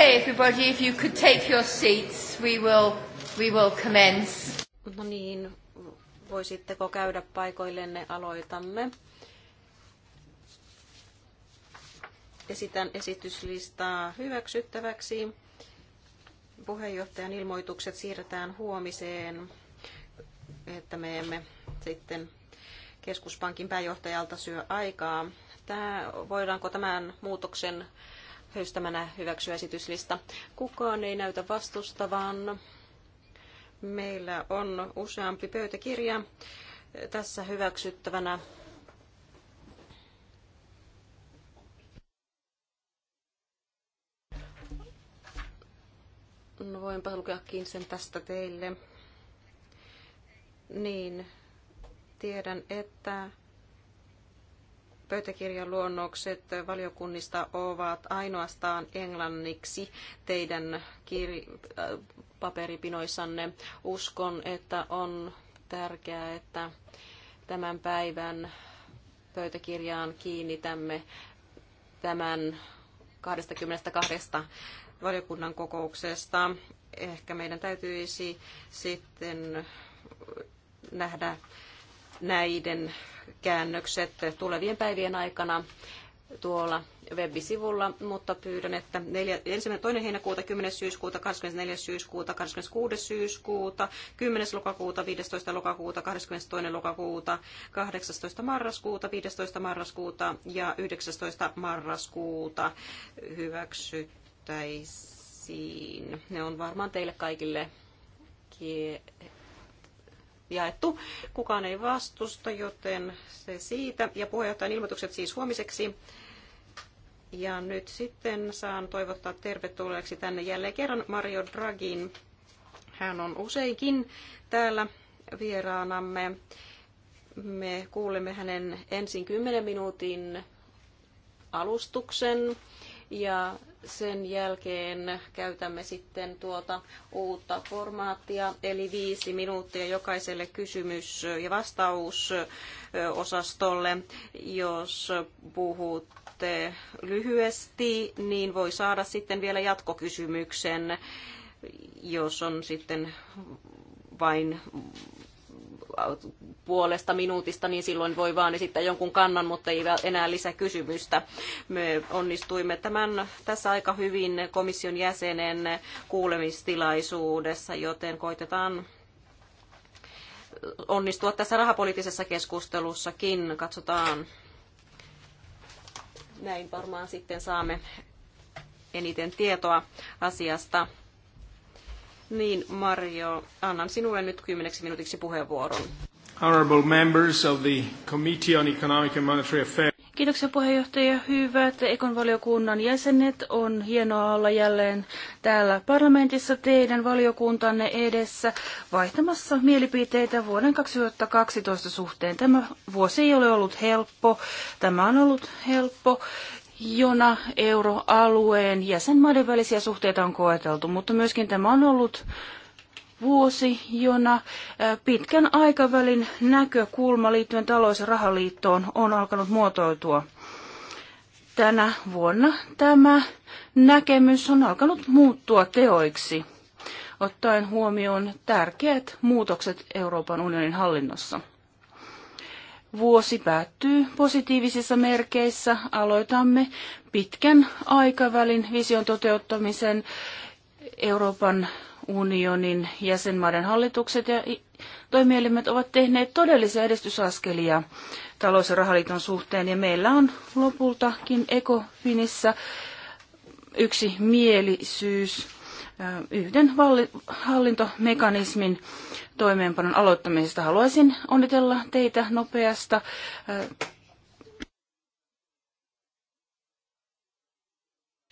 Okay, everybody, if you could take your seats, we will, we will commence. No niin, voisitteko käydä paikoillenne, aloitamme. Esitän esityslistaa hyväksyttäväksi. Puheenjohtajan ilmoitukset siirretään huomiseen, että me emme sitten keskuspankin pääjohtajalta syö aikaa. Tämä, voidaanko tämän muutoksen höystämänä hyväksyä esityslista. Kukaan ei näytä vastustavan. Meillä on useampi pöytäkirja tässä hyväksyttävänä. No voinpa lukeakin sen tästä teille. Niin, tiedän, että Pöytäkirjan luonnokset valiokunnista ovat ainoastaan englanniksi teidän kir- äh, paperipinoissanne. Uskon, että on tärkeää, että tämän päivän pöytäkirjaan kiinnitämme tämän 22 valiokunnan kokouksesta. Ehkä meidän täytyisi sitten nähdä näiden käännökset tulevien päivien aikana tuolla webisivulla, mutta pyydän, että 1. heinäkuuta, 10. syyskuuta, 24. syyskuuta, 26. syyskuuta, 10. lokakuuta, 15. lokakuuta, 22. lokakuuta, 18. marraskuuta, 15. marraskuuta ja 19. marraskuuta hyväksyttäisiin. Ne on varmaan teille kaikille jaettu. Kukaan ei vastusta, joten se siitä. Ja puheenjohtajan ilmoitukset siis huomiseksi. Ja nyt sitten saan toivottaa tervetulleeksi tänne jälleen kerran Mario Dragin. Hän on useinkin täällä vieraanamme. Me kuulemme hänen ensin 10 minuutin alustuksen ja sen jälkeen käytämme sitten tuota uutta formaattia, eli viisi minuuttia jokaiselle kysymys- ja vastausosastolle. Jos puhutte lyhyesti, niin voi saada sitten vielä jatkokysymyksen, jos on sitten vain puolesta minuutista, niin silloin voi vaan esittää jonkun kannan, mutta ei enää lisäkysymystä. Me onnistuimme tämän tässä aika hyvin komission jäsenen kuulemistilaisuudessa, joten koitetaan onnistua tässä rahapoliittisessa keskustelussakin. Katsotaan. Näin varmaan sitten saamme eniten tietoa asiasta. Niin, Mario, annan sinulle nyt kymmeneksi minuutiksi puheenvuoron. Honorable members of the Committee on Economic and Monetary Affairs. Kiitoksia puheenjohtaja. Hyvät Ekon valiokunnan jäsenet, on hienoa olla jälleen täällä parlamentissa teidän valiokuntanne edessä vaihtamassa mielipiteitä vuoden 2012 suhteen. Tämä vuosi ei ole ollut helppo. Tämä on ollut helppo jona euroalueen jäsenmaiden välisiä suhteita on koeteltu, mutta myöskin tämä on ollut vuosi, jona pitkän aikavälin näkökulma liittyen talous- ja rahaliittoon on alkanut muotoitua. Tänä vuonna tämä näkemys on alkanut muuttua teoiksi, ottaen huomioon tärkeät muutokset Euroopan unionin hallinnossa vuosi päättyy positiivisissa merkeissä. Aloitamme pitkän aikavälin vision toteuttamisen Euroopan unionin jäsenmaiden hallitukset ja toimielimet ovat tehneet todellisia edistysaskelia talous- ja rahaliiton suhteen ja meillä on lopultakin ECOFINissä yksi mielisyys yhden hallintomekanismin toimeenpanon aloittamisesta. Haluaisin onnitella teitä nopeasta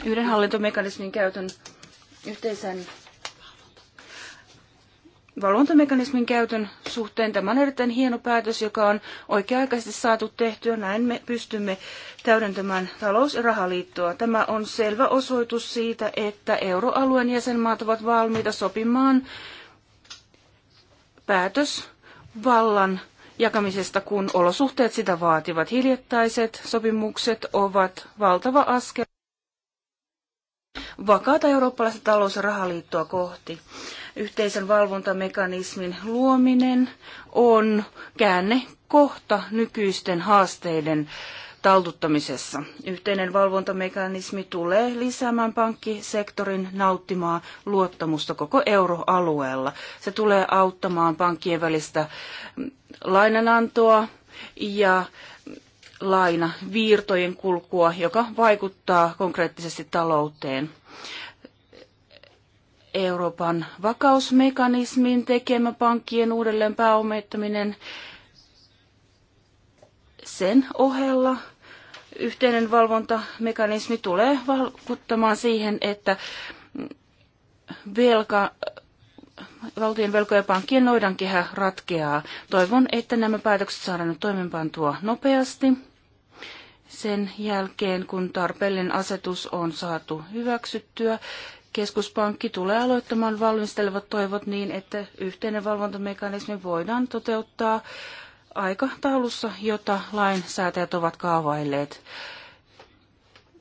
yhden hallintomekanismin käytön yhteisen valvontamekanismin käytön suhteen. Tämä on erittäin hieno päätös, joka on oikea-aikaisesti saatu tehtyä. Näin me pystymme täydentämään talous- ja rahaliittoa. Tämä on selvä osoitus siitä, että euroalueen jäsenmaat ovat valmiita sopimaan päätösvallan jakamisesta, kun olosuhteet sitä vaativat. Hiljattaiset sopimukset ovat valtava askel vakaata eurooppalaista talous- ja rahaliittoa kohti yhteisen valvontamekanismin luominen on käänne kohta nykyisten haasteiden taltuttamisessa. Yhteinen valvontamekanismi tulee lisäämään pankkisektorin nauttimaa luottamusta koko euroalueella. Se tulee auttamaan pankkien välistä lainanantoa ja lainavirtojen kulkua, joka vaikuttaa konkreettisesti talouteen. Euroopan vakausmekanismin tekemä pankkien uudelleen pääomittaminen sen ohella yhteinen valvontamekanismi tulee vaikuttamaan siihen, että velka, valtion velkojen pankkien noidankehä ratkeaa. Toivon, että nämä päätökset saadaan nyt toimenpantua nopeasti. Sen jälkeen, kun tarpeellinen asetus on saatu hyväksyttyä keskuspankki tulee aloittamaan valmistelevat toivot niin, että yhteinen valvontamekanismi voidaan toteuttaa aikataulussa, jota lainsäätäjät ovat kaavailleet.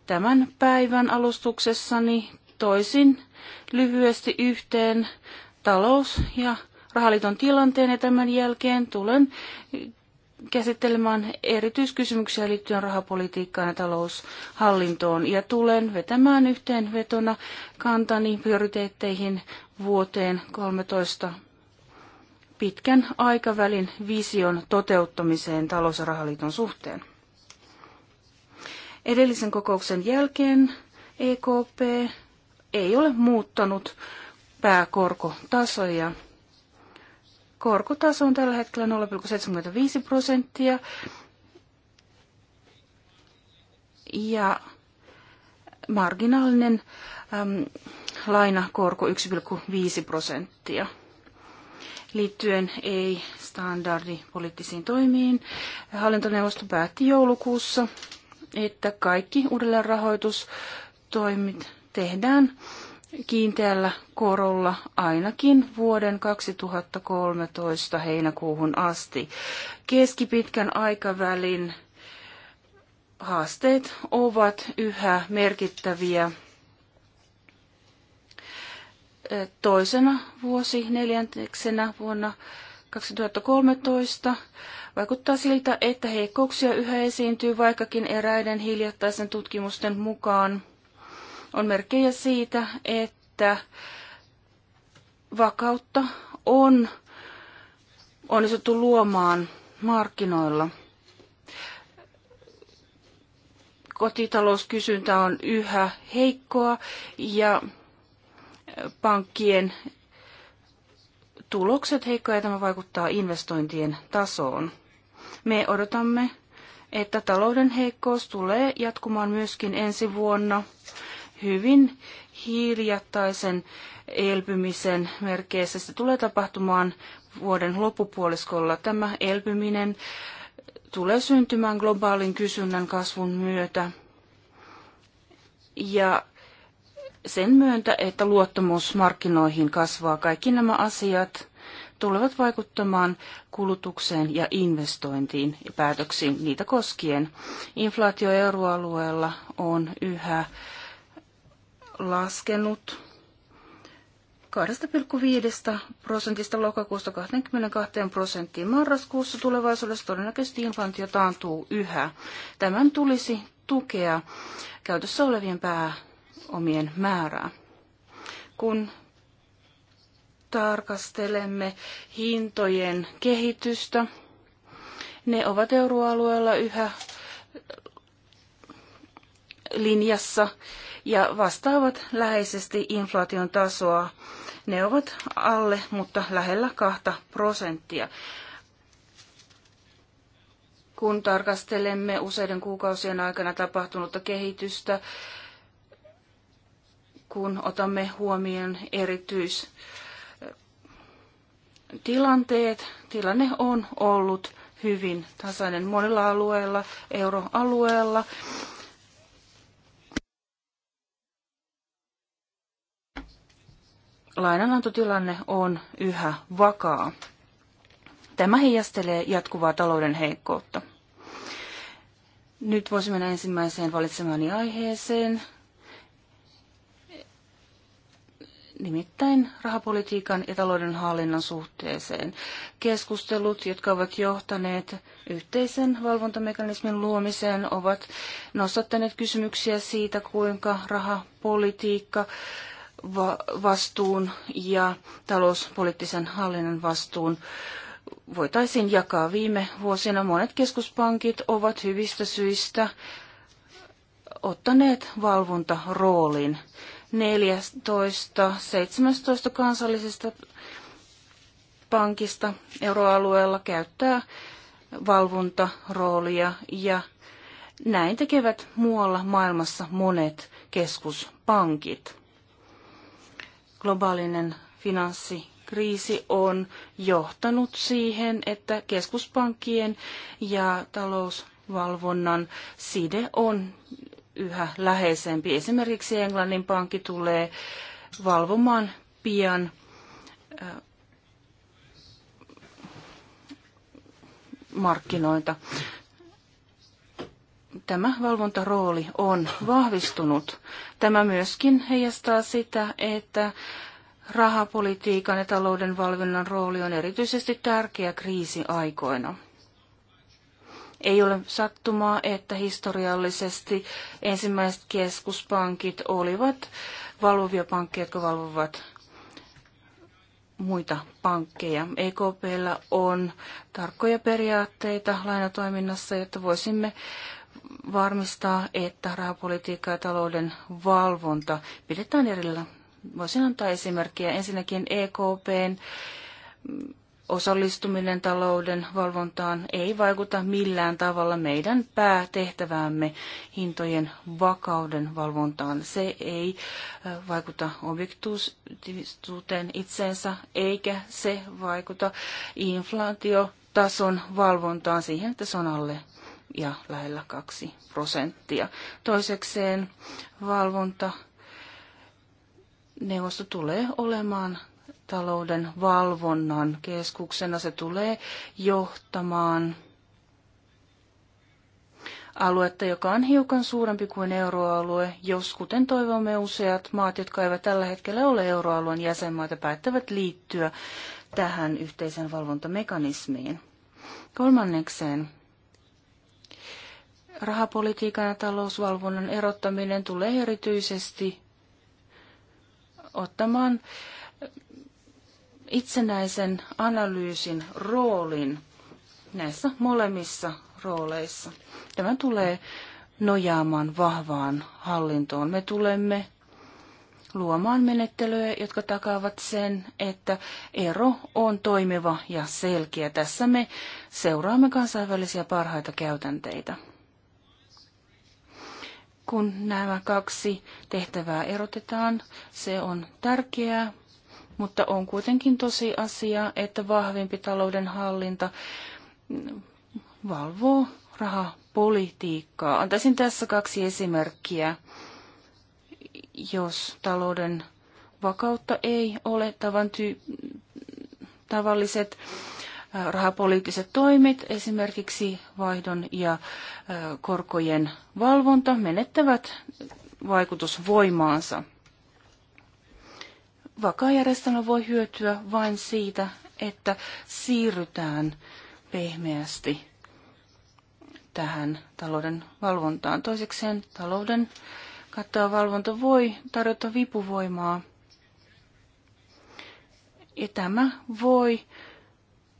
Tämän päivän alustuksessani toisin lyhyesti yhteen talous- ja rahaliiton tilanteen ja tämän jälkeen tulen käsittelemään erityiskysymyksiä liittyen rahapolitiikkaan ja taloushallintoon ja tulen vetämään yhteenvetona kantani prioriteetteihin vuoteen 13 pitkän aikavälin vision toteuttamiseen talous- ja rahaliiton suhteen. Edellisen kokouksen jälkeen EKP ei ole muuttanut pääkorkotasoja korkotaso on tällä hetkellä 0,75 prosenttia. Ja marginaalinen äm, lainakorko 1,5 prosenttia. Liittyen ei-standardi poliittisiin toimiin, hallintoneuvosto päätti joulukuussa, että kaikki uudelleenrahoitustoimit tehdään kiinteällä korolla ainakin vuoden 2013 heinäkuuhun asti. Keskipitkän aikavälin haasteet ovat yhä merkittäviä. Toisena vuosi neljänteksenä vuonna 2013 vaikuttaa siltä, että heikkouksia yhä esiintyy, vaikkakin eräiden hiljattaisen tutkimusten mukaan – on merkkejä siitä, että vakautta on onnistuttu luomaan markkinoilla. Kotitalouskysyntä on yhä heikkoa ja pankkien tulokset heikkoja ja tämä vaikuttaa investointien tasoon. Me odotamme, että talouden heikkous tulee jatkumaan myöskin ensi vuonna hyvin hiljattaisen elpymisen merkeissä. Se tulee tapahtumaan vuoden loppupuoliskolla. Tämä elpyminen tulee syntymään globaalin kysynnän kasvun myötä ja sen myöntä, että luottamus markkinoihin kasvaa. Kaikki nämä asiat tulevat vaikuttamaan kulutukseen ja investointiin ja päätöksiin niitä koskien. Inflaatio euroalueella on yhä laskenut 2,5 prosentista lokakuusta 22 prosenttiin marraskuussa tulevaisuudessa todennäköisesti inflaatio taantuu yhä. Tämän tulisi tukea käytössä olevien pääomien määrää. Kun tarkastelemme hintojen kehitystä, ne ovat euroalueella yhä linjassa ja vastaavat läheisesti inflaation tasoa. Ne ovat alle, mutta lähellä kahta prosenttia. Kun tarkastelemme useiden kuukausien aikana tapahtunutta kehitystä, kun otamme huomioon erityis tilanteet. Tilanne on ollut hyvin tasainen monilla alueilla, euroalueella. lainanantotilanne on yhä vakaa. Tämä heijastelee jatkuvaa talouden heikkoutta. Nyt voisi mennä ensimmäiseen valitsemani aiheeseen, nimittäin rahapolitiikan ja talouden hallinnan suhteeseen. Keskustelut, jotka ovat johtaneet yhteisen valvontamekanismin luomiseen, ovat nostattaneet kysymyksiä siitä, kuinka rahapolitiikka va- vastuun ja talouspoliittisen hallinnan vastuun voitaisiin jakaa. Viime vuosina monet keskuspankit ovat hyvistä syistä ottaneet valvontaroolin. 14, 17 kansallisesta pankista euroalueella käyttää valvontaroolia ja näin tekevät muualla maailmassa monet keskuspankit globaalinen finanssikriisi on johtanut siihen, että keskuspankkien ja talousvalvonnan side on yhä läheisempi. Esimerkiksi Englannin pankki tulee valvomaan pian äh, markkinoita tämä valvontarooli on vahvistunut. Tämä myöskin heijastaa sitä, että rahapolitiikan ja talouden valvonnan rooli on erityisesti tärkeä kriisiaikoina. Ei ole sattumaa, että historiallisesti ensimmäiset keskuspankit olivat valvovia pankkeja, jotka valvovat muita pankkeja. EKPllä on tarkkoja periaatteita lainatoiminnassa, jotta voisimme varmistaa, että rahapolitiikka ja talouden valvonta pidetään erillä. Voisin antaa esimerkkiä. Ensinnäkin EKPn osallistuminen talouden valvontaan ei vaikuta millään tavalla meidän päätehtäväämme hintojen vakauden valvontaan. Se ei vaikuta objektiivisuuteen itseensä eikä se vaikuta inflaatiotason valvontaan siihen, että se on alle ja lähellä 2 prosenttia. Toisekseen valvonta neuvosto tulee olemaan talouden valvonnan keskuksena. Se tulee johtamaan aluetta, joka on hiukan suurempi kuin euroalue, jos kuten toivomme useat maat, jotka eivät tällä hetkellä ole euroalueen jäsenmaita, päättävät liittyä tähän yhteisen valvontamekanismiin. Kolmannekseen rahapolitiikan ja talousvalvonnan erottaminen tulee erityisesti ottamaan itsenäisen analyysin roolin näissä molemmissa rooleissa. Tämä tulee nojaamaan vahvaan hallintoon. Me tulemme luomaan menettelyjä, jotka takaavat sen, että ero on toimiva ja selkeä. Tässä me seuraamme kansainvälisiä parhaita käytänteitä kun nämä kaksi tehtävää erotetaan. Se on tärkeää, mutta on kuitenkin tosi asia, että vahvempi talouden hallinta valvoo rahapolitiikkaa. Antaisin tässä kaksi esimerkkiä. Jos talouden vakautta ei ole, tavan ty- tavalliset rahapoliittiset toimet, esimerkiksi vaihdon ja korkojen valvonta, menettävät vaikutusvoimaansa. Vakaa järjestelmä voi hyötyä vain siitä, että siirrytään pehmeästi tähän talouden valvontaan. Toisekseen talouden kattava valvonta voi tarjota vipuvoimaa ja tämä voi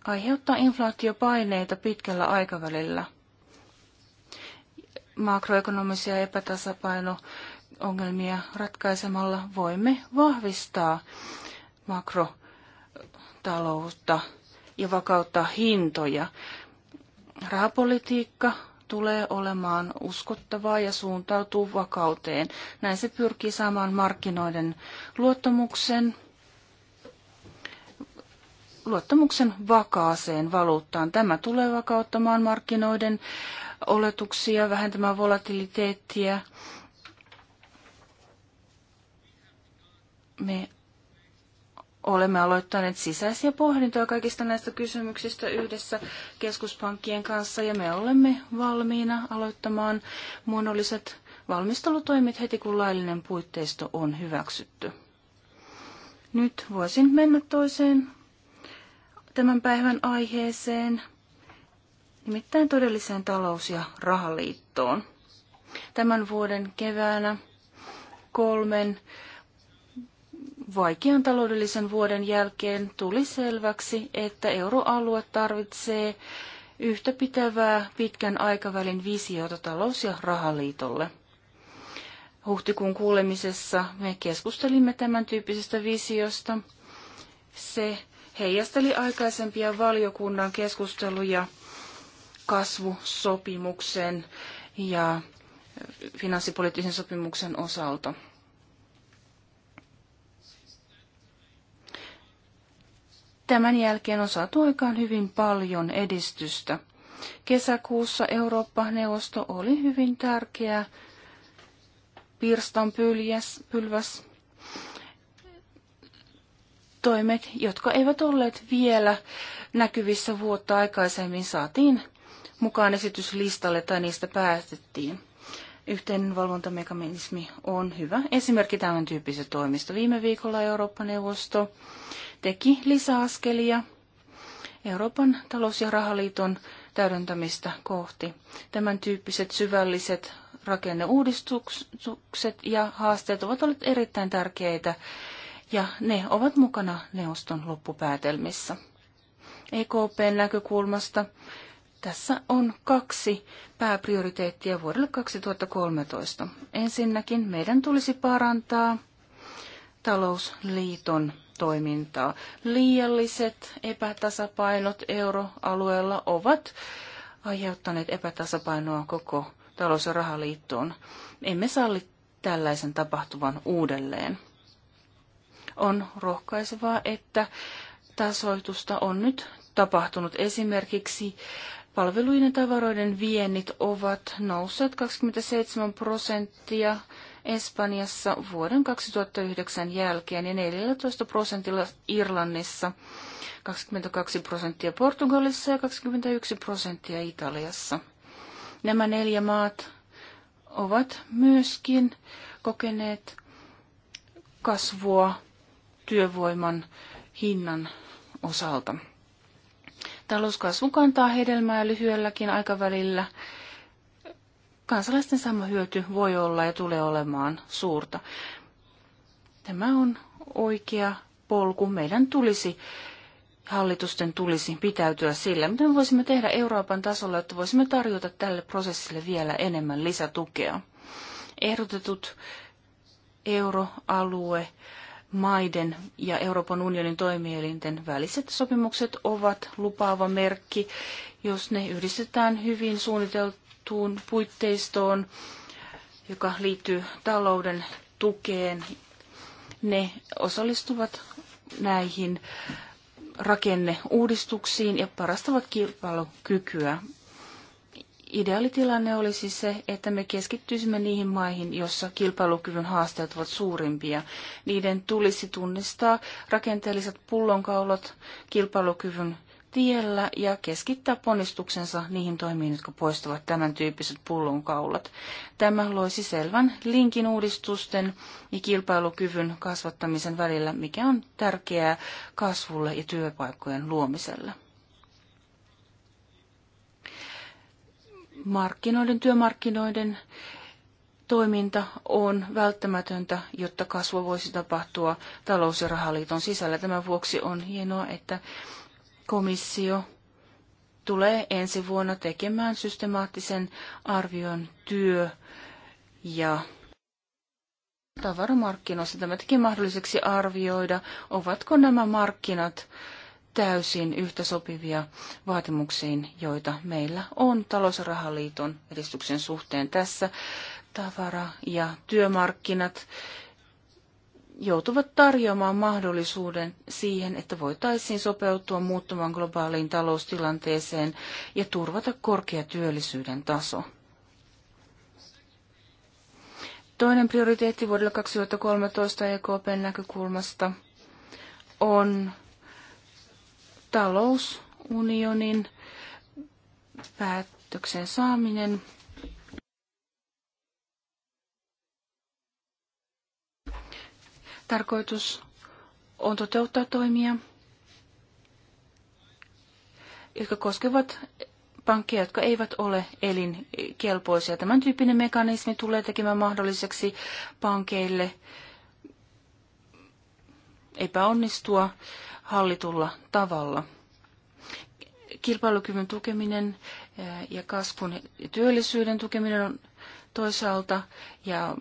aiheuttaa inflaatiopaineita pitkällä aikavälillä. Makroekonomisia epätasapaino-ongelmia ratkaisemalla voimme vahvistaa makrotaloutta ja vakauttaa hintoja. Rahapolitiikka tulee olemaan uskottavaa ja suuntautuu vakauteen. Näin se pyrkii saamaan markkinoiden luottamuksen – luottamuksen vakaaseen valuuttaan. Tämä tulee vakauttamaan markkinoiden oletuksia, vähentämään volatiliteettia. Me olemme aloittaneet sisäisiä pohdintoja kaikista näistä kysymyksistä yhdessä keskuspankkien kanssa ja me olemme valmiina aloittamaan muodolliset valmistelutoimit heti kun laillinen puitteisto on hyväksytty. Nyt voisin mennä toiseen tämän päivän aiheeseen, nimittäin todelliseen talous- ja rahaliittoon. Tämän vuoden keväänä kolmen vaikean taloudellisen vuoden jälkeen tuli selväksi, että euroalue tarvitsee yhtäpitävää pitkän aikavälin visiota talous- ja rahaliitolle. Huhtikuun kuulemisessa me keskustelimme tämän tyyppisestä visiosta. Se heijasteli aikaisempia valiokunnan keskusteluja kasvusopimuksen ja finanssipoliittisen sopimuksen osalta. Tämän jälkeen on saatu aikaan hyvin paljon edistystä. Kesäkuussa Eurooppa-neuvosto oli hyvin tärkeä pirstan pylväs toimet, jotka eivät olleet vielä näkyvissä vuotta aikaisemmin, saatiin mukaan esityslistalle tai niistä päätettiin. Yhteinen valvontamekanismi on hyvä esimerkki tämän tyyppisestä toimista. Viime viikolla Eurooppa-neuvosto teki lisäaskelia Euroopan talous- ja rahaliiton täydentämistä kohti. Tämän tyyppiset syvälliset rakenneuudistukset ja haasteet ovat olleet erittäin tärkeitä ja ne ovat mukana neuvoston loppupäätelmissä. EKPn näkökulmasta tässä on kaksi pääprioriteettia vuodelle 2013. Ensinnäkin meidän tulisi parantaa talousliiton toimintaa. Liialliset epätasapainot euroalueella ovat aiheuttaneet epätasapainoa koko talous- ja rahaliittoon. Emme salli tällaisen tapahtuvan uudelleen. On rohkaisevaa, että tasoitusta on nyt tapahtunut. Esimerkiksi palveluiden ja tavaroiden viennit ovat nousseet 27 prosenttia Espanjassa vuoden 2009 jälkeen ja 14 prosentilla Irlannissa, 22 prosenttia Portugalissa ja 21 prosenttia Italiassa. Nämä neljä maat ovat myöskin kokeneet kasvua työvoiman hinnan osalta. Talouskasvu kantaa hedelmää lyhyelläkin aikavälillä. Kansalaisten sama hyöty voi olla ja tulee olemaan suurta. Tämä on oikea polku. Meidän tulisi, hallitusten tulisi pitäytyä sillä, mitä me voisimme tehdä Euroopan tasolla, että voisimme tarjota tälle prosessille vielä enemmän lisätukea. Ehdotetut euroalue maiden ja Euroopan unionin toimielinten väliset sopimukset ovat lupaava merkki, jos ne yhdistetään hyvin suunniteltuun puitteistoon, joka liittyy talouden tukeen. Ne osallistuvat näihin rakenneuudistuksiin ja parastavat kilpailukykyä. Ideaalitilanne olisi se, että me keskittyisimme niihin maihin, joissa kilpailukyvyn haasteet ovat suurimpia. Niiden tulisi tunnistaa rakenteelliset pullonkaulot kilpailukyvyn tiellä ja keskittää ponnistuksensa niihin toimiin, jotka poistavat tämän tyyppiset pullonkaulat. Tämä loisi selvän linkin uudistusten ja kilpailukyvyn kasvattamisen välillä, mikä on tärkeää kasvulle ja työpaikkojen luomiselle. markkinoiden, työmarkkinoiden toiminta on välttämätöntä, jotta kasvu voisi tapahtua talous- ja rahaliiton sisällä. Tämän vuoksi on hienoa, että komissio tulee ensi vuonna tekemään systemaattisen arvion työ- ja tavaramarkkinoissa. Tämä teki mahdolliseksi arvioida, ovatko nämä markkinat täysin yhtä sopivia vaatimuksiin, joita meillä on talous- ja rahaliiton edistyksen suhteen tässä. Tavara- ja työmarkkinat joutuvat tarjoamaan mahdollisuuden siihen, että voitaisiin sopeutua muuttumaan globaaliin taloustilanteeseen ja turvata korkea työllisyyden taso. Toinen prioriteetti vuodelle 2013 EKPn näkökulmasta on talousunionin päätöksen saaminen tarkoitus on toteuttaa toimia, jotka koskevat pankkeja, jotka eivät ole elinkelpoisia. Tämän tyyppinen mekanismi tulee tekemään mahdolliseksi pankeille epäonnistua hallitulla tavalla. Kilpailukyvyn tukeminen ja kasvun ja työllisyyden tukeminen on toisaalta ja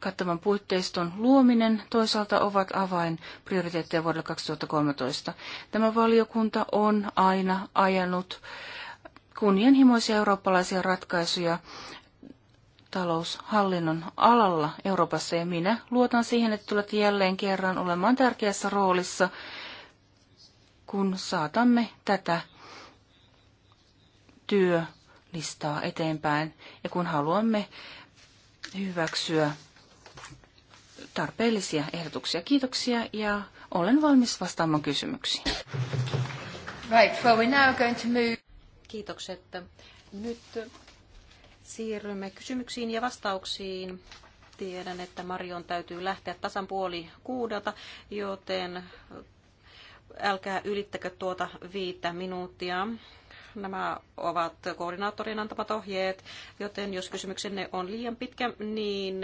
kattavan puitteiston luominen toisaalta ovat avain prioriteetteja vuodelle 2013. Tämä valiokunta on aina ajanut kunnianhimoisia eurooppalaisia ratkaisuja taloushallinnon alalla Euroopassa ja minä luotan siihen, että tulet jälleen kerran olemaan tärkeässä roolissa kun saatamme tätä työlistaa eteenpäin ja kun haluamme hyväksyä tarpeellisia ehdotuksia. Kiitoksia ja olen valmis vastaamaan kysymyksiin. Right, well we're now going to move. Kiitokset. Nyt siirrymme kysymyksiin ja vastauksiin. Tiedän, että Marion täytyy lähteä tasan puoli kuudelta, joten älkää ylittäkö tuota viittä minuuttia. Nämä ovat koordinaattorin antamat ohjeet, joten jos kysymyksenne on liian pitkä, niin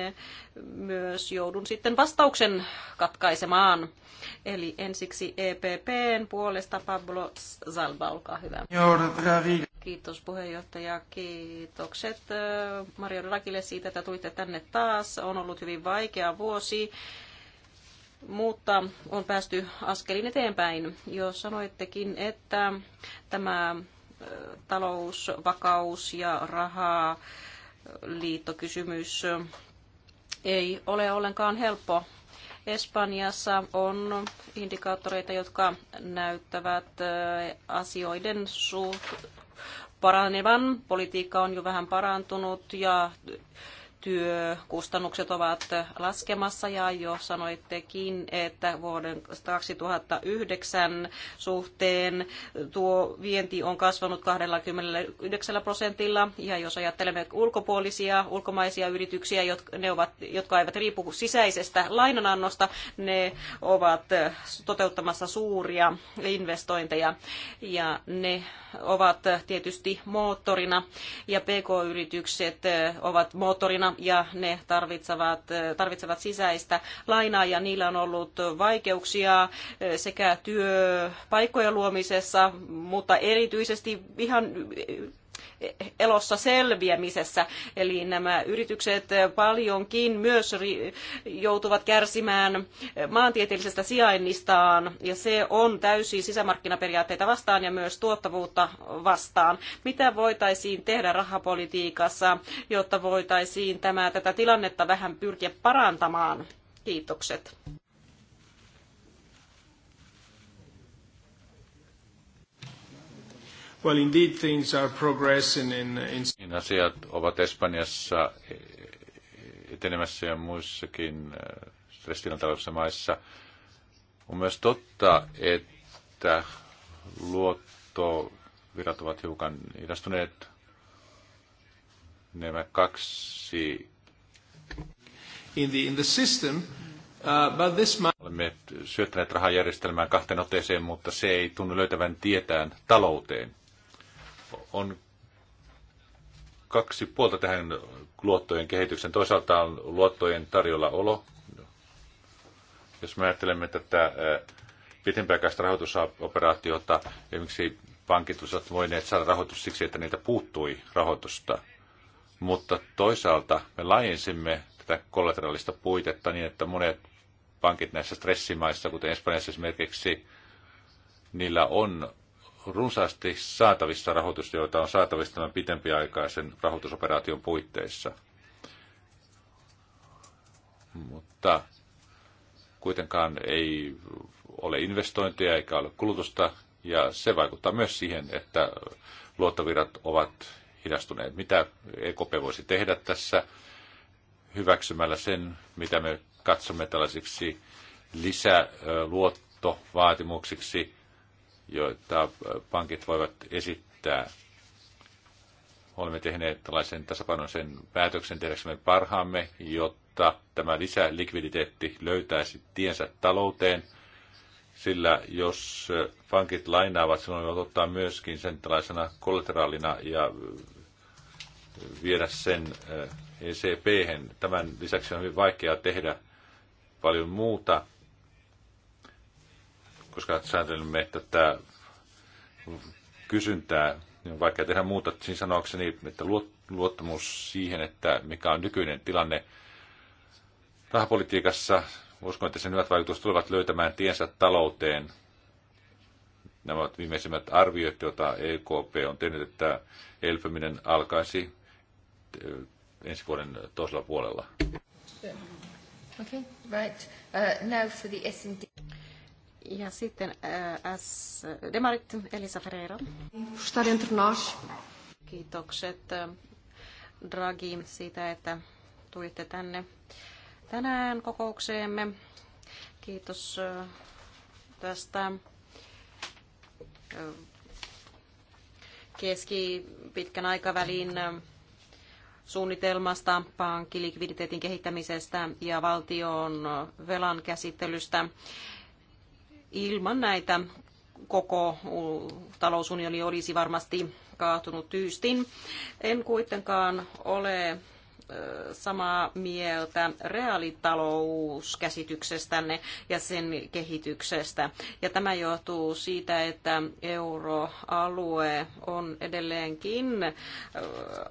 myös joudun sitten vastauksen katkaisemaan. Eli ensiksi EPPn puolesta Pablo Zalba, olkaa hyvä. Kiitos puheenjohtaja, kiitokset äh, Mario Rakille siitä, että tulitte tänne taas. On ollut hyvin vaikea vuosi mutta on päästy askelin eteenpäin. jo sanoittekin, että tämä talousvakaus ja rahaa liittokysymys ei ole ollenkaan helppo. Espanjassa on indikaattoreita, jotka näyttävät asioiden suht paranevan. Politiikka on jo vähän parantunut ja työkustannukset ovat laskemassa ja jo sanoittekin, että vuoden 2009 suhteen tuo vienti on kasvanut 29 prosentilla ja jos ajattelemme ulkopuolisia, ulkomaisia yrityksiä, jotka, ne ovat, jotka eivät riipu sisäisestä lainanannosta, ne ovat toteuttamassa suuria investointeja ja ne ovat tietysti moottorina ja PK-yritykset eh, ovat moottorina ja ne tarvitsevat, eh, tarvitsevat sisäistä lainaa ja niillä on ollut vaikeuksia eh, sekä työpaikkojen luomisessa, mutta erityisesti ihan elossa selviämisessä. Eli nämä yritykset paljonkin myös joutuvat kärsimään maantieteellisestä sijainnistaan, ja se on täysin sisämarkkinaperiaatteita vastaan ja myös tuottavuutta vastaan. Mitä voitaisiin tehdä rahapolitiikassa, jotta voitaisiin tämä, tätä tilannetta vähän pyrkiä parantamaan? Kiitokset. Well, indeed, things are progressing in, in... Niin asiat ovat Espanjassa etenemässä ja muissakin äh, stressitilanteellisissa maissa. On myös totta, että luottovirat ovat hiukan hidastuneet. Nämä kaksi in the, in the system, uh, but this ma. Olemme syöttäneet rahajärjestelmään kahteen otteeseen, mutta se ei tunnu löytävän tietään talouteen on kaksi puolta tähän luottojen kehityksen. Toisaalta on luottojen tarjolla olo. Jos me ajattelemme tätä pitempiaikaista rahoitusoperaatiota, esimerkiksi pankit ovat voineet saada rahoitus siksi, että niitä puuttui rahoitusta. Mutta toisaalta me laajensimme tätä kollateraalista puitetta niin, että monet pankit näissä stressimaissa, kuten Espanjassa esimerkiksi, niillä on runsaasti saatavissa rahoitusta, joita on saatavissa tämän pitempiaikaisen rahoitusoperaation puitteissa. Mutta kuitenkaan ei ole investointeja eikä ole kulutusta, ja se vaikuttaa myös siihen, että luottovirrat ovat hidastuneet. Mitä EKP voisi tehdä tässä hyväksymällä sen, mitä me katsomme tällaisiksi lisäluottovaatimuksiksi, joita äh, pankit voivat esittää. Olemme tehneet tällaisen tasapainoisen päätöksen tehdäksemme parhaamme, jotta tämä lisälikviditeetti löytäisi tiensä talouteen, sillä jos äh, pankit lainaavat, silloin voivat ottaa myöskin sen tällaisena kollateraalina ja äh, viedä sen ECP. hen Tämän lisäksi on hyvin vaikeaa tehdä paljon muuta, koska sääntelymme tämä kysyntää, niin on tehdä muuta. Siinä sanoakseni, että luottamus siihen, että mikä on nykyinen tilanne rahapolitiikassa, uskon, että sen hyvät vaikutukset tulevat löytämään tiensä talouteen. Nämä ovat viimeisimmät arviot, joita EKP on tehnyt, että elpyminen alkaisi eh, ensi vuoden toisella puolella. Okay, right. Uh, now for the S&D. Ja sitten äh, S. Demarit, Elisa Ferreira. Kiitokset Draghi siitä, että tulitte tänne tänään kokoukseemme. Kiitos tästä keskipitkän aikavälin suunnitelmasta, pankkilikviditeetin kehittämisestä ja valtion velan käsittelystä. Ilman näitä koko talousunioni olisi varmasti kaatunut tyystin. En kuitenkaan ole samaa mieltä reaalitalouskäsityksestänne ja sen kehityksestä. Ja tämä johtuu siitä, että euroalue on edelleenkin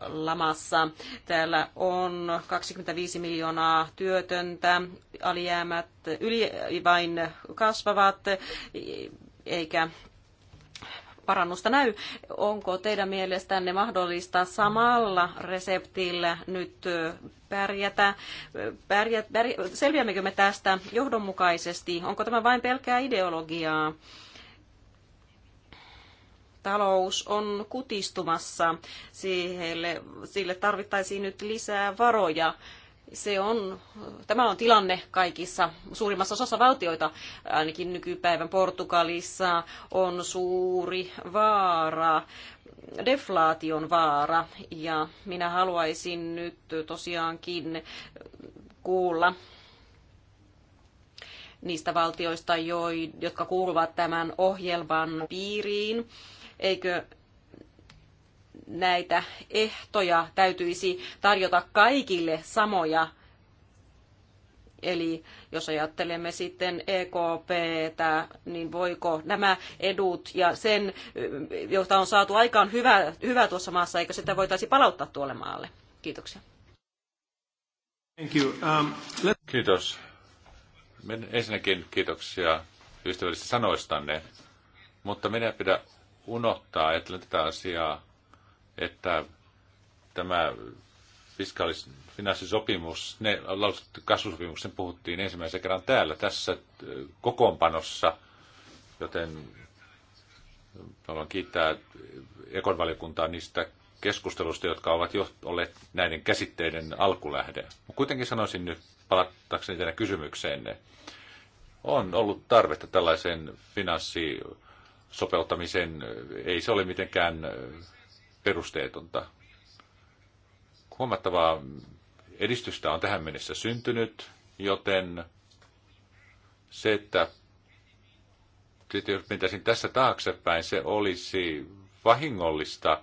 lamassa. Täällä on 25 miljoonaa työtöntä, alijäämät yli, vain kasvavat, eikä parannusta näy. Onko teidän mielestänne mahdollista samalla reseptillä nyt pärjätä? Pärjä, pärjä, selviämmekö me tästä johdonmukaisesti? Onko tämä vain pelkää ideologiaa? talous on kutistumassa. Sille, sille tarvittaisiin nyt lisää varoja se on, tämä on tilanne kaikissa suurimmassa osassa valtioita, ainakin nykypäivän Portugalissa on suuri vaara, deflaation vaara. Ja minä haluaisin nyt tosiaankin kuulla niistä valtioista, jotka kuuluvat tämän ohjelman piiriin. Eikö näitä ehtoja täytyisi tarjota kaikille samoja. Eli jos ajattelemme sitten EKPtä, niin voiko nämä edut ja sen, jota on saatu aikaan hyvä, hyvä tuossa maassa, eikö sitä voitaisi palauttaa tuolle maalle? Kiitoksia. Thank you. Um, let... Kiitos. Ensinnäkin kiitoksia ystävällisistä sanoistanne, mutta minä pidä unohtaa, että tätä asiaa että tämä fiskaalis, finanssisopimus, ne kasvusopimuksen puhuttiin ensimmäisen kerran täällä tässä äh, kokoonpanossa, joten haluan kiittää ekonvaliokuntaa niistä keskustelusta, jotka ovat jo olleet näiden käsitteiden alkulähde. Mutta kuitenkin sanoisin nyt palattakseni teidän kysymykseenne. On ollut tarvetta tällaisen finanssisopeuttamisen, ei se ole mitenkään äh, perusteetonta. Huomattavaa edistystä on tähän mennessä syntynyt, joten se, että jos mentäisin tässä taaksepäin, se olisi vahingollista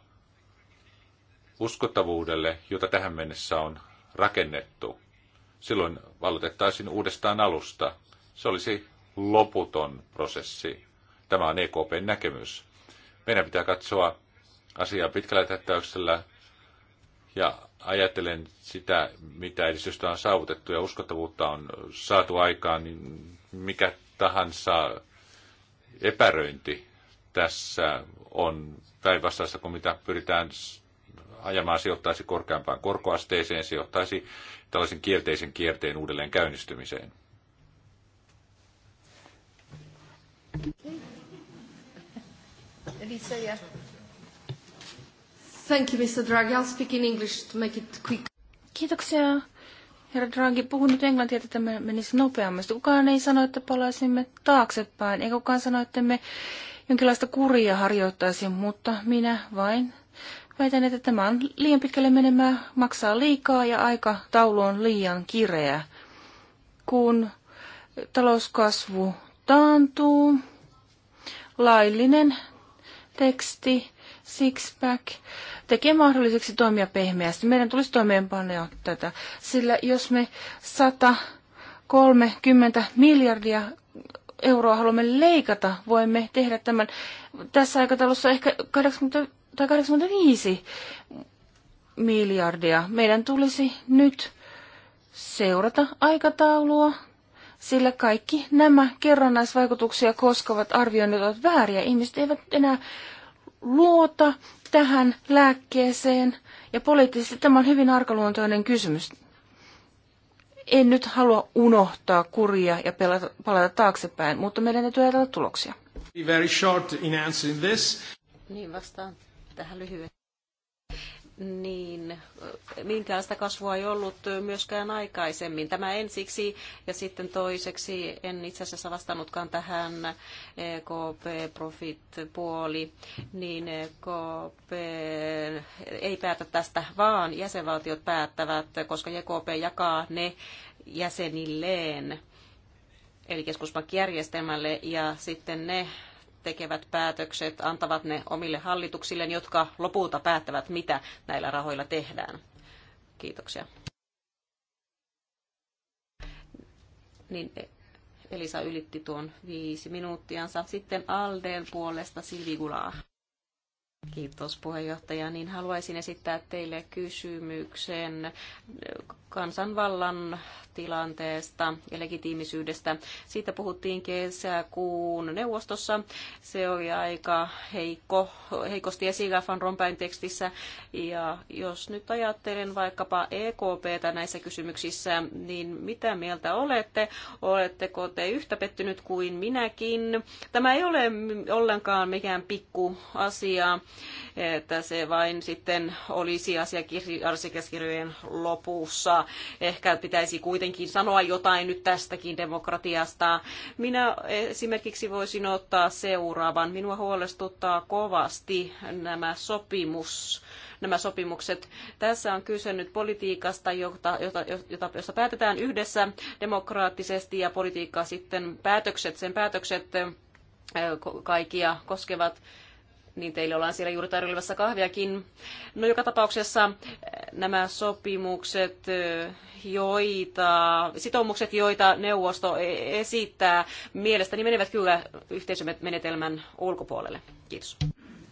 uskottavuudelle, jota tähän mennessä on rakennettu. Silloin valotettaisiin uudestaan alusta. Se olisi loputon prosessi. Tämä on EKPn näkemys. Meidän pitää katsoa asiaa pitkällä tähtäyksellä ja ajatellen sitä, mitä edistystä on saavutettu ja uskottavuutta on saatu aikaan, niin mikä tahansa epäröinti tässä on päinvastaista kuin mitä pyritään ajamaan, sijoittaisi korkeampaan korkoasteeseen, se johtaisi tällaisen kielteisen kierteen uudelleen käynnistymiseen. Elisa ja Thank you, Mr. Draghi. I'll speak in English to make it quick. Kiitoksia. Herra Draghi, puhun nyt englantia, että tämä menisi nopeammin. Kukaan ei sano, että palaisimme taaksepäin, eikä kukaan sano, että me jonkinlaista kuria harjoittaisi, mutta minä vain väitän, että tämä on liian pitkälle menemään, maksaa liikaa ja aikataulu on liian kireä. Kun talouskasvu taantuu, laillinen teksti, six-pack, tekee mahdolliseksi toimia pehmeästi. Meidän tulisi toimeenpanea tätä, sillä jos me 130 miljardia euroa haluamme leikata, voimme tehdä tämän tässä aikataulussa ehkä 80 tai 85 miljardia. Meidän tulisi nyt seurata aikataulua, sillä kaikki nämä kerrannaisvaikutuksia koskevat arvioinnit ovat vääriä. Ihmiset eivät enää luota tähän lääkkeeseen. Ja poliittisesti tämä on hyvin arkaluontoinen kysymys. En nyt halua unohtaa kuria ja pelata, palata taaksepäin, mutta meidän täytyy ajatella tuloksia. Be very short in answering this. Niin vastaan tähän lyhyen niin minkäänlaista kasvua ei ollut myöskään aikaisemmin. Tämä ensiksi ja sitten toiseksi en itse asiassa vastannutkaan tähän EKP Profit-puoli, niin EKP ei päätä tästä, vaan jäsenvaltiot päättävät, koska EKP jakaa ne jäsenilleen eli keskuspankkijärjestelmälle ja sitten ne tekevät päätökset, antavat ne omille hallituksille, jotka lopulta päättävät, mitä näillä rahoilla tehdään. Kiitoksia. Niin Elisa ylitti tuon viisi minuuttiansa. Sitten Aldeen puolesta Silvi Kiitos puheenjohtaja. Niin haluaisin esittää teille kysymyksen kansanvallan tilanteesta ja legitiimisyydestä. Siitä puhuttiin kesäkuun neuvostossa. Se oli aika heikko, heikosti esillä Van Rompäin tekstissä. Ja jos nyt ajattelen vaikkapa EKPtä näissä kysymyksissä, niin mitä mieltä olette? Oletteko te yhtä pettynyt kuin minäkin? Tämä ei ole ollenkaan mikään pikku asia, että se vain sitten olisi asiakirjojen lopussa. Ehkä pitäisi kuitenkin kuitenkin sanoa jotain nyt tästäkin demokratiasta. Minä esimerkiksi voisin ottaa seuraavan. Minua huolestuttaa kovasti nämä sopimus nämä sopimukset. Tässä on kyse nyt politiikasta, jota, jota, jota, jossa päätetään yhdessä demokraattisesti ja politiikkaa sitten päätökset, sen päätökset kaikkia koskevat niin teille ollaan siellä juuri tarjoilemassa kahviakin. No joka tapauksessa eh, nämä sopimukset, eh, joita, sitoumukset, joita neuvosto e-, esittää, mielestäni menevät kyllä yhteisömenetelmän ulkopuolelle. Kiitos.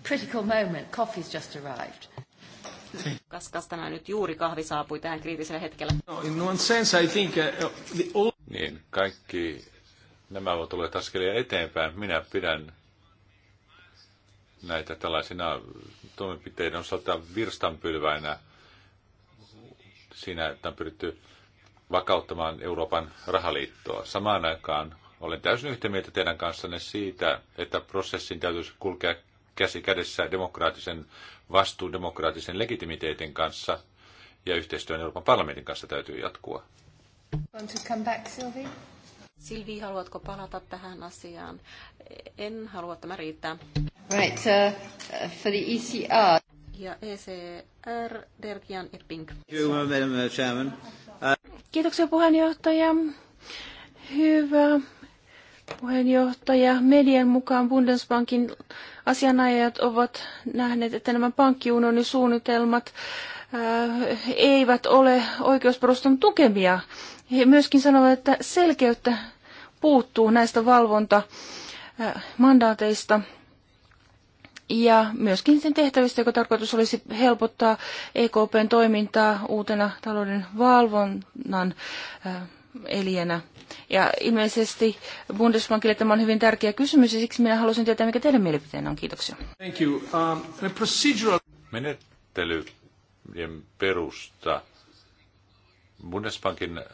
Critical moment, coffee's just arrived. Kaskas tämä nyt juuri kahvi saapui tähän kriittisellä hetkellä. No, in one sense I think eh, the old... Niin, kaikki nämä ovat tulleet askelia eteenpäin. Minä pidän näitä tällaisina toimenpiteiden osalta virstanpylväinä. Siinä on pyritty vakauttamaan Euroopan rahaliittoa. Samaan aikaan olen täysin yhtä mieltä teidän kanssanne siitä, että prosessin täytyisi kulkea käsi kädessä demokraattisen vastuun, demokraattisen legitimiteetin kanssa ja yhteistyön Euroopan parlamentin kanssa täytyy jatkua. Want to come back, Sylvie? Silvi, haluatko palata tähän asiaan? En halua, tämä riittää. Right, uh, uh for the ECR. Ja ECR, Dergian Epping. Uh, Kiitoksia puheenjohtaja. Hyvä puheenjohtaja. Median mukaan Bundesbankin asianajajat ovat nähneet, että nämä pankkiunionisuunnitelmat suunnitelmat Äh, eivät ole oikeusperustan tukemia. He myöskin sanovat, että selkeyttä puuttuu näistä valvontamandaateista äh, ja myöskin sen tehtävistä, joka tarkoitus olisi helpottaa EKPn toimintaa uutena talouden valvonnan äh, elijänä. Ja ilmeisesti Bundesbankille tämä on hyvin tärkeä kysymys ja siksi minä haluaisin tietää, mikä teidän mielipiteenne on. Kiitoksia. Thank you. Um, procedural... Menettely perusta. Bundesbankin äh,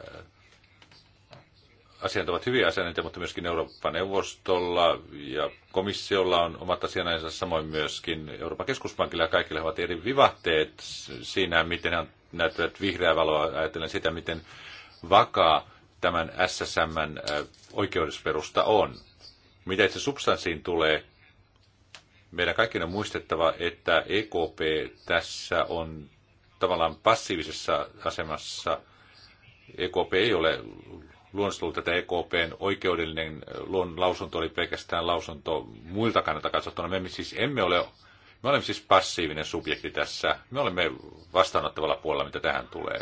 asiat ovat hyviä asianajajia, mutta myöskin Euroopan neuvostolla ja komissiolla on omat asianajansa, samoin myöskin Euroopan keskuspankilla ja kaikilla ovat eri vivahteet siinä, miten he näyttävät vihreää valoa ajatellen sitä, miten vakaa tämän SSMn äh, oikeudesperusta on. Mitä itse substanssiin tulee, meidän kaikkien on muistettava, että EKP tässä on tavallaan passiivisessa asemassa. EKP ei ole luonnostellut tätä EKPn oikeudellinen luon lausunto oli pelkästään lausunto muilta kannalta katsottuna. Me siis emme ole, me olemme siis passiivinen subjekti tässä. Me olemme vastaanottavalla puolella, mitä tähän tulee.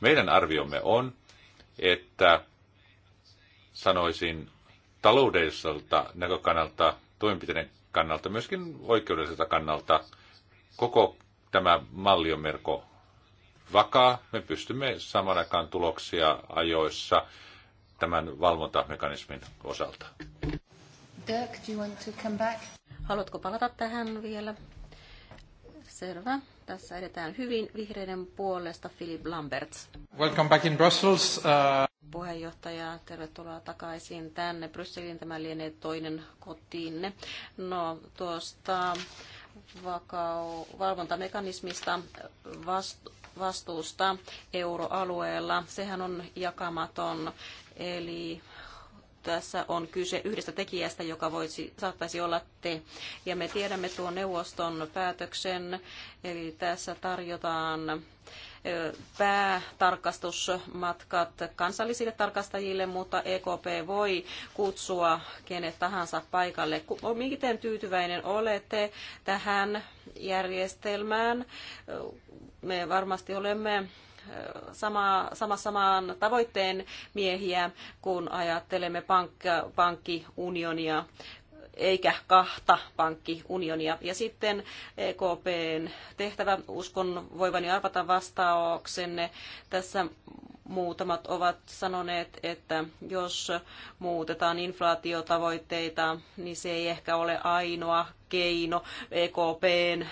Meidän arviomme on, että sanoisin taloudelliselta näkökannalta, toimenpiteiden kannalta, myöskin oikeudelliselta kannalta, koko tämä malli on merko vakaa. Me pystymme saman aikaan tuloksia ajoissa tämän valvontamekanismin osalta. Dirk, do you want to come back? Haluatko palata tähän vielä? Selvä. Tässä edetään hyvin vihreiden puolesta Philip Lamberts. Welcome back in Brussels. Uh... Puheenjohtaja, tervetuloa takaisin tänne Brysseliin. Tämä lienee toinen kotiinne. No tuosta valvontamekanismista vastuusta euroalueella. Sehän on jakamaton, eli tässä on kyse yhdestä tekijästä, joka voisi, saattaisi olla te. Ja me tiedämme tuon neuvoston päätöksen, eli tässä tarjotaan päätarkastusmatkat kansallisille tarkastajille, mutta EKP voi kutsua kenet tahansa paikalle. Miten tyytyväinen olette tähän järjestelmään? Me varmasti olemme sama, sama, samaan tavoitteen miehiä, kun ajattelemme pankka, pankkiunionia eikä kahta pankkiunionia. Ja sitten EKPn tehtävä, uskon voivani arvata vastauksenne tässä Muutamat ovat sanoneet, että jos muutetaan inflaatiotavoitteita, niin se ei ehkä ole ainoa keino EKPn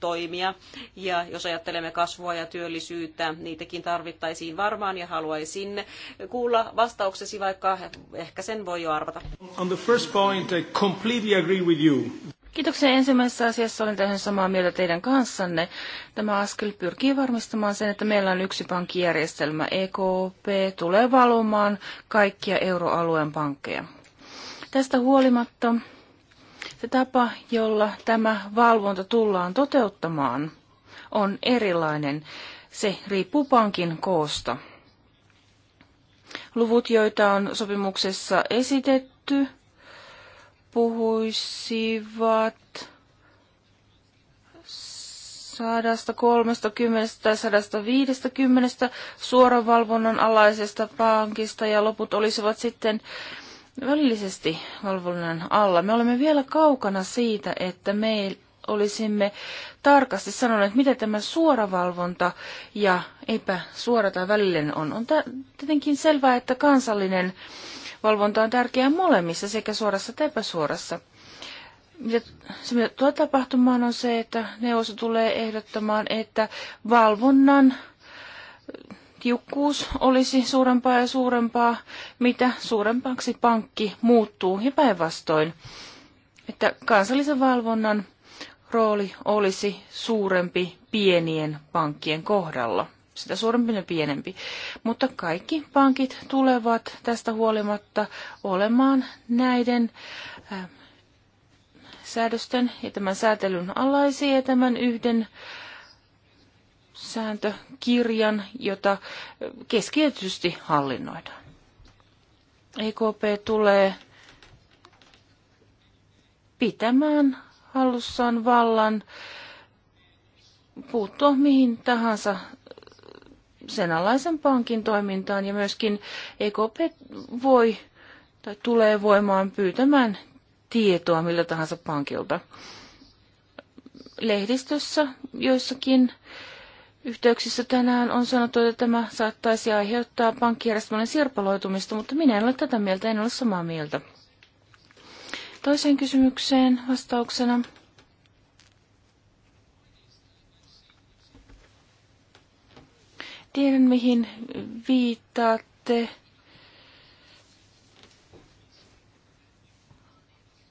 toimia. Ja jos ajattelemme kasvua ja työllisyyttä, niitäkin tarvittaisiin varmaan ja haluaisin kuulla vastauksesi, vaikka ehkä sen voi jo arvata. On the first point, I completely agree with you. Kiitoksia ensimmäisessä asiassa. Olen täysin samaa mieltä teidän kanssanne. Tämä askel pyrkii varmistamaan sen, että meillä on yksi pankkijärjestelmä. EKP tulee valumaan kaikkia euroalueen pankkeja. Tästä huolimatta se tapa, jolla tämä valvonta tullaan toteuttamaan, on erilainen. Se riippuu pankin koosta. Luvut, joita on sopimuksessa esitetty, puhuisivat 130 tai 150 suoravalvonnan alaisesta pankista ja loput olisivat sitten välillisesti valvonnan alla. Me olemme vielä kaukana siitä, että me olisimme tarkasti sanoneet, mitä tämä suoravalvonta ja epäsuora tai välillinen on. On tietenkin selvää, että kansallinen Valvonta on tärkeää molemmissa, sekä suorassa että epäsuorassa. Se, mitä tuo tapahtumaan, on se, että neuvosto tulee ehdottamaan, että valvonnan tiukkuus olisi suurempaa ja suurempaa, mitä suurempaksi pankki muuttuu ja päinvastoin, että kansallisen valvonnan rooli olisi suurempi pienien pankkien kohdalla sitä suurempi ja pienempi. Mutta kaikki pankit tulevat tästä huolimatta olemaan näiden äh, säädösten ja tämän säätelyn alaisia ja tämän yhden sääntökirjan, jota keskitetysti hallinnoidaan. EKP tulee pitämään hallussaan vallan puuttua mihin tahansa sen alaisen pankin toimintaan ja myöskin EKP voi tai tulee voimaan pyytämään tietoa millä tahansa pankilta. Lehdistössä joissakin yhteyksissä tänään on sanottu, että tämä saattaisi aiheuttaa pankkijärjestelmän sirpaloitumista, mutta minä en ole tätä mieltä, en ole samaa mieltä. Toiseen kysymykseen vastauksena. Tiedän, mihin viittaatte.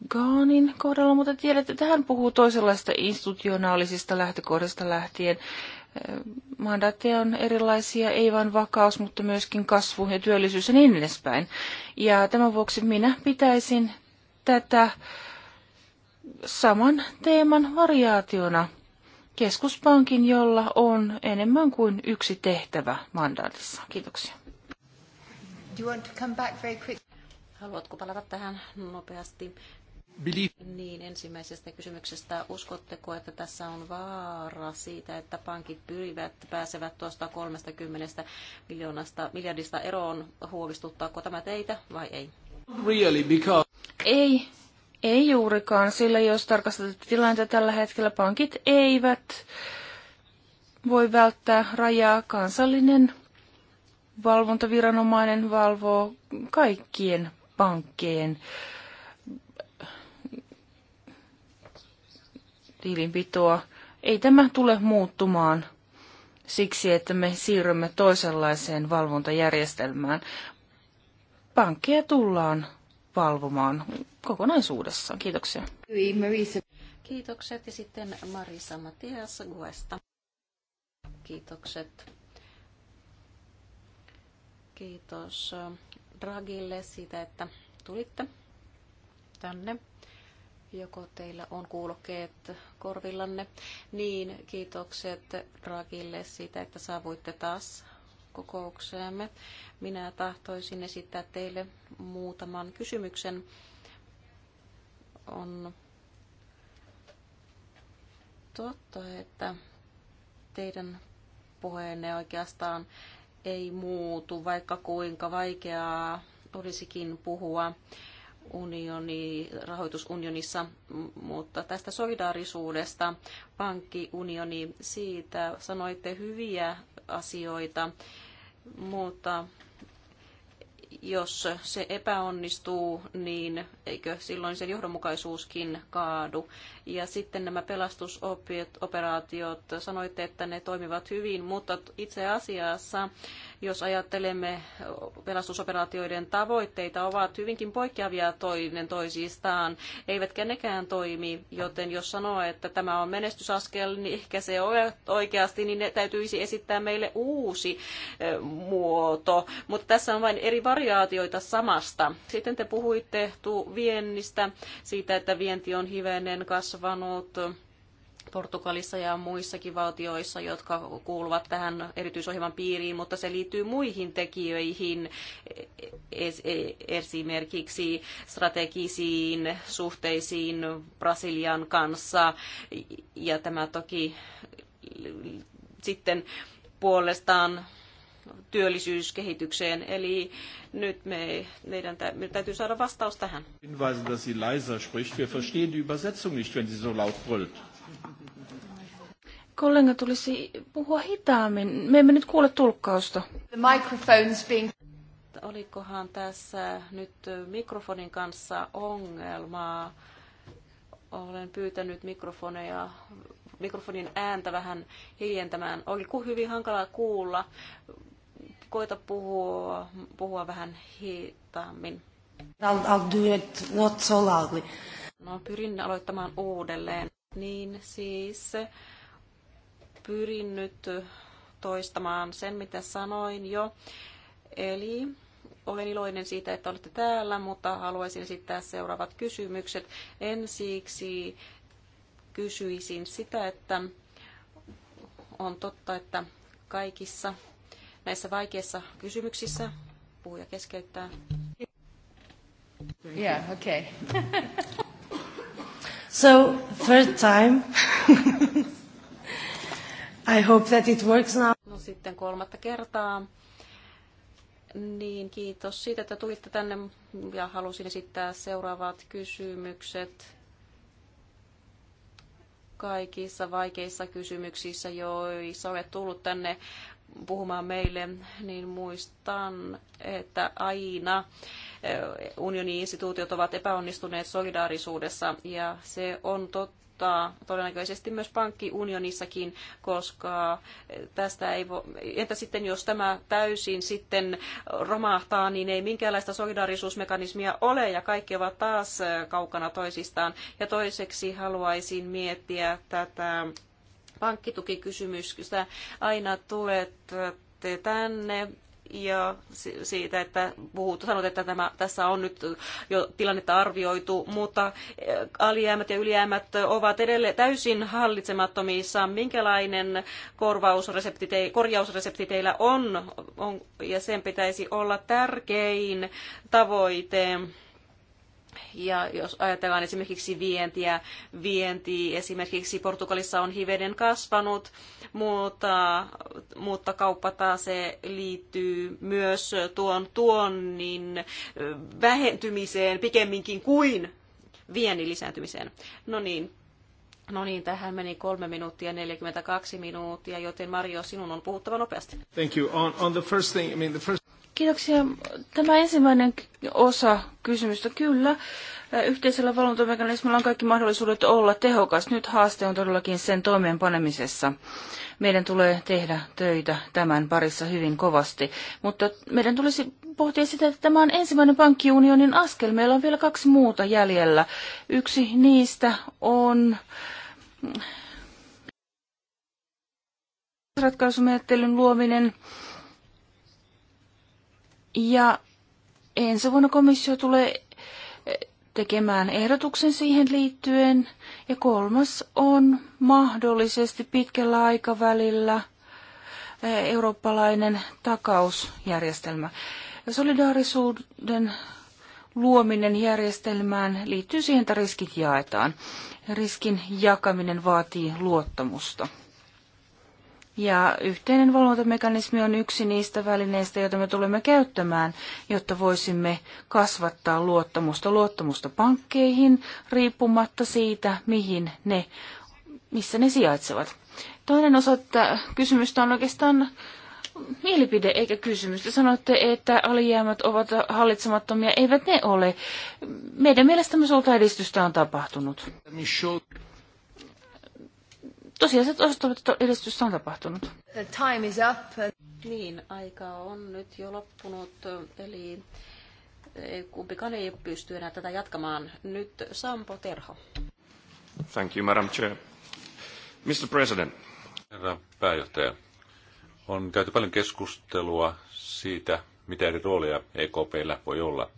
Gaanin kohdalla, mutta tiedätte, että hän puhuu toisenlaista institutionaalisista lähtökohdista lähtien. Äh, mandaatteja on erilaisia, ei vain vakaus, mutta myöskin kasvu ja työllisyys ja niin edespäin. Ja tämän vuoksi minä pitäisin tätä saman teeman variaationa – keskuspankin, jolla on enemmän kuin yksi tehtävä mandaatissa. Kiitoksia. Haluatko palata tähän nopeasti? Believe. Niin, ensimmäisestä kysymyksestä. Uskotteko, että tässä on vaara siitä, että pankit pyrivät, pääsevät tuosta 30 miljoonasta, miljardista eroon? Huolestuttaako tämä teitä vai ei? Really, because... Ei ei juurikaan, sillä jos tarkastetaan tilannetta tällä hetkellä, pankit eivät voi välttää rajaa. Kansallinen valvontaviranomainen valvoo kaikkien pankkien tilinpitoa. Ei tämä tule muuttumaan siksi, että me siirrymme toisenlaiseen valvontajärjestelmään. Pankkeja tullaan valvomaan kokonaisuudessaan. Kiitoksia. Kiitokset ja sitten Marisa Matias Guesta. Kiitokset. Kiitos äh, Dragille siitä, että tulitte tänne. Joko teillä on kuulokkeet korvillanne. Niin, kiitokset Dragille siitä, että saavuitte taas kokoukseemme. Minä tahtoisin esittää teille muutaman kysymyksen. On totta, että teidän puheenne oikeastaan ei muutu, vaikka kuinka vaikeaa olisikin puhua unioni, rahoitusunionissa, mutta tästä solidaarisuudesta, pankkiunioni, siitä sanoitte hyviä asioita, mutta jos se epäonnistuu, niin eikö silloin se johdonmukaisuuskin kaadu? Ja sitten nämä pelastusoperaatiot, sanoitte, että ne toimivat hyvin, mutta itse asiassa jos ajattelemme pelastusoperaatioiden tavoitteita, ovat hyvinkin poikkeavia toinen toisistaan, eivätkä nekään toimi, joten jos sanoo, että tämä on menestysaskel, niin ehkä se oikeasti, niin ne täytyisi esittää meille uusi muoto, mutta tässä on vain eri variaatioita samasta. Sitten te puhuitte viennistä, siitä, että vienti on hivenen kasvanut Portugalissa ja muissakin valtioissa, jotka kuuluvat tähän erityisohjelman piiriin, mutta se liittyy muihin tekijöihin, e- e- e- esimerkiksi strategisiin suhteisiin Brasilian kanssa. Ja tämä toki sitten puolestaan työllisyyskehitykseen. Eli nyt me, meidän tä, me täytyy saada vastaus tähän. Hinweise, dass sie leiser spricht. Wir verstehen die Übersetzung nicht, wenn sie so laut brüllt. Kollega tulisi puhua hitaammin. Me emme nyt kuule tulkkausta. The microphone's being... Olikohan tässä nyt mikrofonin kanssa ongelmaa? Olen pyytänyt mikrofoneja mikrofonin ääntä vähän hiljentämään. Oli hyvin hankalaa kuulla. Koita puhua, puhua vähän hitaammin. I'll, I'll do it not so loudly. No, pyrin aloittamaan uudelleen. Niin siis pyrin nyt toistamaan sen, mitä sanoin jo. Eli olen iloinen siitä, että olette täällä, mutta haluaisin esittää seuraavat kysymykset. Ensiksi kysyisin sitä, että on totta, että kaikissa näissä vaikeissa kysymyksissä puhuja keskeyttää. Yeah, okay. so, third time. I hope that it works now. No sitten kolmatta kertaa. Niin, kiitos siitä, että tulitte tänne ja halusin esittää seuraavat kysymykset kaikissa vaikeissa kysymyksissä, joissa olet tullut tänne puhumaan meille, niin muistan, että aina eh, unionin instituutiot ovat epäonnistuneet solidaarisuudessa ja se on totta mutta todennäköisesti myös pankkiunionissakin, koska tästä ei vo, entä sitten jos tämä täysin sitten romahtaa, niin ei minkäänlaista solidarisuusmekanismia ole ja kaikki ovat taas kaukana toisistaan. Ja toiseksi haluaisin miettiä tätä pankkitukikysymystä. Aina tulet tänne ja siitä, että puhuttu, sanot, että tämä, tässä on nyt jo tilannetta arvioitu, mutta eh, alijäämät ja ylijäämät ovat edelleen täysin hallitsemattomissa. Minkälainen korvausresepti te, korjausresepti teillä on, on, ja sen pitäisi olla tärkein tavoite? Ja jos ajatellaan esimerkiksi vientiä, vienti esimerkiksi Portugalissa on hivenen kasvanut, mutta, mutta kauppa taas liittyy myös tuon tuonnin vähentymiseen pikemminkin kuin viennin lisääntymiseen. No niin, No niin, tähän meni kolme minuuttia 42 minuuttia, joten Mario, sinun on puhuttava nopeasti. Thank you. On, on the first thing, I mean the first... Kiitoksia. Tämä ensimmäinen osa kysymystä, kyllä. Yhteisellä valvontamekanismilla on kaikki mahdollisuudet olla tehokas. Nyt haaste on todellakin sen toimeenpanemisessa. Meidän tulee tehdä töitä tämän parissa hyvin kovasti, mutta meidän tulisi pohtia sitä, että tämä on ensimmäinen pankkiunionin askel. Meillä on vielä kaksi muuta jäljellä. Yksi niistä on ratkaisumenettelyn luominen ja ensi vuonna komissio tulee eh, tekemään ehdotuksen siihen liittyen. Ja kolmas on mahdollisesti pitkällä aikavälillä eh, eurooppalainen takausjärjestelmä. Solidaarisuuden luominen järjestelmään liittyy siihen, että riskit jaetaan. Riskin jakaminen vaatii luottamusta. Ja yhteinen valvontamekanismi on yksi niistä välineistä, joita me tulemme käyttämään, jotta voisimme kasvattaa luottamusta, luottamusta pankkeihin, riippumatta siitä, mihin ne, missä ne sijaitsevat. Toinen osa että kysymystä on oikeastaan mielipide eikä kysymys. Te sanoitte, että alijäämät ovat hallitsemattomia. Eivät ne ole. Meidän mielestämme sulta edistystä on tapahtunut tosiasiat osoittavat, että edistystä on tapahtunut. Time is up. Niin, aika on nyt jo loppunut, eli eh, kumpikaan ei pysty enää tätä jatkamaan. Nyt Sampo Terho. Thank you, Madam Chair. Mr. President. Herra pääjohtaja, on käyty paljon keskustelua siitä, mitä eri rooleja EKPllä voi olla.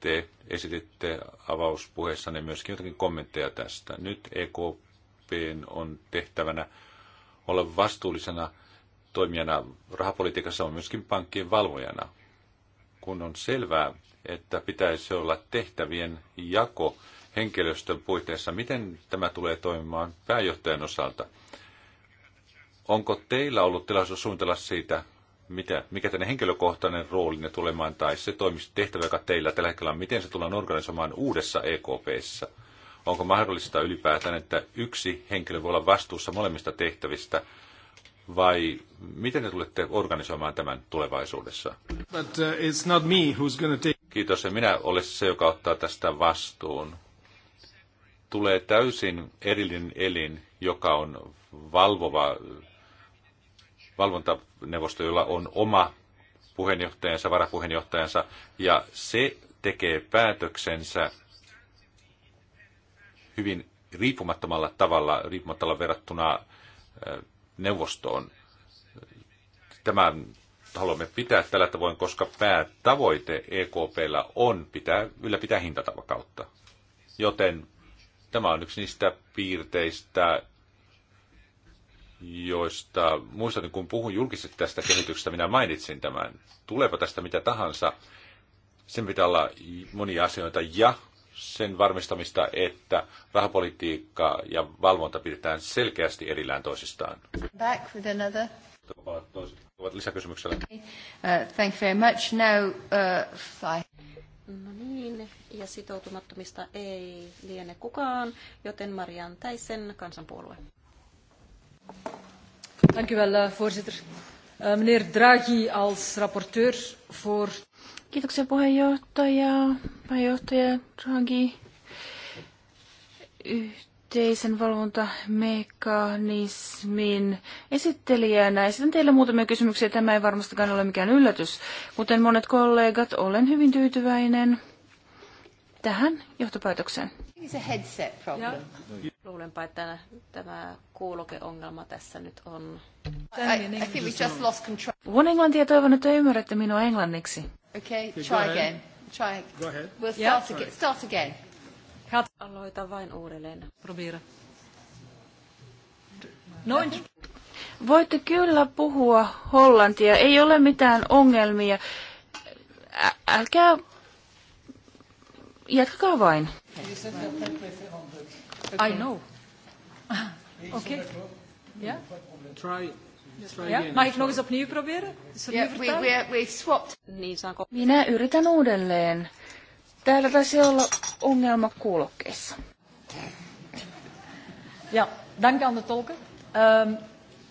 Te esititte avauspuheessanne myöskin jotakin kommentteja tästä. Nyt EKP EKPn on tehtävänä olla vastuullisena toimijana rahapolitiikassa, on myöskin pankkien valvojana. Kun on selvää, että pitäisi olla tehtävien jako henkilöstön puitteissa, miten tämä tulee toimimaan pääjohtajan osalta? Onko teillä ollut tilaisuus suunnitella siitä, mitä, mikä tänne henkilökohtainen rooli ne tulemaan, tai se toimistotehtävä, joka teillä tällä hetkellä on, miten se tullaan organisoimaan uudessa EKPssä? Onko mahdollista ylipäätään, että yksi henkilö voi olla vastuussa molemmista tehtävistä, vai miten te tulette organisoimaan tämän tulevaisuudessa? But, uh, it's not me who's gonna take... Kiitos, ja minä olen se, joka ottaa tästä vastuun. Tulee täysin erillinen elin, joka on valvova valvontaneuvosto, jolla on oma puheenjohtajansa, varapuheenjohtajansa, ja se tekee päätöksensä hyvin riippumattomalla tavalla, riippumattomalla verrattuna neuvostoon. Tämä haluamme pitää tällä tavoin, koska päätavoite EKPllä on pitää, ylläpitää hintatavakautta. Joten tämä on yksi niistä piirteistä, joista muistan, kun puhun julkisesti tästä kehityksestä, minä mainitsin tämän. Tuleepa tästä mitä tahansa, sen pitää olla monia asioita ja sen varmistamista, että rahapolitiikka ja valvonta pidetään selkeästi erillään toisistaan. Back with another. Ovat lisäkysymyksellä. Uh, thank you very much. Now, uh, No niin, ja sitoutumattomista ei liene kukaan, joten Marian Täisen kansanpuolue. Dank u wel, eh, voorzitter. Eh, meneer Draghi als rapporteur voor Kiitoksia puheenjohtaja, puheenjohtaja Draghi. Yhteisen valvontamekanismin esittelijänä esitän teille muutamia kysymyksiä. Tämä ei varmastikaan ole mikään yllätys. Kuten monet kollegat, olen hyvin tyytyväinen tähän johtopäätökseen. Luulenpa, että tämä kuulokeongelma tässä nyt on. Puhun englantia ja toivon, että ymmärrätte minua englanniksi. Okay, try again. Try. Go ahead. We'll start, yeah. again. start again. Aloita vain uudelleen. Probiira. Noin. Voitte kyllä puhua hollantia. Ei ole mitään ongelmia. Ä- älkää... Jatkakaa vain. I know. Okay. Yeah. Try Maikko, nog opnieuw proberen? Niin, Minä yritän uudelleen. Täällä taisi olla ongelma kuulokkeissa. Ja, dank aan de tolken. Um,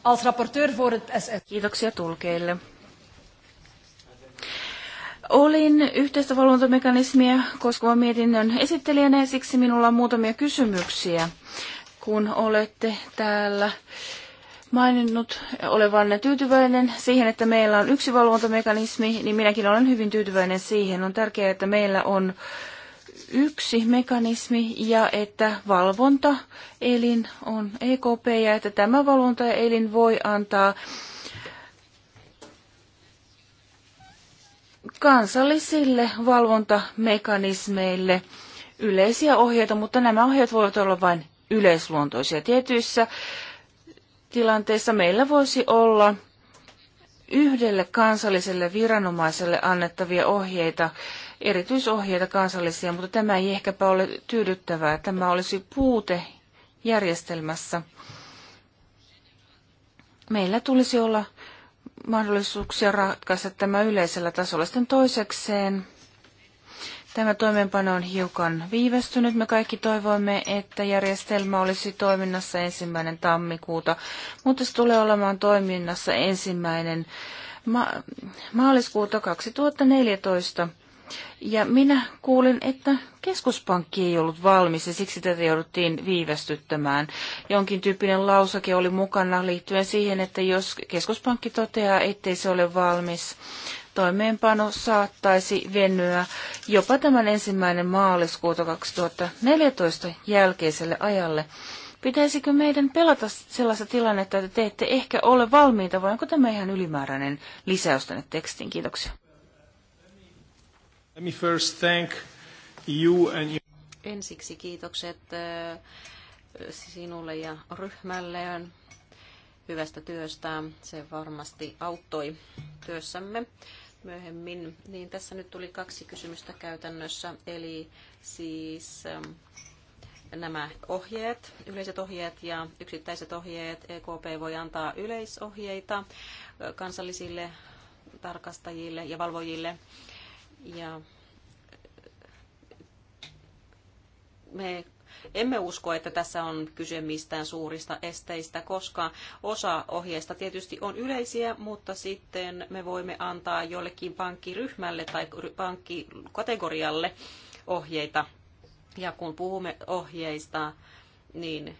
als rapporteur voor het SF. Kiitoksia tulkeille. Olin yhteistä valvontamekanismia koskevan mietinnön esittelijänä ja siksi minulla on muutamia kysymyksiä, kun olette täällä maininnut olevanne tyytyväinen siihen, että meillä on yksi valvontamekanismi, niin minäkin olen hyvin tyytyväinen siihen. On tärkeää, että meillä on yksi mekanismi ja että valvontaelin on EKP ja että tämä valvontaelin voi antaa kansallisille valvontamekanismeille yleisiä ohjeita, mutta nämä ohjeet voivat olla vain yleisluontoisia. Tietyissä tilanteessa meillä voisi olla yhdelle kansalliselle viranomaiselle annettavia ohjeita, erityisohjeita kansallisia, mutta tämä ei ehkäpä ole tyydyttävää. Tämä olisi puute järjestelmässä. Meillä tulisi olla mahdollisuuksia ratkaista tämä yleisellä tasolla. Sitten toisekseen Tämä toimeenpano on hiukan viivästynyt. Me kaikki toivoimme, että järjestelmä olisi toiminnassa ensimmäinen tammikuuta, mutta se tulee olemaan toiminnassa ensimmäinen ma- maaliskuuta 2014. Ja minä kuulin, että keskuspankki ei ollut valmis ja siksi tätä jouduttiin viivästyttämään. Jonkin tyyppinen lausake oli mukana liittyen siihen, että jos keskuspankki toteaa, ettei se ole valmis, toimeenpano saattaisi venyä jopa tämän ensimmäinen maaliskuuta 2014 jälkeiselle ajalle. Pitäisikö meidän pelata sellaista tilannetta, että te ette ehkä ole valmiita, vai onko tämä ihan ylimääräinen lisäys tänne tekstiin? Kiitoksia. Let me first thank you and you. Ensiksi kiitokset sinulle ja ryhmälleen hyvästä työstä. Se varmasti auttoi työssämme myöhemmin. Niin tässä nyt tuli kaksi kysymystä käytännössä, eli siis ähm, nämä ohjeet, yleiset ohjeet ja yksittäiset ohjeet. EKP voi antaa yleisohjeita äh, kansallisille tarkastajille ja valvojille. Ja äh, me emme usko, että tässä on kyse mistään suurista esteistä, koska osa ohjeista tietysti on yleisiä, mutta sitten me voimme antaa jollekin pankkiryhmälle tai pankkikategorialle ohjeita. Ja kun puhumme ohjeista, niin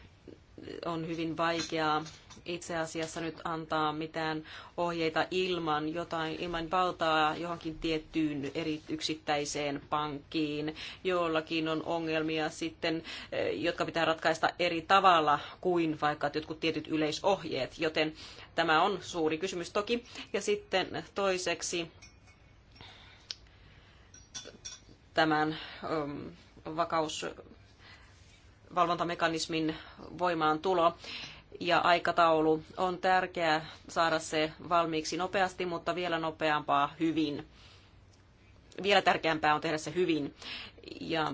on hyvin vaikeaa itse asiassa nyt antaa mitään ohjeita ilman jotain, ilman valtaa johonkin tiettyyn eri yksittäiseen pankkiin. Jollakin on ongelmia sitten, eh, jotka pitää ratkaista eri tavalla kuin vaikka jotkut tietyt yleisohjeet, joten tämä on suuri kysymys toki. Ja sitten toiseksi tämän mm, vakaus valvontamekanismin voimaantulo. tulo ja aikataulu on tärkeää saada se valmiiksi nopeasti, mutta vielä nopeampaa hyvin. Vielä tärkeämpää on tehdä se hyvin. Ja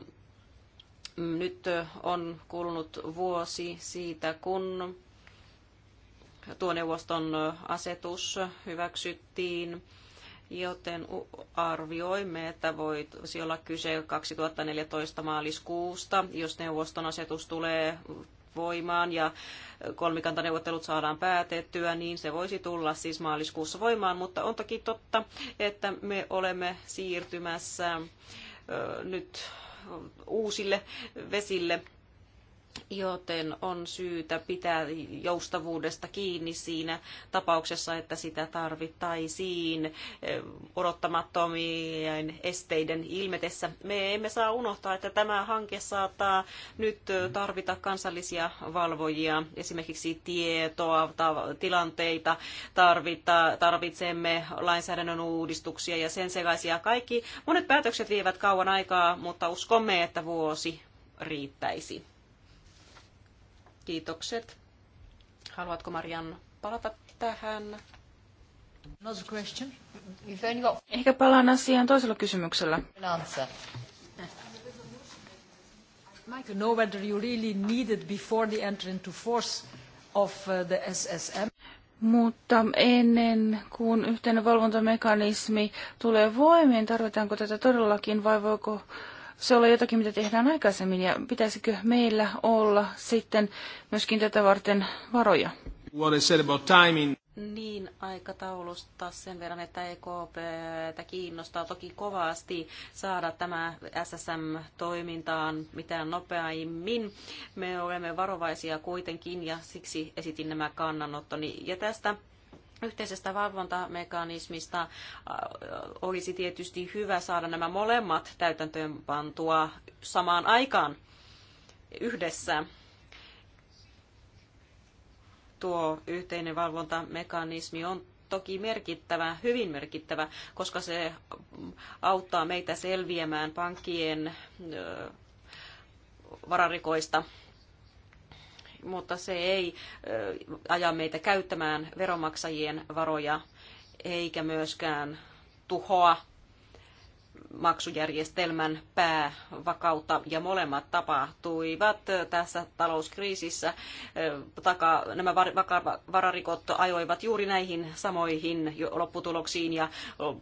nyt on kulunut vuosi siitä, kun tuo neuvoston asetus hyväksyttiin, joten arvioimme, että voisi olla kyse 2014 maaliskuusta, jos neuvoston asetus tulee voimaan ja kolmikantaneuvottelut saadaan päätettyä, niin se voisi tulla siis maaliskuussa voimaan, mutta on toki totta, että me olemme siirtymässä nyt uusille vesille joten on syytä pitää joustavuudesta kiinni siinä tapauksessa, että sitä tarvittaisiin eh, odottamattomien esteiden ilmetessä. Me emme saa unohtaa, että tämä hanke saattaa nyt eh, tarvita kansallisia valvojia, esimerkiksi tietoa, tilanteita, tarvita, tarvitsemme lainsäädännön uudistuksia ja sen sekaisia. Kaikki monet päätökset vievät kauan aikaa, mutta uskomme, että vuosi riittäisi Kiitokset. Haluatko Marian palata tähän? Another question. Ehkä palaan asiaan toisella kysymyksellä. Michael, whether you really before the entry into force of uh, the SSM. Mutta ennen kuin yhteinen valvontamekanismi tulee voimiin, tarvitaanko tätä todellakin vai voiko se olla jotakin, mitä tehdään aikaisemmin ja pitäisikö meillä olla sitten myöskin tätä varten varoja? What is said about timing? Niin, aikataulusta sen verran, että EKP kiinnostaa toki kovasti saada tämä SSM-toimintaan mitään nopeammin. Me olemme varovaisia kuitenkin ja siksi esitin nämä kannanottoni. Ja tästä yhteisestä valvontamekanismista olisi tietysti hyvä saada nämä molemmat täytäntöön pantua samaan aikaan yhdessä. Tuo yhteinen valvontamekanismi on toki merkittävä, hyvin merkittävä, koska se auttaa meitä selviämään pankkien vararikoista mutta se ei aja meitä käyttämään veronmaksajien varoja eikä myöskään tuhoa maksujärjestelmän päävakautta ja molemmat tapahtuivat tässä talouskriisissä. nämä vararikot ajoivat juuri näihin samoihin lopputuloksiin ja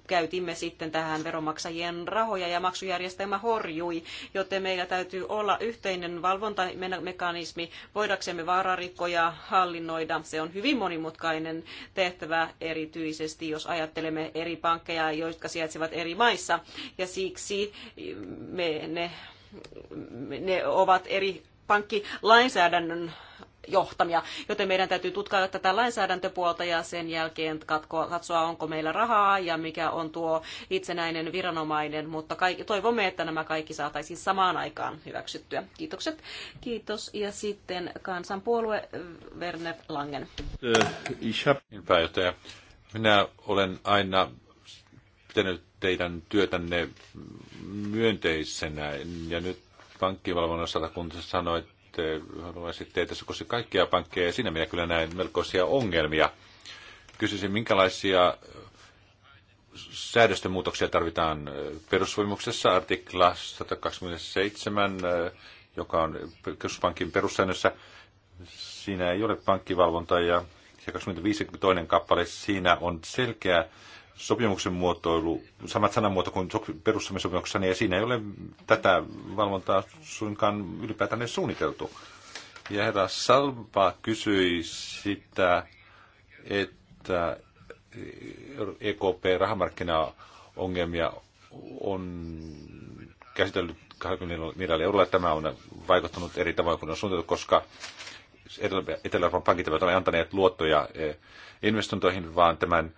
käytimme sitten tähän veronmaksajien rahoja ja maksujärjestelmä horjui, joten meillä täytyy olla yhteinen valvontamekanismi voidaksemme vararikkoja hallinnoida. Se on hyvin monimutkainen tehtävä erityisesti, jos ajattelemme eri pankkeja, jotka sijaitsevat eri maissa ja siksi me, ne, ne ovat eri pankkilainsäädännön johtamia, joten meidän täytyy tutkailla tätä lainsäädäntöpuolta ja sen jälkeen katsoa, onko meillä rahaa ja mikä on tuo itsenäinen viranomainen, mutta kaikki, toivomme, että nämä kaikki saataisiin samaan aikaan hyväksyttyä. Kiitokset. Kiitos. Ja sitten kansanpuolue Werner Langen. Äh, niin, pääjohtaja, minä olen aina pitänyt teidän työtänne myönteisenä. Ja nyt pankkivalvonnan osalta, kun sanoitte, haluaisitte, että se koskee kaikkia pankkeja, ja siinä minä kyllä näen melkoisia ongelmia. Kysyisin, minkälaisia säädösten muutoksia tarvitaan perussopimuksessa, artikla 127, joka on keskuspankin perussäännössä. Siinä ei ole pankkivalvonta ja 25 toinen kappale, siinä on selkeä sopimuksen muotoilu, samat sanamuoto kuin perussopimuksessa, niin siinä ei ole tätä valvontaa suinkaan ylipäätään suunniteltu. Ja herra Salpa kysyi sitä, että EKP rahamarkkinaongelmia on käsitellyt 20 miljardilla eurolla. Tämä on vaikuttanut eri tavoin kuin on suunniteltu, koska Etelä-Euroopan pankit eivät ole antaneet luottoja eh, investointoihin, vaan tämän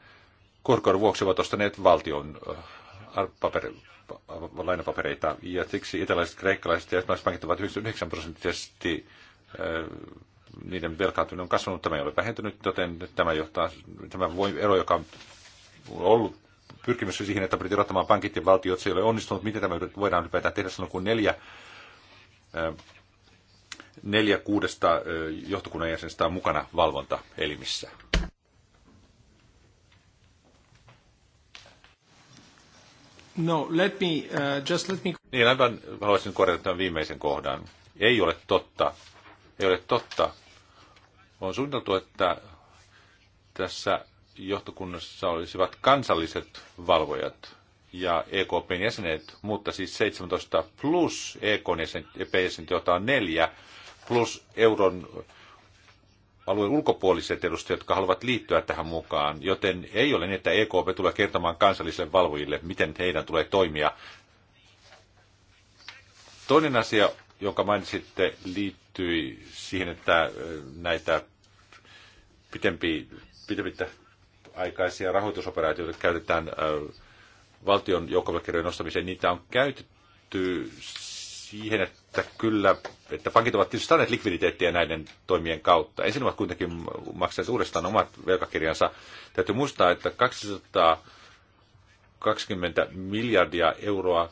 korkoon vuoksi ovat ostaneet valtion äh, paperi, äh, lainapapereita. Ja siksi italialaiset, kreikkalaiset ja espanjalaiset pankit ovat 99 prosenttisesti äh, niiden velkaantuminen on kasvanut, tämä ei ole vähentynyt, joten tämä, johtaa, tämä voi, ero, joka on ollut pyrkimys siihen, että pyrittiin rottamaan pankit ja valtiot, se ei ole onnistunut. Miten tämä voidaan ylipäätään tehdä silloin, kun neljä, neljä kuudesta johtokunnan jäsenestä on mukana valvontaelimissä? No, let me, uh, just let me... Niin, aivan haluaisin korjata tämän viimeisen kohdan. Ei ole totta. Ei ole totta. On suunniteltu, että tässä johtokunnassa olisivat kansalliset valvojat ja EKPn jäsenet, mutta siis 17 plus EKn jäsenet, jäsenet jota on neljä, plus euron alueen ulkopuoliset edustajat, jotka haluavat liittyä tähän mukaan, joten ei ole niin, että EKP tulee kertomaan kansallisille valvojille, miten heidän tulee toimia. Toinen asia, jonka mainitsitte, liittyi siihen, että äh, näitä pitempi, pitemmittä aikaisia rahoitusoperaatioita käytetään äh, valtion joukkovelkirjojen nostamiseen. Niitä on käytetty siihen, että että kyllä, että pankit ovat tietysti saaneet likviditeettiä näiden toimien kautta. Ensin ovat kuitenkin maksaneet uudestaan omat velkakirjansa. Täytyy muistaa, että 220 miljardia euroa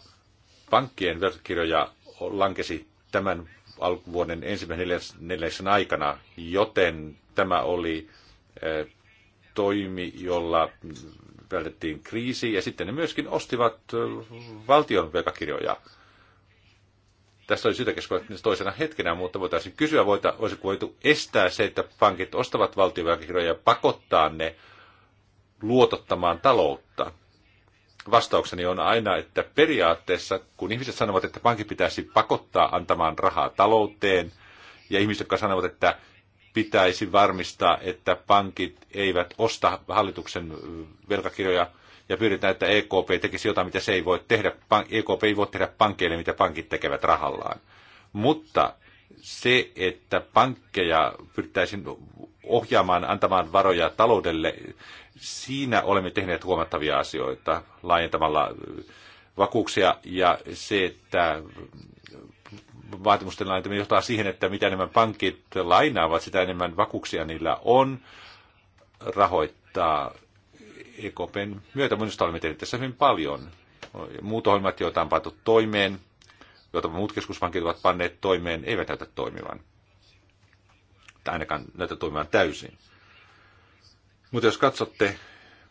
pankkien velkakirjoja lankesi tämän alkuvuoden ensimmäisen neljänneksen aikana, joten tämä oli eh, toimi, jolla vältettiin kriisi, ja sitten ne myöskin ostivat eh, valtion velkakirjoja. Tässä oli syytä keskustella toisena hetkenä, mutta voitaisiin kysyä, voita, olisiko voitu estää se, että pankit ostavat valtionvelkakirjoja ja pakottaa ne luotottamaan taloutta. Vastaukseni on aina, että periaatteessa, kun ihmiset sanovat, että pankki pitäisi pakottaa antamaan rahaa talouteen, ja ihmiset, jotka sanovat, että pitäisi varmistaa, että pankit eivät osta hallituksen velkakirjoja, ja pyydetään, että EKP tekisi jotain, mitä se ei voi tehdä. EKP ei voi tehdä pankeille, mitä pankit tekevät rahallaan. Mutta se, että pankkeja pyrittäisiin ohjaamaan, antamaan varoja taloudelle, siinä olemme tehneet huomattavia asioita laajentamalla äh, vakuuksia ja se, että vaatimusten laajentaminen johtaa siihen, että mitä enemmän pankit lainaavat, sitä enemmän vakuuksia niillä on rahoittaa EKPn myötä minusta olemme tehneet tässä hyvin paljon. Muut ohjelmat, joita on pantu toimeen, joita muut keskuspankit ovat panneet toimeen, eivät näytä toimivan. Tai ainakaan näytä toimivan täysin. Mutta jos katsotte,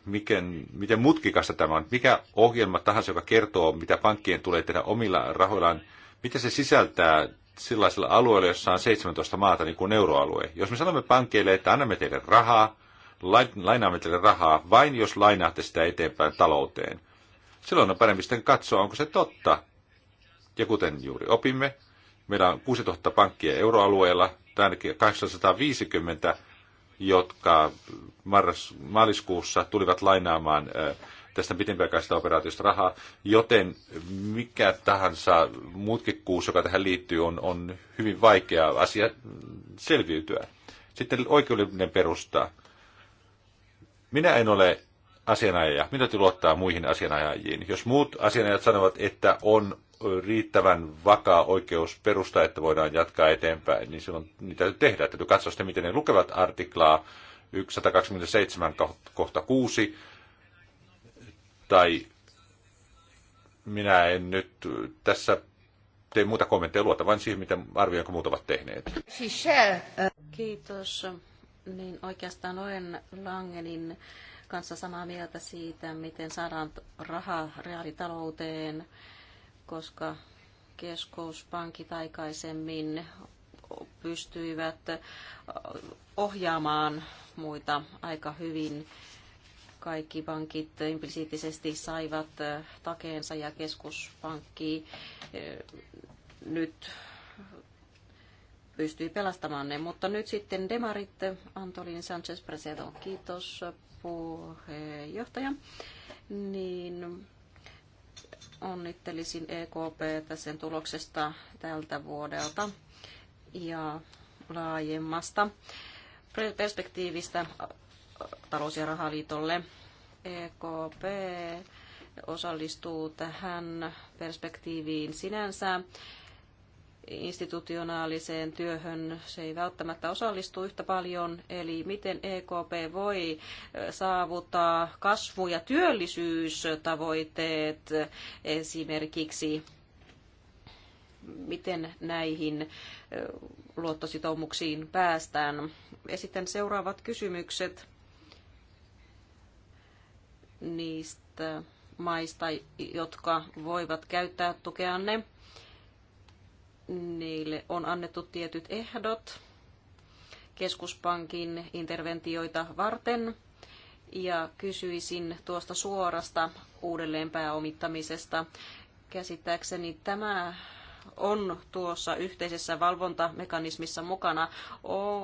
miten, miten mutkikasta tämä on, mikä ohjelma tahansa, joka kertoo, mitä pankkien tulee tehdä omilla rahoillaan, mitä se sisältää sellaisella alueella, jossa on 17 maata, niin kuin euroalue. Jos me sanomme pankeille, että annamme teille rahaa, lainaamiselle rahaa vain, jos lainaatte sitä eteenpäin talouteen. Silloin on parempi sitten katsoa, onko se totta. Ja kuten juuri opimme, meillä on 6000 pankkia euroalueella, tai ainakin 850, jotka marras, maaliskuussa tulivat lainaamaan tästä pitempiaikaisesta operaatiosta rahaa, joten mikä tahansa mutkikkuus, joka tähän liittyy, on, on hyvin vaikea asia selviytyä. Sitten oikeudellinen perustaa. Minä en ole asianajaja. Minä täytyy luottaa muihin asianajajiin. Jos muut asianajat sanovat, että on riittävän vakaa oikeus perusta, että voidaan jatkaa eteenpäin, niin silloin niitä täytyy tehdä. Täytyy katsoa sitä, miten ne lukevat artiklaa 127 kohta 6. Tai minä en nyt tässä tee muuta kommentteja luota, vain siihen, miten arvioin, muut ovat tehneet. Uh, Kiitos niin oikeastaan olen Langenin kanssa samaa mieltä siitä, miten saadaan rahaa reaalitalouteen, koska keskuspankit aikaisemmin pystyivät ohjaamaan muita aika hyvin. Kaikki pankit implisiittisesti saivat takeensa ja keskuspankki eh, nyt pystyi pelastamaan ne. Mutta nyt sitten demarit, Antolin Sanchez Presedo, kiitos puheenjohtaja. Niin onnittelisin EKP sen tuloksesta tältä vuodelta ja laajemmasta perspektiivistä talous- ja rahaliitolle. EKP osallistuu tähän perspektiiviin sinänsä institutionaaliseen työhön se ei välttämättä osallistu yhtä paljon. Eli miten EKP voi saavuttaa kasvu- ja työllisyystavoitteet esimerkiksi? Miten näihin luottositoumuksiin päästään? Esitän seuraavat kysymykset niistä maista, jotka voivat käyttää tukeanne niille on annettu tietyt ehdot keskuspankin interventioita varten. Ja kysyisin tuosta suorasta uudelleenpääomittamisesta. Käsittääkseni tämä on tuossa yhteisessä valvontamekanismissa mukana.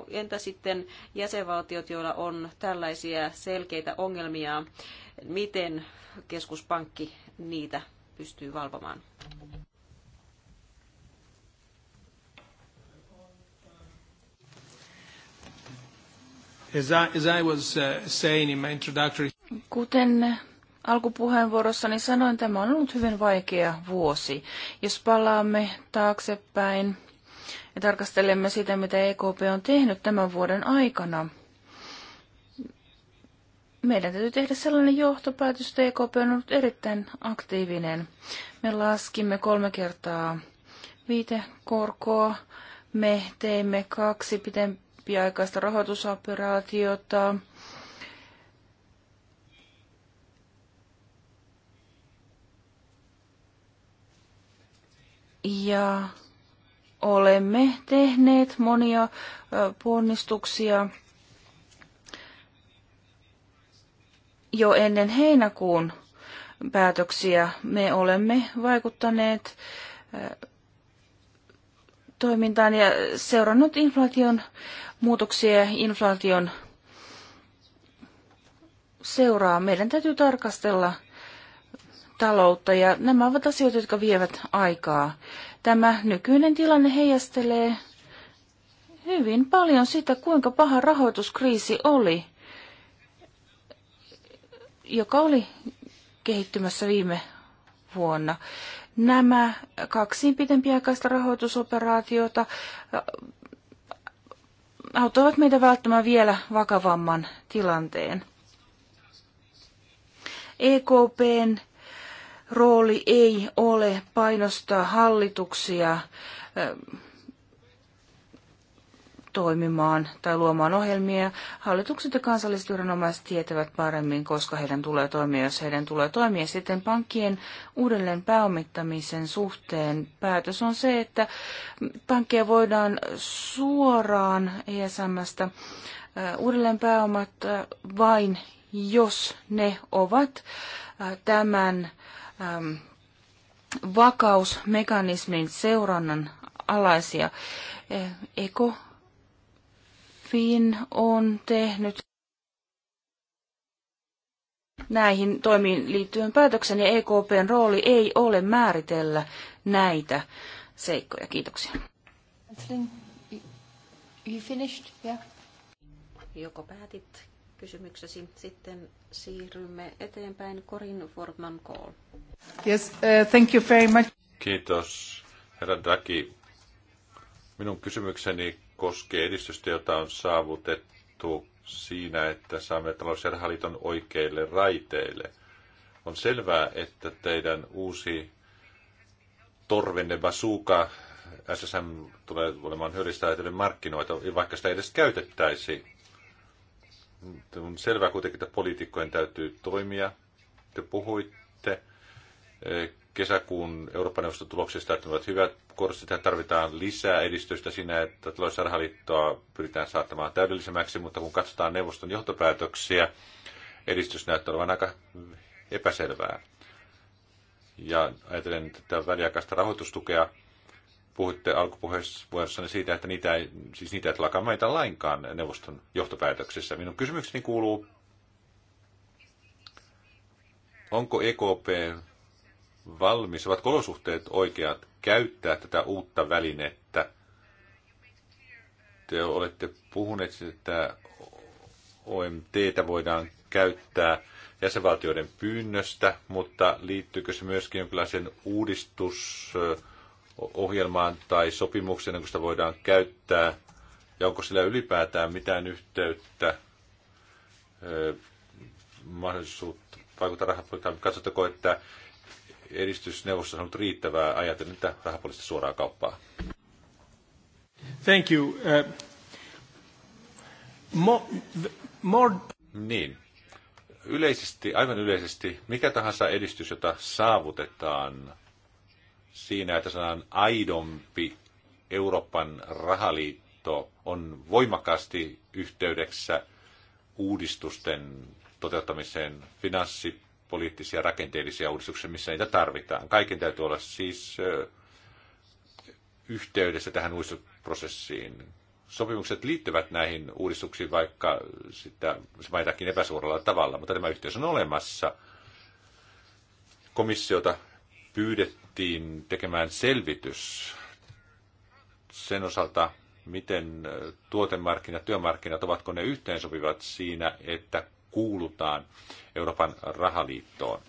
Entä sitten jäsenvaltiot, joilla on tällaisia selkeitä ongelmia, miten keskuspankki niitä pystyy valvomaan? Kuten alkupuheenvuorossani sanoin, tämä on ollut hyvin vaikea vuosi. Jos palaamme taaksepäin ja tarkastelemme sitä, mitä EKP on tehnyt tämän vuoden aikana, meidän täytyy tehdä sellainen johtopäätös, että EKP on ollut erittäin aktiivinen. Me laskimme kolme kertaa korkoa. me teimme kaksi pitempi pitkäaikaista rahoitusoperaatiota. Ja olemme tehneet monia ponnistuksia jo ennen heinäkuun päätöksiä. Me olemme vaikuttaneet toimintaan ja seurannut inflaation muutoksia ja inflaation seuraa. Meidän täytyy tarkastella taloutta ja nämä ovat asioita, jotka vievät aikaa. Tämä nykyinen tilanne heijastelee hyvin paljon sitä, kuinka paha rahoituskriisi oli, joka oli kehittymässä viime vuonna nämä kaksi pitempiaikaista rahoitusoperaatiota äh, auttavat meitä välttämään vielä vakavamman tilanteen. EKPn rooli ei ole painostaa hallituksia äh, toimimaan tai luomaan ohjelmia. Hallitukset ja kansalliset viranomaiset tietävät paremmin, koska heidän tulee toimia, jos heidän tulee toimia. Sitten pankkien uudelleen pääomittamisen suhteen päätös on se, että pankkeja voidaan suoraan ESMstä äh, uudelleen pääomat äh, vain, jos ne ovat äh, tämän ähm, vakausmekanismin seurannan alaisia. Eko Fin on tehnyt näihin toimiin liittyen päätöksen ja EKPn rooli ei ole määritellä näitä seikkoja. Kiitoksia. You finished? Yeah. Joko päätit kysymyksesi, sitten siirrymme eteenpäin. Corin Fordman Call. Yes, uh, thank you very much. Kiitos, herra Draghi. Minun kysymykseni koskee edistystä, jota on saavutettu siinä, että saamme talousjärjestelmän ja oikeille raiteille. On selvää, että teidän uusi torvenne basuka SSM tulee olemaan hyödyllistä ajatellen markkinoita, vaikka sitä ei edes käytettäisi. On selvää kuitenkin, että poliitikkojen täytyy toimia. Te puhuitte eh, kesäkuun Euroopan neuvoston tuloksista, että ne ovat hyvät Korostit, tarvitaan lisää edistystä siinä, että talousarhaliittoa pyritään saattamaan täydellisemmäksi, mutta kun katsotaan neuvoston johtopäätöksiä, edistys näyttää olevan aika epäselvää. Ja ajatellen tätä väliaikaista rahoitustukea, puhutte alkupuheessanne siitä, että niitä ei, siis niitä ei lakaa lainkaan neuvoston johtopäätöksessä. Minun kysymykseni kuuluu, onko EKP valmis, ovat olosuhteet oikeat käyttää tätä uutta välinettä? Te olette puhuneet, että OMTtä voidaan käyttää jäsenvaltioiden pyynnöstä, mutta liittyykö se myöskin jonkinlaiseen uudistusohjelmaan tai sopimukseen, kun sitä voidaan käyttää, ja onko sillä ylipäätään mitään yhteyttä mahdollisuutta vaikuttaa rahapolitiikkaan? Katsotteko, että edistysneuvostossa on ollut riittävää ajatellen tätä rahapoliittista suoraa kauppaa? Thank you. Uh, more... Niin. Yleisesti, aivan yleisesti, mikä tahansa edistys, jota saavutetaan siinä, että sanan aidompi Euroopan rahaliitto on voimakkaasti yhteydessä uudistusten toteuttamiseen finanssi poliittisia rakenteellisia uudistuksia, missä niitä tarvitaan. Kaiken täytyy olla siis yhteydessä tähän uudistusprosessiin. Sopimukset liittyvät näihin uudistuksiin, vaikka sitä, se mainitaankin epäsuoralla tavalla, mutta tämä yhteys on olemassa. Komissiota pyydettiin tekemään selvitys sen osalta, miten tuotemarkkinat, työmarkkinat, ovatko ne yhteensopivat siinä, että kuulutaan Euroopan rahaliittoon.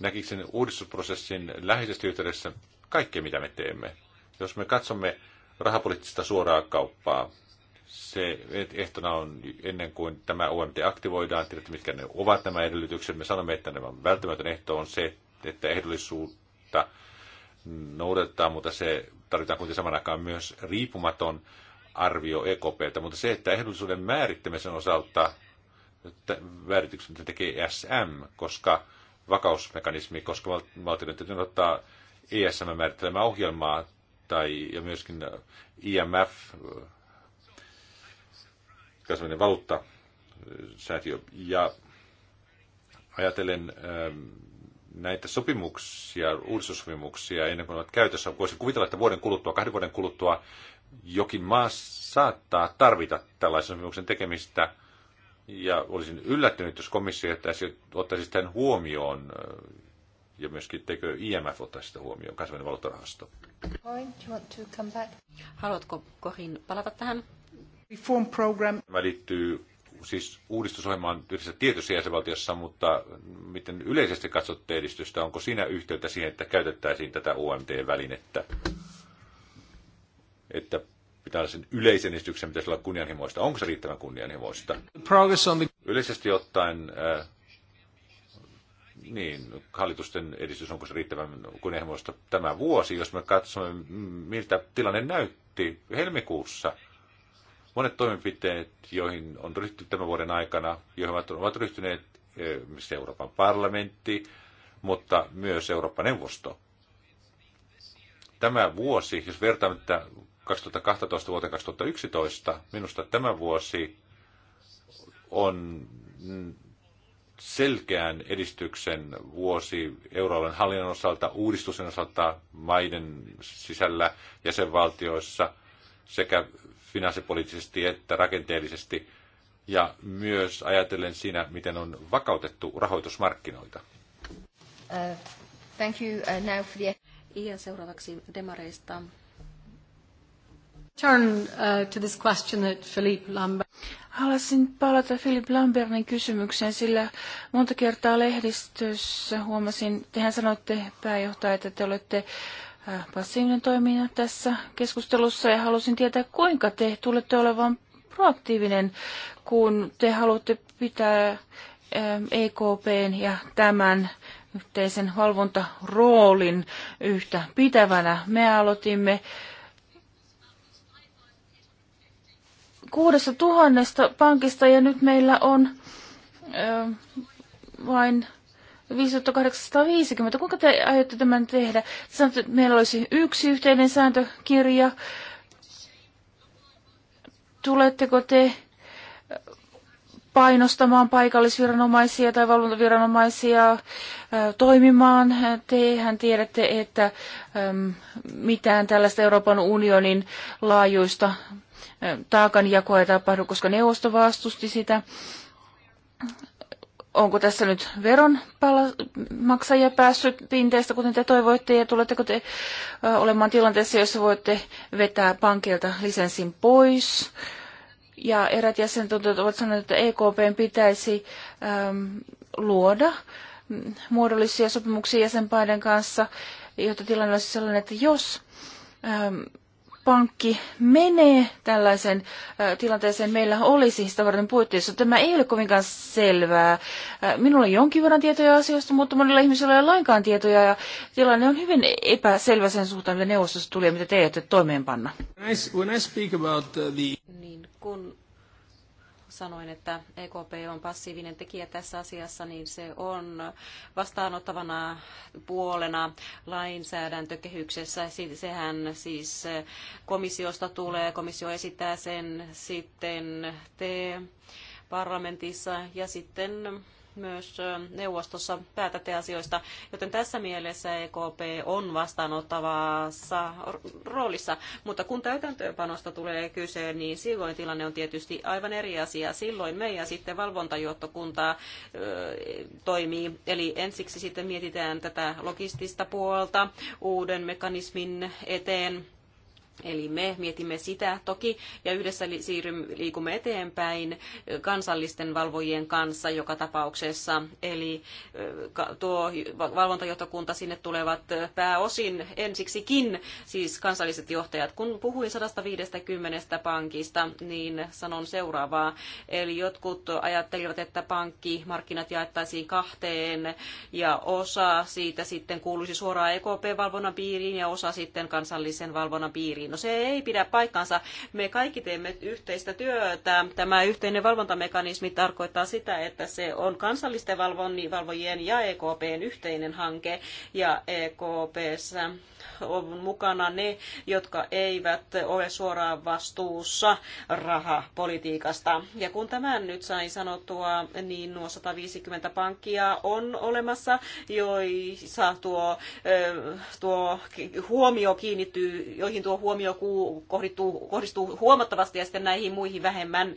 Näkisin uudistusprosessin läheisesti yhteydessä kaikkea, mitä me teemme. Jos me katsomme rahapoliittista suoraa kauppaa, se ehtona on ennen kuin tämä OMT aktivoidaan, tiedätte mitkä ne ovat nämä edellytykset. Me sanomme, että nämä välttämätön ehto on se, että ehdollisuutta noudatetaan, mutta se tarvitaan kuitenkin saman aikaan myös riippumaton arvio EKPltä, mutta se, että ehdollisuuden määrittämisen osalta määrityksen tekee e SM, koska vakausmekanismi, koska valtioiden täytyy ottaa ESM määrittelemää ohjelmaa tai, ja myöskin IMF, kansainvälinen valuutta, säätiö. Ja ajatellen ähm, näitä sopimuksia, uudistussopimuksia ennen kuin ovat käytössä, voisi kuvitella, että vuoden kuluttua, kahden vuoden kuluttua jokin maa saattaa tarvita tällaisen sopimuksen tekemistä, ja olisin yllättynyt, jos komissio jättäisi, ottaisi tämän huomioon, ja myöskin tekö IMF ottaisi sitä huomioon, kansainvälinen valuuttarahasto. Haluatko Korin palata tähän? Reform program. Tämä liittyy siis uudistusohjelmaan yhdessä tietyssä jäsenvaltiossa, mutta miten yleisesti katsotte edistystä? Onko siinä yhteyttä siihen, että käytettäisiin tätä OMT-välinettä? että sen yleisen esityksen pitäisi olla kunnianhimoista. Onko se riittävän kunnianhimoista? Yleisesti ottaen, äh, niin, hallitusten edistys, onko se riittävän kunnianhimoista tämä vuosi, jos me katsomme, miltä tilanne näytti helmikuussa. Monet toimenpiteet, joihin on ryhtynyt tämän vuoden aikana, joihin ovat ryhtyneet äh, missä Euroopan parlamentti, mutta myös Euroopan neuvosto. Tämä vuosi, jos vertaamme tätä 2012 vuoteen 2011, minusta tämä vuosi on selkeän edistyksen vuosi euroalueen hallinnon osalta, uudistusten osalta maiden sisällä jäsenvaltioissa sekä finanssipoliittisesti että rakenteellisesti ja myös ajatellen siinä, miten on vakautettu rahoitusmarkkinoita. Uh, thank you, uh, now for the... Ja seuraavaksi demareista Turn uh, to this question that Philippe Lambert. Haluaisin palata Philip Lambertin kysymykseen, sillä monta kertaa lehdistössä huomasin, tehän sanoitte pääjohtaja, että te olette äh, passiivinen toimija tässä keskustelussa ja halusin tietää, kuinka te tulette olevan proaktiivinen, kun te haluatte pitää äh, EKPn ja tämän yhteisen valvontaroolin yhtä pitävänä. Me aloitimme kuudesta tuhannesta pankista ja nyt meillä on ö, vain 5850. Kuinka te aiotte tämän tehdä? Sanoitte, että meillä olisi yksi yhteinen sääntökirja. Tuletteko te painostamaan paikallisviranomaisia tai valvontaviranomaisia toimimaan. Tehän tiedätte, että mitään tällaista Euroopan unionin laajuista taakanjakoa ei tapahdu, koska neuvosto vastusti sitä. Onko tässä nyt veron maksajia päässyt pinteestä, kuten te toivoitte, ja tuletteko te olemaan tilanteessa, jossa voitte vetää pankilta lisenssin pois? Ja erät jäsenet ovat sanoneet, että EKPn pitäisi äm, luoda muodollisia sopimuksia jäsenpaiden kanssa, jotta tilanne olisi sellainen, että jos äm, pankki menee tällaisen tilanteeseen, meillä olisi sitä varten puitteissa. Tämä ei ole kovinkaan selvää. Minulla on jonkin verran tietoja asioista, mutta monilla ihmisillä ei ole lainkaan tietoja ja tilanne on hyvin epäselvä sen suhteen, mitä neuvostossa tuli ja mitä te aiotte toimeenpanna. When I, when I speak about uh, the... Niin, kun sanoin, että EKP on passiivinen tekijä tässä asiassa, niin se on vastaanottavana puolena lainsäädäntökehyksessä. Sehän siis komissiosta tulee, komissio esittää sen sitten te parlamentissa ja sitten myös neuvostossa päätätte asioista, joten tässä mielessä EKP on vastaanottavassa roolissa, mutta kun täytäntöönpanosta tulee kyse, niin silloin tilanne on tietysti aivan eri asia. Silloin me ja sitten valvontajohtokunta toimii, eli ensiksi sitten mietitään tätä logistista puolta uuden mekanismin eteen Eli me mietimme sitä toki ja yhdessä siirrymme, liikumme eteenpäin kansallisten valvojien kanssa joka tapauksessa. Eli tuo valvontajohtokunta sinne tulevat pääosin ensiksikin, siis kansalliset johtajat. Kun puhuin 150 pankista, niin sanon seuraavaa. Eli jotkut ajattelivat, että pankkimarkkinat jaettaisiin kahteen ja osa siitä sitten kuuluisi suoraan EKP-valvonnan piiriin ja osa sitten kansallisen valvonnan piiriin piiriin. No se ei pidä paikkaansa. Me kaikki teemme yhteistä työtä. Tämä yhteinen valvontamekanismi tarkoittaa sitä, että se on kansallisten valvojien ja EKPn yhteinen hanke. Ja EKPssä on mukana ne, jotka eivät ole suoraan vastuussa rahapolitiikasta. Ja kun tämän nyt sain sanottua, niin nuo 150 pankkia on olemassa, joissa tuo, tuo huomio kiinnittyy, joihin tuo huomio huomio kohdistuu, kohdistuu huomattavasti ja sitten näihin muihin vähemmän.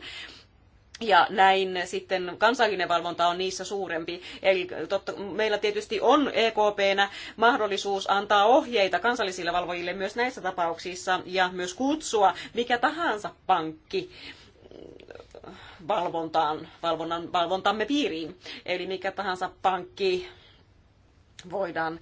Ja näin sitten kansallinen valvonta on niissä suurempi. Eli totta, meillä tietysti on EKPnä mahdollisuus antaa ohjeita kansallisille valvojille myös näissä tapauksissa ja myös kutsua mikä tahansa pankki valvontaan, valvonnan, valvontamme piiriin. Eli mikä tahansa pankki voidaan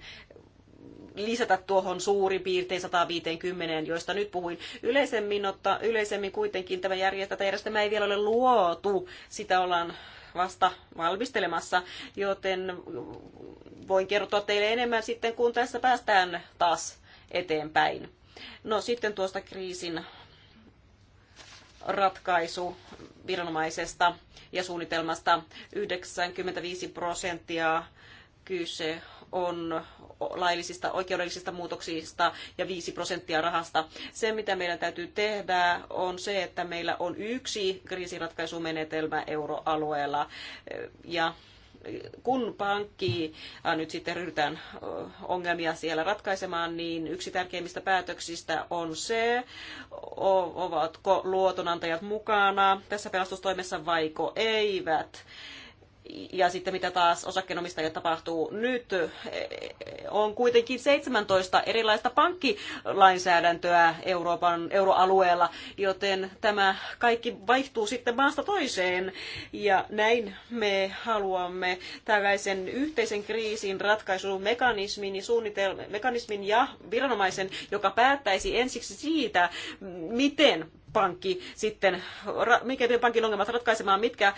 lisätä tuohon suurin piirtein 150, joista nyt puhuin. Yleisemmin, otta, yleisemmin kuitenkin tämä järjestelmä ei vielä ole luotu. Sitä ollaan vasta valmistelemassa, joten voin kertoa teille enemmän sitten, kun tässä päästään taas eteenpäin. No sitten tuosta kriisin ratkaisu viranomaisesta ja suunnitelmasta 95 prosenttia kyse on laillisista oikeudellisista muutoksista ja 5 prosenttia rahasta. Se, mitä meidän täytyy tehdä, on se, että meillä on yksi kriisiratkaisumenetelmä euroalueella. Ja kun pankki äh, nyt sitten ryhdytään äh, ongelmia siellä ratkaisemaan, niin yksi tärkeimmistä päätöksistä on se, ovatko luotonantajat mukana tässä pelastustoimessa vaiko eivät ja sitten mitä taas osakkeenomistajille tapahtuu nyt, on kuitenkin 17 erilaista pankkilainsäädäntöä Euroopan euroalueella, joten tämä kaikki vaihtuu sitten maasta toiseen. Ja näin me haluamme tällaisen yhteisen kriisin ratkaisumekanismin suunnitelma, mekanismin ja viranomaisen, joka päättäisi ensiksi siitä, miten pankki sitten, mikä pankin ongelmat ratkaisemaan, mitkä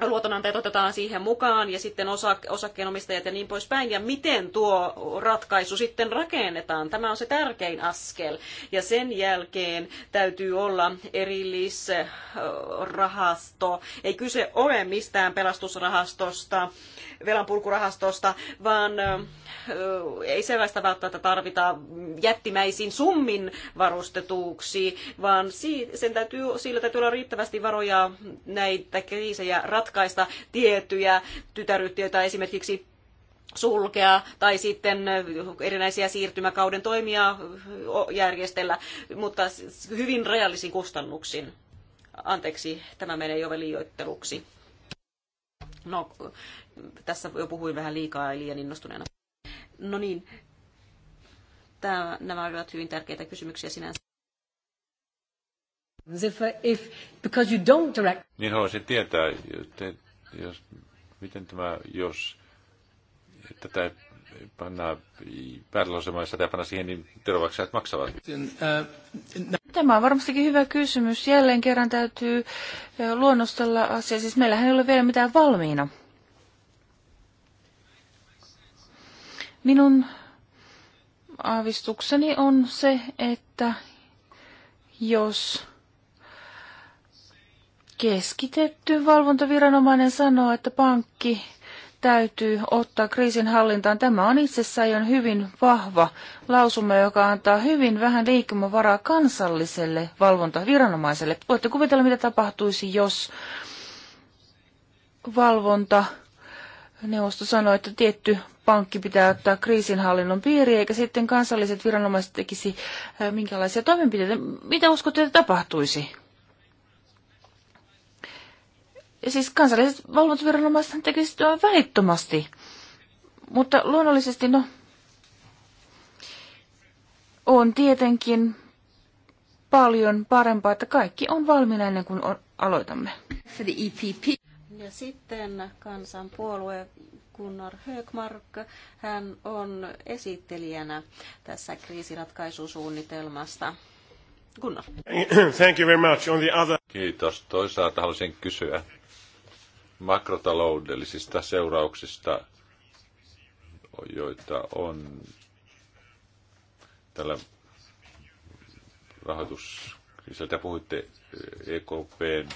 luotonantajat otetaan siihen mukaan ja sitten osak- osakkeenomistajat ja niin poispäin. Ja miten tuo ratkaisu sitten rakennetaan? Tämä on se tärkein askel. Ja sen jälkeen täytyy olla erillisrahasto. Ei kyse ole mistään pelastusrahastosta, velanpulkurahastosta, vaan ei sellaista välttämättä tarvita jättimäisin summin varustetuksi, vaan sen täytyy, sillä täytyy olla riittävästi varoja näitä kriisejä ratkaista katkaista tiettyjä tytäryhtiöitä esimerkiksi sulkea tai sitten erinäisiä siirtymäkauden toimia järjestellä, mutta hyvin rajallisin kustannuksin. Anteeksi, tämä menee jo liioitteluksi. No, tässä jo puhuin vähän liikaa ja liian innostuneena. No niin, tämä, nämä olivat hyvin tärkeitä kysymyksiä sinänsä. Uh, niin haluaisin tietää, että jos, miten tämä, jos tätä panna päätöslauselmaissa tai panna siihen, niin että maksavat? Tämä on varmastikin hyvä kysymys. Jälleen kerran täytyy luonnostella asia. Siis meillähän ei ole vielä mitään valmiina. Minun aavistukseni on se, että jos keskitetty valvontaviranomainen sanoo, että pankki täytyy ottaa kriisin hallintaan. Tämä on itsessään jo hyvin vahva lausuma, joka antaa hyvin vähän liikkumavaraa kansalliselle valvontaviranomaiselle. Voitte kuvitella, mitä tapahtuisi, jos valvonta Neuvosto sanoi, että tietty pankki pitää ottaa kriisinhallinnon piiriin, eikä sitten kansalliset viranomaiset tekisi äh, minkälaisia toimenpiteitä. Mitä uskotte, että tapahtuisi? siis kansalliset valvontaviranomaiset tekisivät työn välittömästi. Mutta luonnollisesti, no, on tietenkin paljon parempaa, että kaikki on valmiina ennen kuin aloitamme. For the EPP. Ja sitten kansanpuolue Gunnar Högmark, hän on esittelijänä tässä kriisiratkaisusuunnitelmasta. Gunnar. Thank you very much. On the other... Kiitos. Toisaalta haluaisin kysyä, makrotaloudellisista seurauksista, joita on tällä rahoitus, sieltä puhuitte EKPn eh, e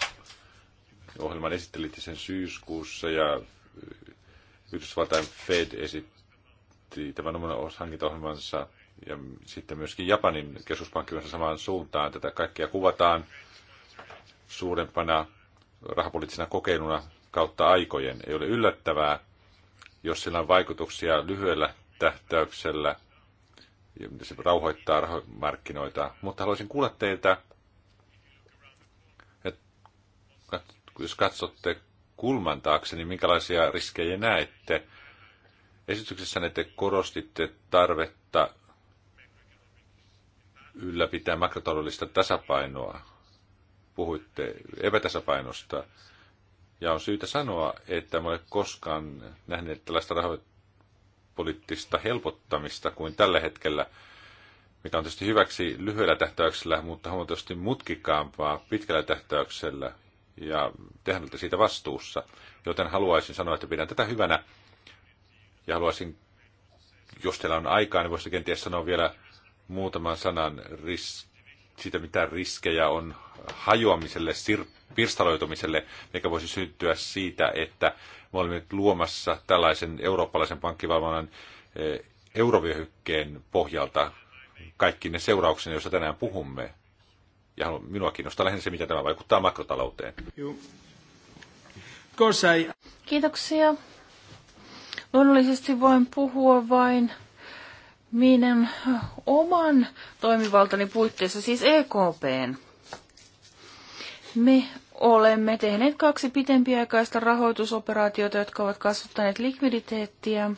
ohjelman esittelitte sen syyskuussa ja eh, Yhdysvaltain Fed esitti tämän oman hankintaohjelmansa ja sitten myöskin Japanin keskuspankki on samaan suuntaan. Tätä kaikkea kuvataan suurempana rahapoliittisena kokeiluna kautta aikojen. Ei ole yllättävää, jos sillä on vaikutuksia lyhyellä tähtäyksellä, se rauhoittaa markkinoita. Mutta haluaisin kuulla teiltä, että jos katsotte kulman taakse, niin minkälaisia riskejä näette? esityksessä, te korostitte tarvetta ylläpitää makrotaloudellista tasapainoa. Puhuitte epätasapainosta. Ja on syytä sanoa, että en ole koskaan nähnyt tällaista rahapoliittista helpottamista kuin tällä hetkellä, mikä on tietysti hyväksi lyhyellä tähtäyksellä, mutta huomattavasti mutkikaampaa pitkällä tähtäyksellä ja tehän siitä vastuussa. Joten haluaisin sanoa, että pidän tätä hyvänä ja haluaisin, jos teillä on aikaa, niin voisitte kenties sanoa vielä muutaman sanan ris- siitä, mitä riskejä on hajoamiselle, sir- pirstaloitumiselle, mikä voisi syntyä siitä, että me olemme nyt luomassa tällaisen eurooppalaisen pankkivalvonnan eh, eurovyöhykkeen pohjalta kaikki ne seurauksena, joista tänään puhumme. Ja minua kiinnostaa lähinnä se, miten tämä vaikuttaa makrotalouteen. Kiitoksia. Luonnollisesti voin puhua vain minun oman toimivaltani puitteissa, siis EKPn me olemme tehneet kaksi pitempiaikaista rahoitusoperaatiota, jotka ovat kasvattaneet likviditeettiä,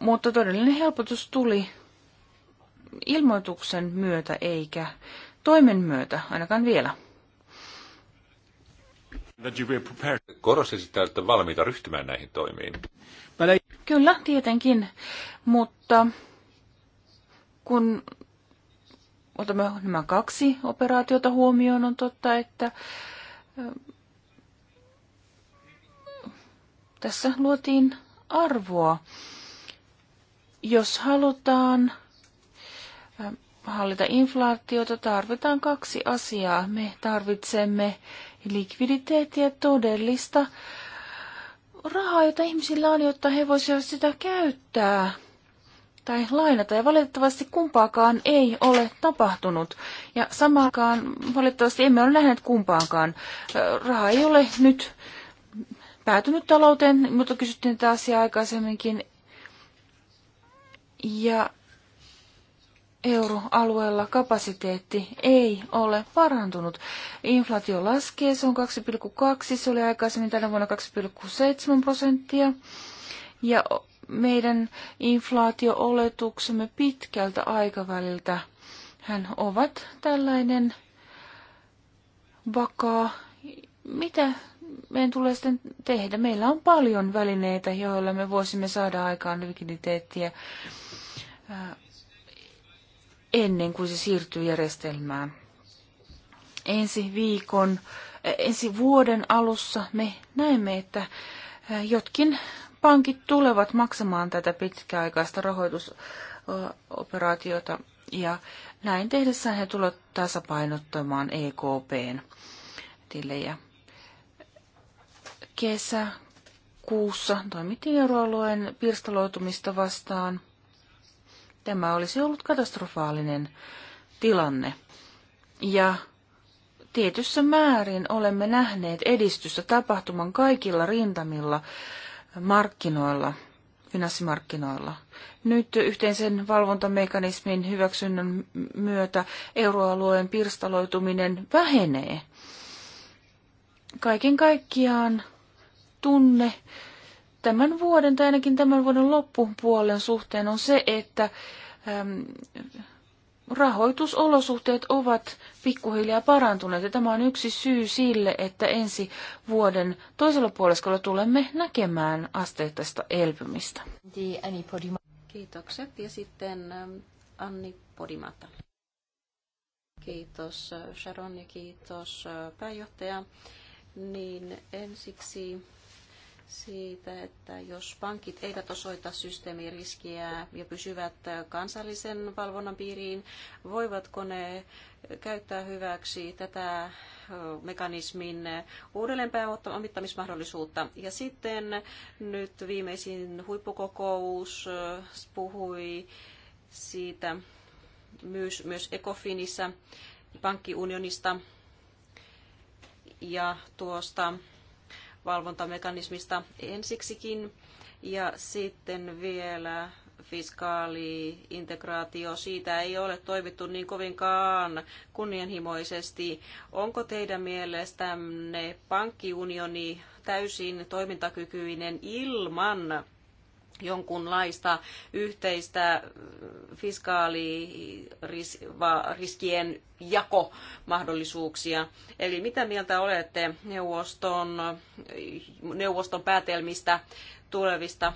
mutta todellinen helpotus tuli ilmoituksen myötä eikä toimen myötä, ainakaan vielä. Korosti sitä, että valmiita ryhtymään näihin toimiin. Kyllä, tietenkin, mutta kun otamme nämä kaksi operaatiota huomioon, on totta, että tässä luotiin arvoa. Jos halutaan hallita inflaatiota, tarvitaan kaksi asiaa. Me tarvitsemme likviditeettiä todellista rahaa, jota ihmisillä on, jotta he voisivat sitä käyttää tai lainata. Ja valitettavasti kumpaakaan ei ole tapahtunut. Ja samaakaan valitettavasti emme ole nähneet kumpaankaan. Raha ei ole nyt päätynyt talouteen, mutta kysyttiin tätä asiaa aikaisemminkin. Ja euroalueella kapasiteetti ei ole parantunut. Inflaatio laskee, se on 2,2, se oli aikaisemmin tänä vuonna 2,7 prosenttia. Ja meidän inflaatiooletuksemme pitkältä aikaväliltä hän ovat tällainen vakaa. Mitä meidän tulee sitten tehdä? Meillä on paljon välineitä, joilla me voisimme saada aikaan likviditeettiä ennen kuin se siirtyy järjestelmään. Ensi viikon, ensi vuoden alussa me näemme, että jotkin pankit tulevat maksamaan tätä pitkäaikaista rahoitusoperaatiota ja näin tehdessään he tulevat tasapainottamaan EKPn tilejä. Kesäkuussa toimittiin euroalueen pirstaloitumista vastaan. Tämä olisi ollut katastrofaalinen tilanne. Ja tietyssä määrin olemme nähneet edistystä tapahtuman kaikilla rintamilla markkinoilla, finanssimarkkinoilla. Nyt yhteisen valvontamekanismin hyväksynnän myötä euroalueen pirstaloituminen vähenee. Kaiken kaikkiaan tunne tämän vuoden tai ainakin tämän vuoden loppupuolen suhteen on se, että rahoitusolosuhteet ovat pikkuhiljaa parantuneet ja tämä on yksi syy sille, että ensi vuoden toisella puoliskolla tulemme näkemään asteittaista elpymistä. Kiitokset ja sitten ähm, Anni Podimata. Kiitos äh, Sharon ja kiitos äh, pääjohtaja. Niin ensiksi siitä, että jos pankit eivät osoita systeemiriskiä ja pysyvät kansallisen valvonnan piiriin, voivatko ne käyttää hyväksi tätä mekanismin uudelleenpääomittamismahdollisuutta. Ja sitten nyt viimeisin huippukokous puhui siitä myös, myös Ecofinissa pankkiunionista ja tuosta valvontamekanismista ensiksikin. Ja sitten vielä fiskaali integraatio siitä ei ole toimittu niin kovinkaan kunnianhimoisesti. Onko teidän mielestänne pankkiunioni täysin toimintakykyinen ilman jonkunlaista yhteistä äh, fiskaaliriskien jakomahdollisuuksia. Eli mitä mieltä olette neuvoston, neuvoston päätelmistä tulevista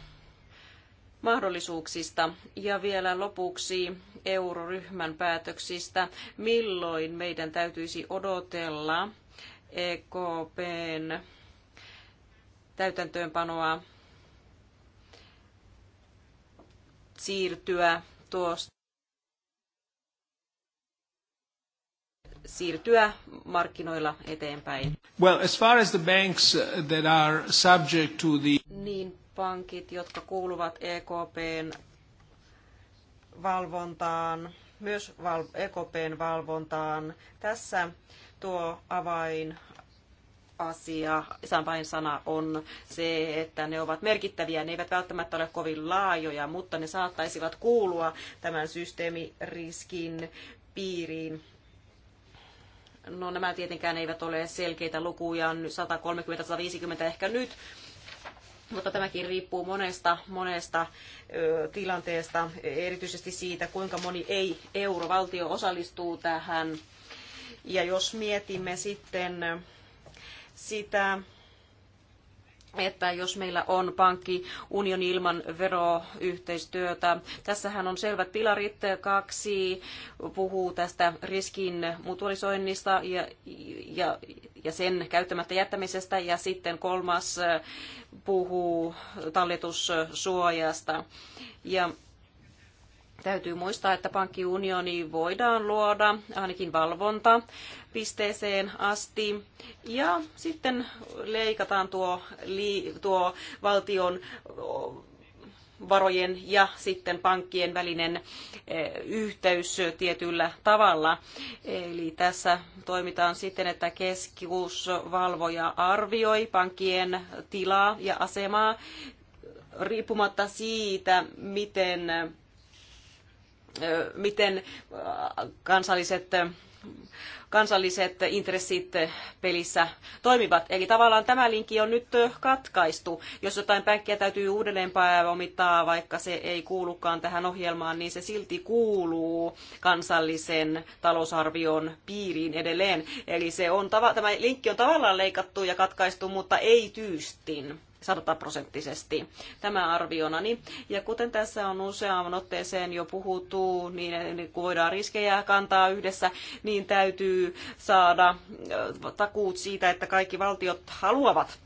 mahdollisuuksista ja vielä lopuksi euroryhmän päätöksistä, milloin meidän täytyisi odotella EKPn täytäntöönpanoa siirtyä tuosta siirtyä markkinoilla eteenpäin. Well, as far as the banks uh, that are subject to the... Niin pankit, jotka kuuluvat EKPn valvontaan, myös EKPn valvontaan. Tässä tuo avain asia, vain sana on se, että ne ovat merkittäviä. Ne eivät välttämättä ole kovin laajoja, mutta ne saattaisivat kuulua tämän systeemiriskin piiriin. No nämä tietenkään eivät ole selkeitä lukuja, 130-150 ehkä nyt, mutta tämäkin riippuu monesta, monesta ö, tilanteesta, erityisesti siitä, kuinka moni ei-eurovaltio osallistuu tähän. Ja jos mietimme sitten sitä, että jos meillä on pankkiunioni ilman veroyhteistyötä. Tässähän on selvät pilarit. Kaksi puhuu tästä riskin mutualisoinnista ja, ja, ja sen käyttämättä jättämisestä. Ja sitten kolmas puhuu talletussuojasta. Ja Täytyy muistaa, että pankkiunioni voidaan luoda ainakin valvonta pisteeseen asti. Ja sitten leikataan tuo, tuo valtion varojen ja sitten pankkien välinen e, yhteys tietyllä tavalla. Eli tässä toimitaan siten, että keskusvalvoja arvioi pankkien tilaa ja asemaa riippumatta siitä, miten miten kansalliset kansalliset intressit pelissä toimivat. Eli tavallaan tämä linkki on nyt katkaistu. Jos jotain pänkkiä täytyy uudelleen omittaa, vaikka se ei kuulukaan tähän ohjelmaan, niin se silti kuuluu kansallisen talousarvion piiriin edelleen. Eli se on, tämä linkki on tavallaan leikattu ja katkaistu, mutta ei tyystin sataprosenttisesti tämä arvionani. Ja kuten tässä on useaan otteeseen jo puhuttu, niin kun voidaan riskejä kantaa yhdessä, niin täytyy saada äh, takuut siitä, että kaikki valtiot haluavat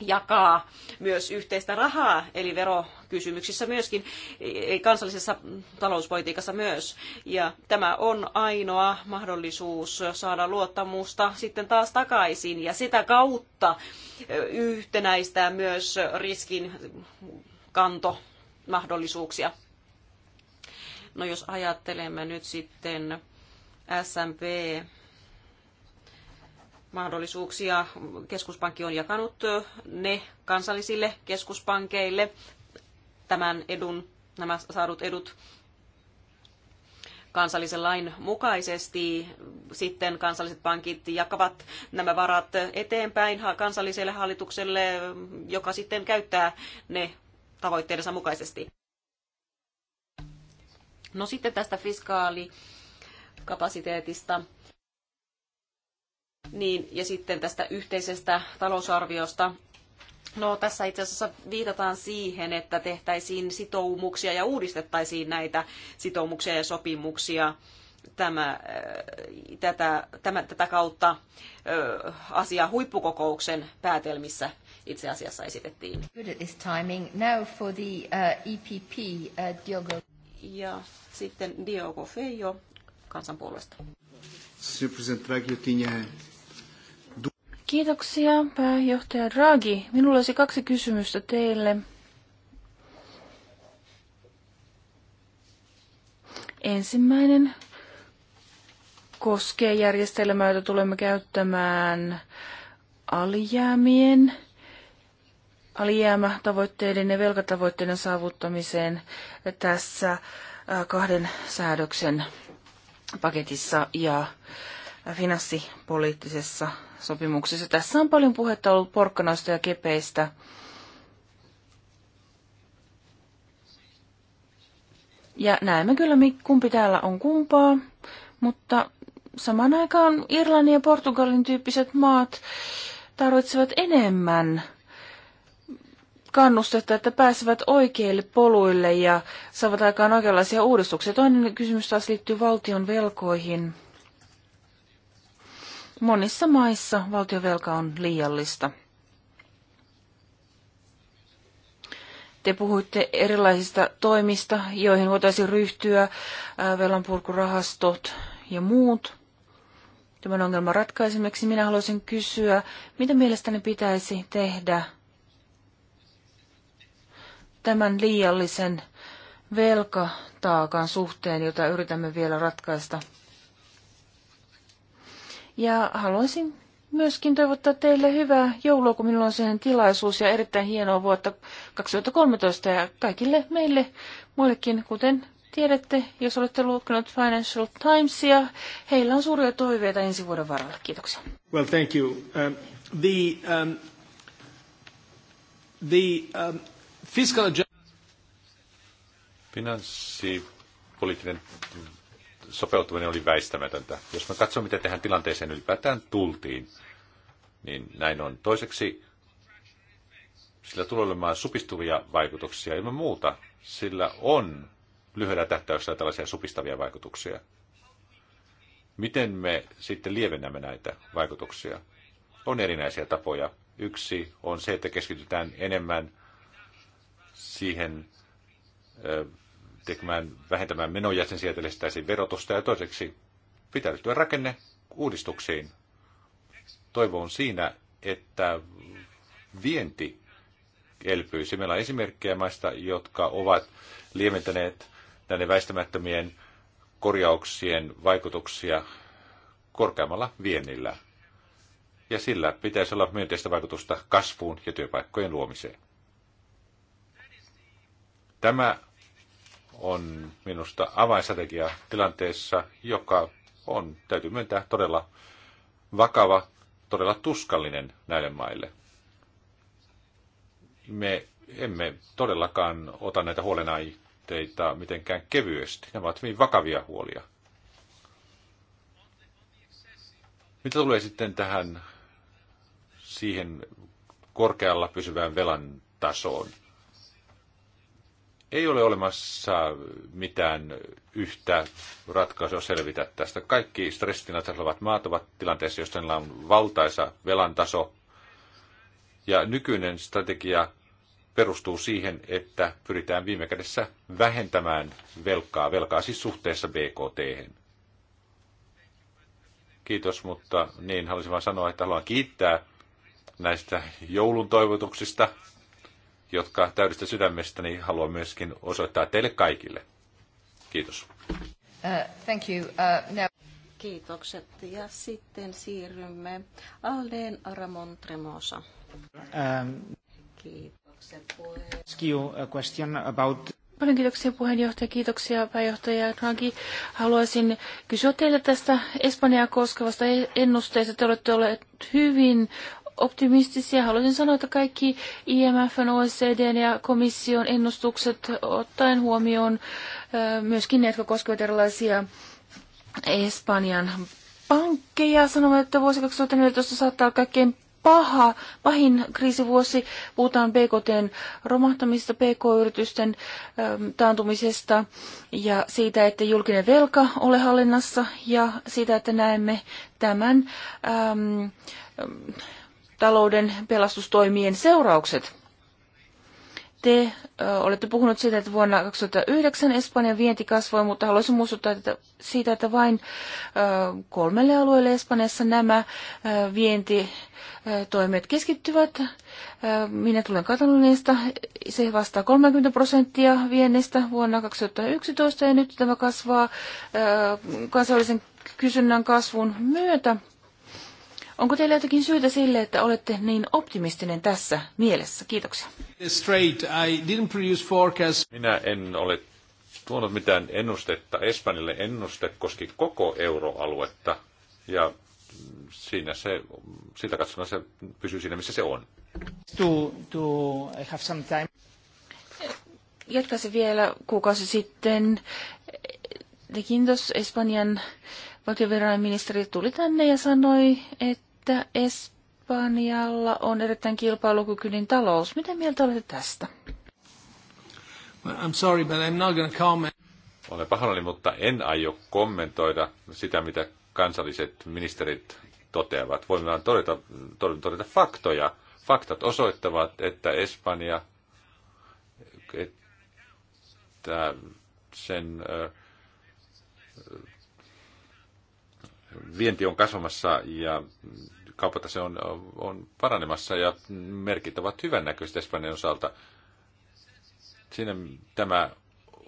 jakaa myös yhteistä rahaa, eli verokysymyksissä myöskin, e, kansallisessa talouspolitiikassa myös. Ja tämä on ainoa mahdollisuus saada luottamusta sitten taas takaisin ja sitä kautta e, yhtenäistää myös riskin kantomahdollisuuksia. No jos ajattelemme nyt sitten SMP mahdollisuuksia keskuspankki on jakanut ne kansallisille keskuspankeille tämän edun, nämä saadut edut kansallisen lain mukaisesti sitten kansalliset pankit jakavat nämä varat eteenpäin kansalliselle hallitukselle, joka sitten käyttää ne tavoitteidensa mukaisesti. No sitten tästä fiskaalikapasiteetista niin, ja sitten tästä yhteisestä talousarviosta. No tässä itse asiassa viitataan siihen, että tehtäisiin sitoumuksia ja uudistettaisiin näitä sitoumuksia ja sopimuksia tämä, äh, tätä, tämä, tätä kautta äh, asia huippukokouksen päätelmissä itse asiassa esitettiin. Ja sitten Diogo Feijo kansanpuolesta. Senhor Presidente, trago-lhe tinha Kiitoksia, pääjohtaja Raagi. Minulla olisi kaksi kysymystä teille. Ensimmäinen koskee järjestelmää, jota tulemme käyttämään alijäämien, alijäämätavoitteiden ja velkatavoitteiden saavuttamiseen tässä kahden säädöksen paketissa ja finanssipoliittisessa sopimuksissa. Tässä on paljon puhetta ollut porkkanoista ja kepeistä. Ja näemme kyllä, kumpi täällä on kumpaa, mutta samaan aikaan Irlannin ja Portugalin tyyppiset maat tarvitsevat enemmän kannustetta, että pääsevät oikeille poluille ja saavat aikaan oikeanlaisia uudistuksia. Toinen kysymys taas liittyy valtion velkoihin. Monissa maissa valtiovelka on liiallista. Te puhuitte erilaisista toimista, joihin voitaisiin ryhtyä, äh, velanpurkurahastot ja muut. Tämän ongelman ratkaisemiseksi minä haluaisin kysyä, mitä mielestäni pitäisi tehdä tämän liiallisen velkataakan suhteen, jota yritämme vielä ratkaista. Ja haluaisin myöskin toivottaa teille hyvää joulua, kun minulla on sen tilaisuus ja erittäin hienoa vuotta 2013 ja kaikille meille muillekin, kuten tiedätte, jos olette lukenut Financial Timesia, heillä on suuria toiveita ensi vuoden varalle. Kiitoksia. Well, thank you. Um, the, um, the um, fiscal... Finanssipoliittinen sopeutuminen oli väistämätöntä. Jos me katsomme, miten tähän tilanteeseen ylipäätään tultiin, niin näin on. Toiseksi sillä tulee olemaan supistuvia vaikutuksia ilman muuta. Sillä on lyhyellä tähtäyksellä tällaisia supistavia vaikutuksia. Miten me sitten lievennämme näitä vaikutuksia? On erinäisiä tapoja. Yksi on se, että keskitytään enemmän siihen tekemään, vähentämään menoja, sen sieltä verotusta ja toiseksi pitäytyä rakenne uudistuksiin. Toivo on siinä, että vienti elpyisi. Meillä on esimerkkejä maista, jotka ovat lieventäneet näiden väistämättömien korjauksien vaikutuksia korkeammalla viennillä. Ja sillä pitäisi olla myönteistä vaikutusta kasvuun ja työpaikkojen luomiseen. Tämä on minusta avainstrategia tilanteessa, joka on, täytyy myöntää, todella vakava, todella tuskallinen näille maille. Me emme todellakaan ota näitä huolenaiheita mitenkään kevyesti. Nämä ovat hyvin vakavia huolia. Mitä tulee sitten tähän siihen korkealla pysyvään velan tasoon? Ei ole olemassa mitään yhtä ratkaisua selvitä tästä. Kaikki stressitilanteessa olevat maat ovat tilanteessa, jossa niillä on valtaisa velan taso. Ja nykyinen strategia perustuu siihen, että pyritään viime kädessä vähentämään velkaa, velkaa siis suhteessa BKT. -hän. Kiitos, mutta niin haluaisin vain sanoa, että haluan kiittää näistä joulun toivotuksista jotka täydestä sydämestäni haluan myöskin osoittaa teille kaikille. Kiitos. Uh, thank you. Uh, now... Kiitokset. Ja sitten siirrymme Aldeen Aramon Tremosa. Um, Kiitokset puheenjohtaja. Paljon kiitoksia puheenjohtaja, kiitoksia pääjohtaja Draghi. Haluaisin kysyä teille tästä Espanjaa koskevasta ennusteesta. Te olette olleet hyvin optimistisia. Haluaisin sanoa, että kaikki IMFn, OECDn ja komission ennustukset ottaen huomioon myöskin ne, jotka koskevat erilaisia Espanjan pankkeja. sanovat, että vuosi 2014 saattaa olla kaikkein paha, pahin kriisivuosi. Puhutaan BKTn romahtamista, PK-yritysten taantumisesta ja siitä, että julkinen velka ole hallinnassa ja siitä, että näemme tämän ähm, talouden pelastustoimien seuraukset. Te ö, olette puhunut siitä, että vuonna 2009 Espanjan vienti kasvoi, mutta haluaisin muistuttaa että siitä, että vain ö, kolmelle alueelle Espanjassa nämä ö, vientitoimet keskittyvät. Ö, minä tulen Kataloniasta, se vastaa 30 prosenttia viennistä vuonna 2011 ja nyt tämä kasvaa ö, kysynnän kasvun myötä. Onko teillä jotakin syytä sille, että olette niin optimistinen tässä mielessä? Kiitoksia. Straight, I didn't produce Minä en ole tuonut mitään ennustetta. Espanjalle ennuste koski koko euroaluetta ja siinä se, sitä katsomaan se pysyy siinä, missä se on. To, to have some time. Jatkaisin vielä kuukausi sitten. Kiitos Espanjan valtiovarainministeri, tuli tänne ja sanoi, että että Espanjalla on erittäin kilpailukykyinen talous. Mitä mieltä olette tästä? Well, I'm sorry, but I'm not gonna comment. Olen pahoillani, mutta en aio kommentoida sitä, mitä kansalliset ministerit toteavat. Voimme vain todeta, todeta, todeta faktoja. Faktat osoittavat, että Espanja, että sen vienti on kasvamassa ja kauppatase on, on paranemassa ja merkit ovat hyvännäköiset Espanjan osalta. Siinä tämä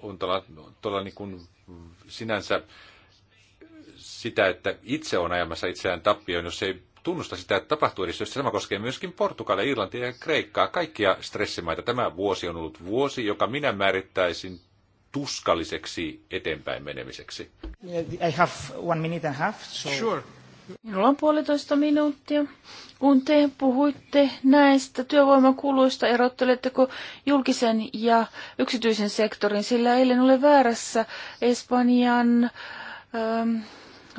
on tuolla, tuolla niin kuin sinänsä sitä, että itse on ajamassa itseään tappioon, jos ei tunnusta sitä, että tapahtuu edes, Sama koskee myöskin Portugalia, Irlantia ja Kreikkaa, kaikkia stressimaita. Tämä vuosi on ollut vuosi, joka minä määrittäisin tuskalliseksi eteenpäin menemiseksi? I have one minute and a half, so... Sure. Minulla on puolitoista minuuttia. Kun te puhuitte näistä työvoimakuluista, erotteletteko julkisen ja yksityisen sektorin, sillä eilen ole väärässä Espanjan ähm,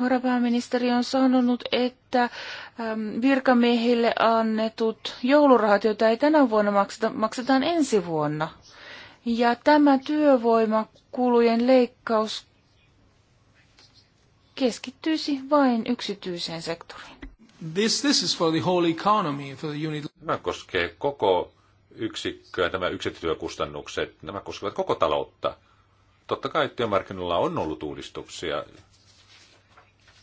varapääministeri on sanonut, että ähm, virkamiehille annetut joulurahat, joita ei tänä vuonna makseta, maksetaan ensi vuonna. Ja tämä työvoimakulujen leikkaus keskittyisi vain yksityiseen sektoriin. This, this is for the whole economy, for the unit. Tämä koskee koko yksikköä, nämä yksityökustannukset, nämä koskevat koko taloutta. Totta kai työmarkkinoilla on ollut uudistuksia,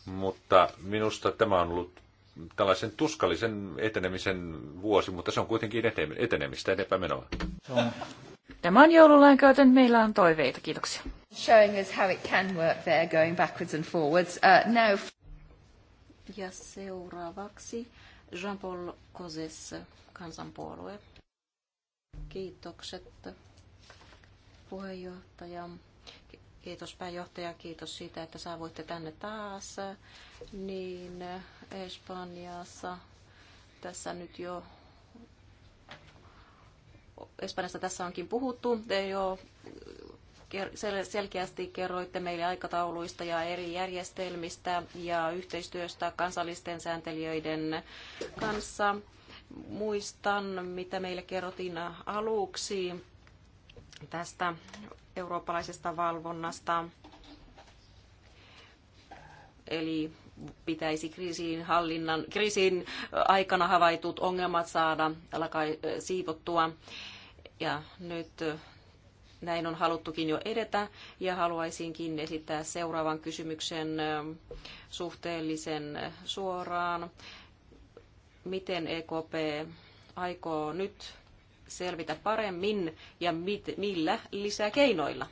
mutta minusta tämä on ollut tällaisen tuskallisen etenemisen vuosi, mutta se on kuitenkin etenemistä, enempää menoa. Tämä on joululain käytön, meillä on toiveita. Kiitoksia. Showing us how it can work there going backwards and forwards. Uh, now... Ja seuraavaksi Jean-Paul Cosès, kansanpuolue. Kiitokset puheenjohtaja. Kiitos pääjohtaja, kiitos siitä, että saavuitte tänne taas. Niin Espanjassa tässä nyt jo Espanjasta tässä onkin puhuttu. Te jo eh, selkeästi kerroitte meille aikatauluista ja eri järjestelmistä ja yhteistyöstä kansallisten sääntelijöiden kanssa. Muistan, mitä meille kerrotiin aluksi tästä eurooppalaisesta valvonnasta. Eli pitäisi kriisin, hallinnan, kriisin aikana havaitut ongelmat saada alkaa eh, siivottua ja nyt näin on haluttukin jo edetä ja haluaisinkin esittää seuraavan kysymyksen suhteellisen suoraan. Miten EKP aikoo nyt selvitä paremmin ja mit, millä lisäkeinoilla?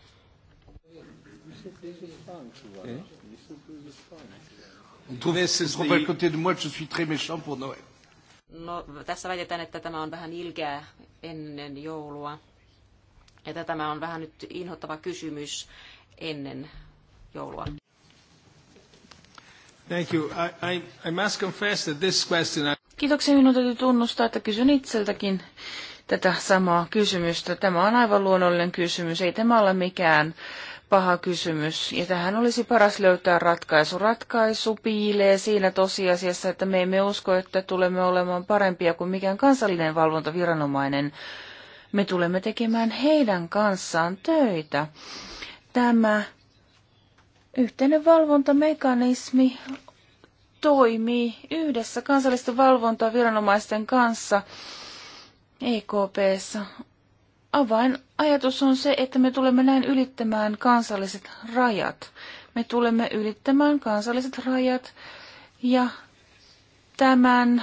On trouve, c'est côté de moi, je suis très méchant pour Noël. No, tässä väitetään, että tämä on vähän ilkeä ennen joulua. Että tämä on vähän nyt inhottava kysymys ennen joulua. Thank you. I, I, I must confess that this question... I... Kiitoksia. Minun täytyy tunnustaa, että kysyn itseltäkin tätä samaa kysymystä. Tämä on aivan luonnollinen kysymys. Ei tämä ole mikään äh, paha kysymys. Ja tähän olisi paras löytää ratkaisu. Ratkaisu piilee siinä tosiasiassa, että me emme usko, että tulemme olemaan parempia kuin mikään kansallinen valvontaviranomainen. Me tulemme tekemään heidän kanssaan töitä. Tämä yhteinen valvontamekanismi toimii yhdessä kansallisten valvontaviranomaisten kanssa EKPssä. Avainajatus on se, että me tulemme näin ylittämään kansalliset rajat. Me tulemme ylittämään kansalliset rajat ja tämän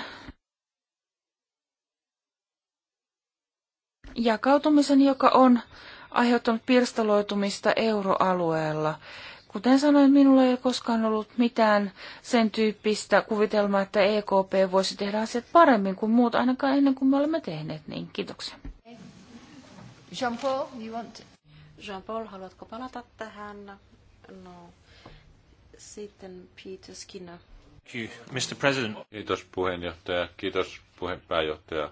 jakautumisen, joka on aiheuttanut pirstaloitumista euroalueella. Kuten sanoin, minulla ei koskaan ollut mitään sen tyyppistä kuvitelmaa, että EKP voisi tehdä asiat paremmin kuin muut, ainakaan ennen kuin me olemme tehneet niin. Kiitoksia. Jean-Paul, you want to... Jean-Paul, haluatko palata tähän? No, sitten Peter Skinner. Mr. President. Kiitos puheenjohtaja, kiitos puheenpääjohtaja.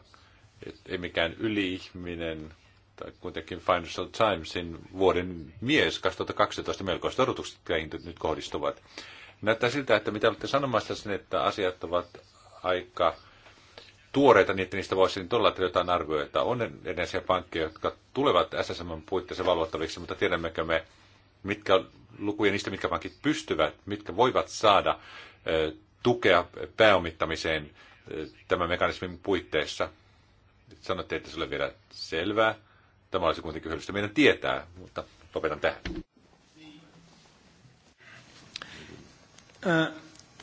Et ei mikään yliihminen, tai kuitenkin Financial Timesin vuoden mies 2012 melkoiset odotukset käihin nyt kohdistuvat. Näyttää siltä, että mitä olette sanomassa sen, että asiat ovat aika tuoreita, niin että niistä voisi todella tehdä jotain arvioita. On edellisiä pankkeja, jotka tulevat SSM puitteissa valvottaviksi, mutta tiedämmekö me, mitkä lukuja niistä, mitkä pankit pystyvät, mitkä voivat saada tukea pääomittamiseen tämän mekanismin puitteissa. Sanotte, että se ole vielä selvää. Tämä olisi kuitenkin hyödyllistä meidän tietää, mutta lopetan tähän. Uh,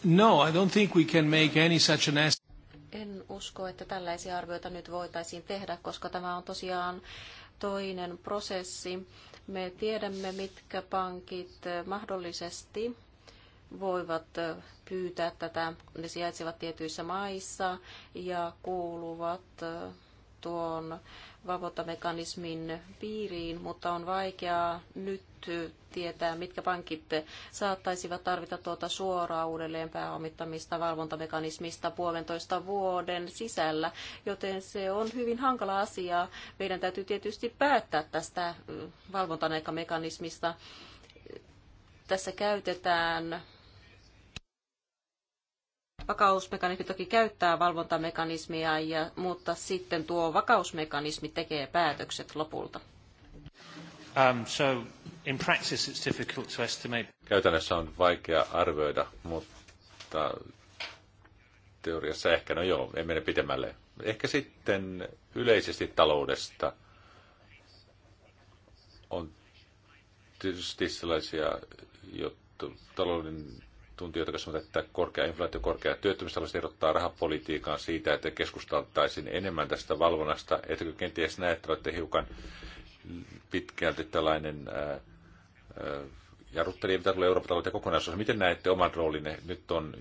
no, I don't think we can make any such an en usko, että tällaisia arvioita nyt voitaisiin tehdä, koska tämä on tosiaan toinen prosessi. Me tiedämme, mitkä pankit mahdollisesti voivat pyytää tätä. Ne sijaitsevat tietyissä maissa ja kuuluvat tuon valvontamekanismin piiriin, mutta on vaikeaa nyt tietää, mitkä pankit saattaisivat tarvita tuota suoraa uudelleen pääomittamista valvontamekanismista puolentoista vuoden sisällä, joten se on hyvin hankala asia. Meidän täytyy tietysti päättää tästä valvontamekanismista. Tässä käytetään vakausmekanismi toki käyttää valvontamekanismia, ja, mutta sitten tuo vakausmekanismi tekee päätökset lopulta. Um, so in practice it's difficult to estimate. Käytännössä on vaikea arvioida, mutta teoriassa ehkä, no joo, ei mene pitemmälle. Ehkä sitten yleisesti taloudesta on tietysti sellaisia, jotta talouden asiantuntijoita sanovat, että korkea inflaatio, korkea työttömyys haluaisi erottaa rahapolitiikan siitä, että keskusteltaisiin enemmän tästä valvonnasta. Ettekö kenties näe, että olette hiukan pitkälti tällainen ää, ää, jarruttelija, mitä tulee Euroopan talouteen kokonaisuudessa. Miten näette oman roolinne? Nyt on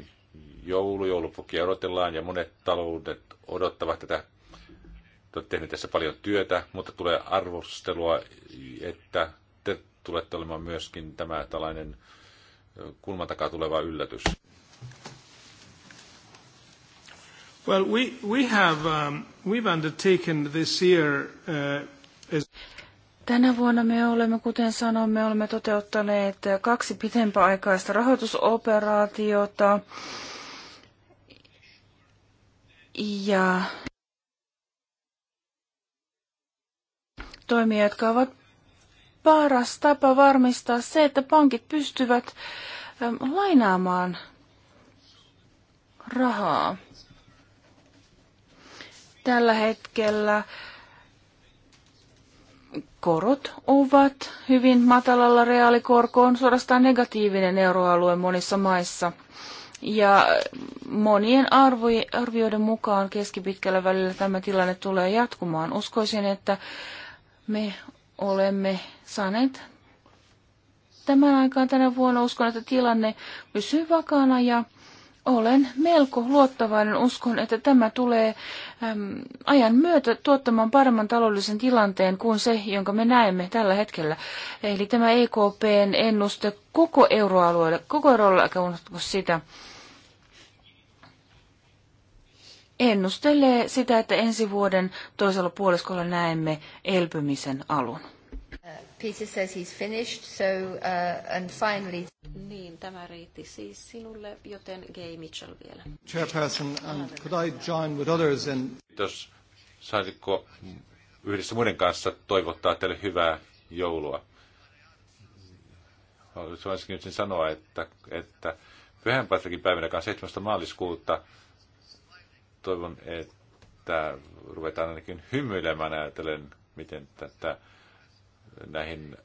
joulu, joulupukki odotellaan ja monet taloudet odottavat tätä. Te olette tehneet tässä paljon työtä, mutta tulee arvostelua, että te tulette olemaan myöskin tämä tällainen kulman takaa tuleva yllätys? Well, we, we have, um, we've undertaken this year, uh, as... Tänä vuonna me olemme, kuten sanoin, me olemme toteuttaneet kaksi pitempäaikaista rahoitusoperaatiota. Ja toimia, jotka ovat paras tapa varmistaa se, että pankit pystyvät ähm, lainaamaan rahaa. Tällä hetkellä korot ovat hyvin matalalla, reaalikorko on suorastaan negatiivinen euroalue monissa maissa. Ja monien arvioiden mukaan keskipitkällä välillä tämä tilanne tulee jatkumaan. Uskoisin, että me olemme saaneet tämän aikaan tänä vuonna. Uskon, että tilanne pysyy vakaana ja olen melko luottavainen. Uskon, että tämä tulee äm, ajan myötä tuottamaan paremman taloudellisen tilanteen kuin se, jonka me näemme tällä hetkellä. Eli tämä EKPn ennuste koko euroalueelle, koko euroalueelle, sitä ennustelee sitä, että ensi vuoden toisella puoliskolla näemme elpymisen alun. Uh, Peter says he's finished, so, uh, and finally... Niin, tämä riitti siis sinulle, joten Gay Mitchell vielä. Chairperson, and um, could I join with others in... Kiitos. Saisitko yhdessä muiden kanssa toivottaa teille hyvää joulua? Haluaisin sanoa, että, että Pyhänpäiväkin päivänä 7. maaliskuuta toivon, että ruvetaan ainakin hymyilemään ajatellen, miten tätä näihin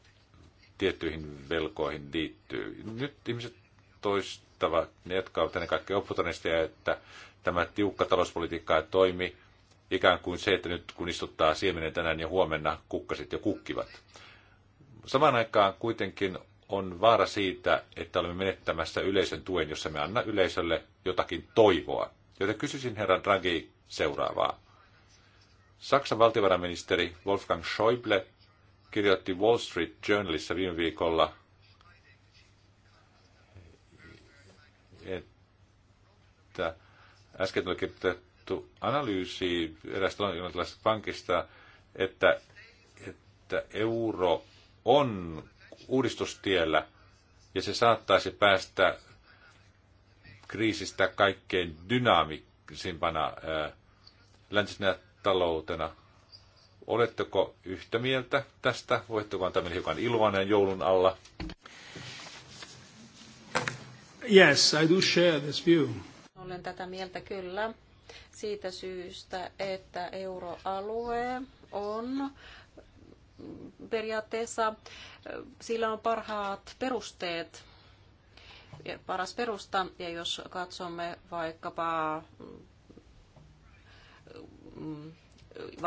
tiettyihin velkoihin liittyy. Nyt ihmiset toistavat, ne jotka ovat ennen kaikkea opportunisteja, että tämä tiukka talouspolitiikka ei toimi, ikään kuin se, että nyt kun istuttaa siemenen tänään ja huomenna kukkasit jo kukkivat. Samaan aikaan kuitenkin on vaara siitä, että olemme menettämässä yleisön tuen, jossa me anna yleisölle jotakin toivoa. Joten kysyisin herran Draghi seuraavaa. Saksan valtiovarainministeri Wolfgang Schäuble kirjoitti Wall Street Journalissa viime viikolla, että äsken tuli kirjoitettu analyysi eräästä londonilaisesta pankista, että, että euro on uudistustiellä ja se saattaisi päästä kriisistä kaikkein dynaamisimpana läntisenä taloutena. Oletteko yhtä mieltä tästä? Voitteko antaa meille hiukan iloinen joulun alla? Yes, I do share this view. Olen tätä mieltä kyllä siitä syystä, että euroalue on periaatteessa, sillä on parhaat perusteet paras perusta. Ja jos katsomme vaikkapa mm,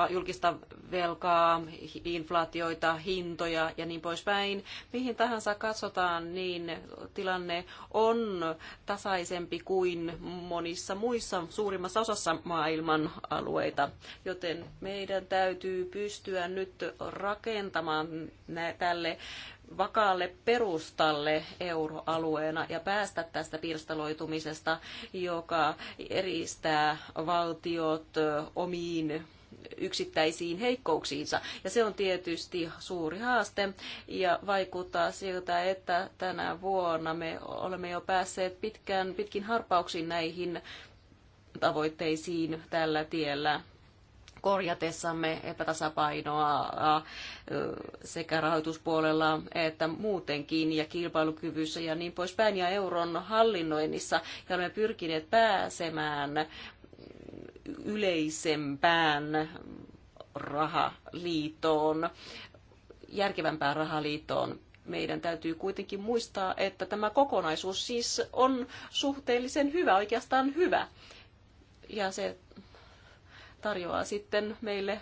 julkista velkaa, inflaatioita, hintoja ja niin poispäin. Mihin tahansa katsotaan, niin tilanne on tasaisempi kuin monissa muissa suurimmassa osassa maailman alueita. Joten meidän täytyy pystyä nyt rakentamaan tälle vakaalle perustalle euroalueena ja päästä tästä pirstaloitumisesta, joka eristää valtiot omiin yksittäisiin heikkouksiinsa. Ja se on tietysti suuri haaste ja vaikuttaa siltä, että tänä vuonna me olemme jo päässeet pitkään, pitkin harpauksiin näihin tavoitteisiin tällä tiellä korjatessamme epätasapainoa sekä rahoituspuolella että muutenkin ja kilpailukyvyssä ja niin poispäin ja euron hallinnoinnissa. Ja olemme pyrkineet pääsemään yleisempään rahaliitoon, järkevämpään rahaliitoon. meidän täytyy kuitenkin muistaa, että tämä kokonaisuus siis on suhteellisen hyvä, oikeastaan hyvä. Ja se tarjoaa sitten meille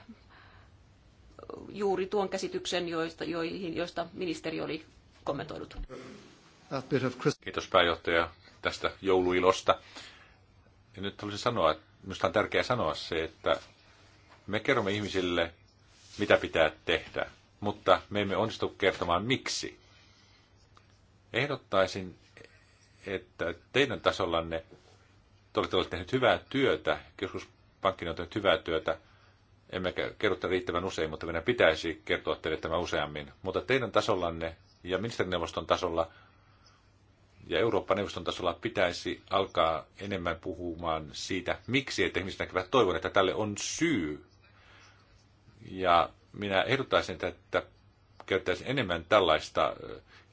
juuri tuon käsityksen, joista, joihin, joista ministeri oli kommentoinut. Kiitos pääjohtaja tästä jouluilosta. Ja nyt haluaisin sanoa, että minusta on tärkeää sanoa se, että me kerromme ihmisille, mitä pitää tehdä, mutta me emme onnistu kertomaan miksi. Ehdottaisin, että teidän tasollanne te olette tehneet hyvää työtä. Joskus pankkin on tehnyt hyvää työtä. Emme kerro riittävän usein, mutta meidän pitäisi kertoa teille tämä useammin. Mutta teidän tasollanne ja ministerineuvoston tasolla ja Euroopan neuvoston tasolla pitäisi alkaa enemmän puhumaan siitä, miksi, että ihmiset näkevät toivon, että tälle on syy. Ja minä ehdottaisin, että käyttäisin enemmän tällaista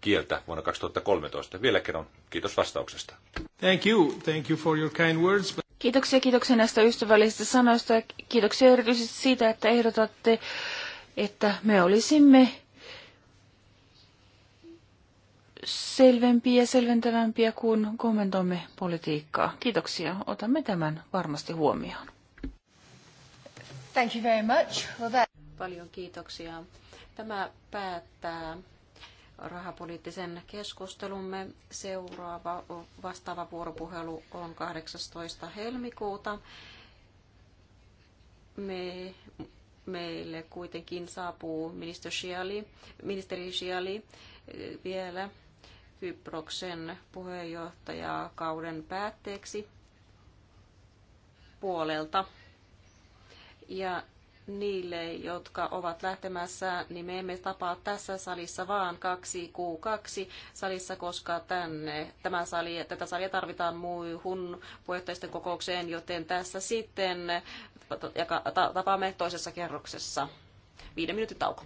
kieltä vuonna 2013. Vielä kerron. kiitos vastauksesta. Thank you. Thank you for your kind words. Kiitoksia, kiitoksia näistä ystävällisistä sanoista ja kiitoksia erityisesti siitä, että ehdotatte, että me olisimme selvempiä ja selventävämpiä, kun kommentoimme politiikkaa. Kiitoksia. Otamme tämän varmasti huomioon. Thank you very much. Well, that... Paljon kiitoksia. Tämä päättää rahapoliittisen keskustelumme. Seuraava vastaava vuoropuhelu on 18. helmikuuta. Me, meille kuitenkin saapuu Shiali, ministeri Shiali eh, vielä Kyproksen puheenjohtajakauden päätteeksi puolelta. Ja niille, jotka ovat lähtemässä, niin me emme tapaa tässä salissa vaan kaksi kuukaksi salissa, koska tänne, tämä sali, tätä salia tarvitaan muihin puheenjohtajisten kokoukseen, joten tässä sitten tapaamme toisessa kerroksessa. Viiden minuutin tauko.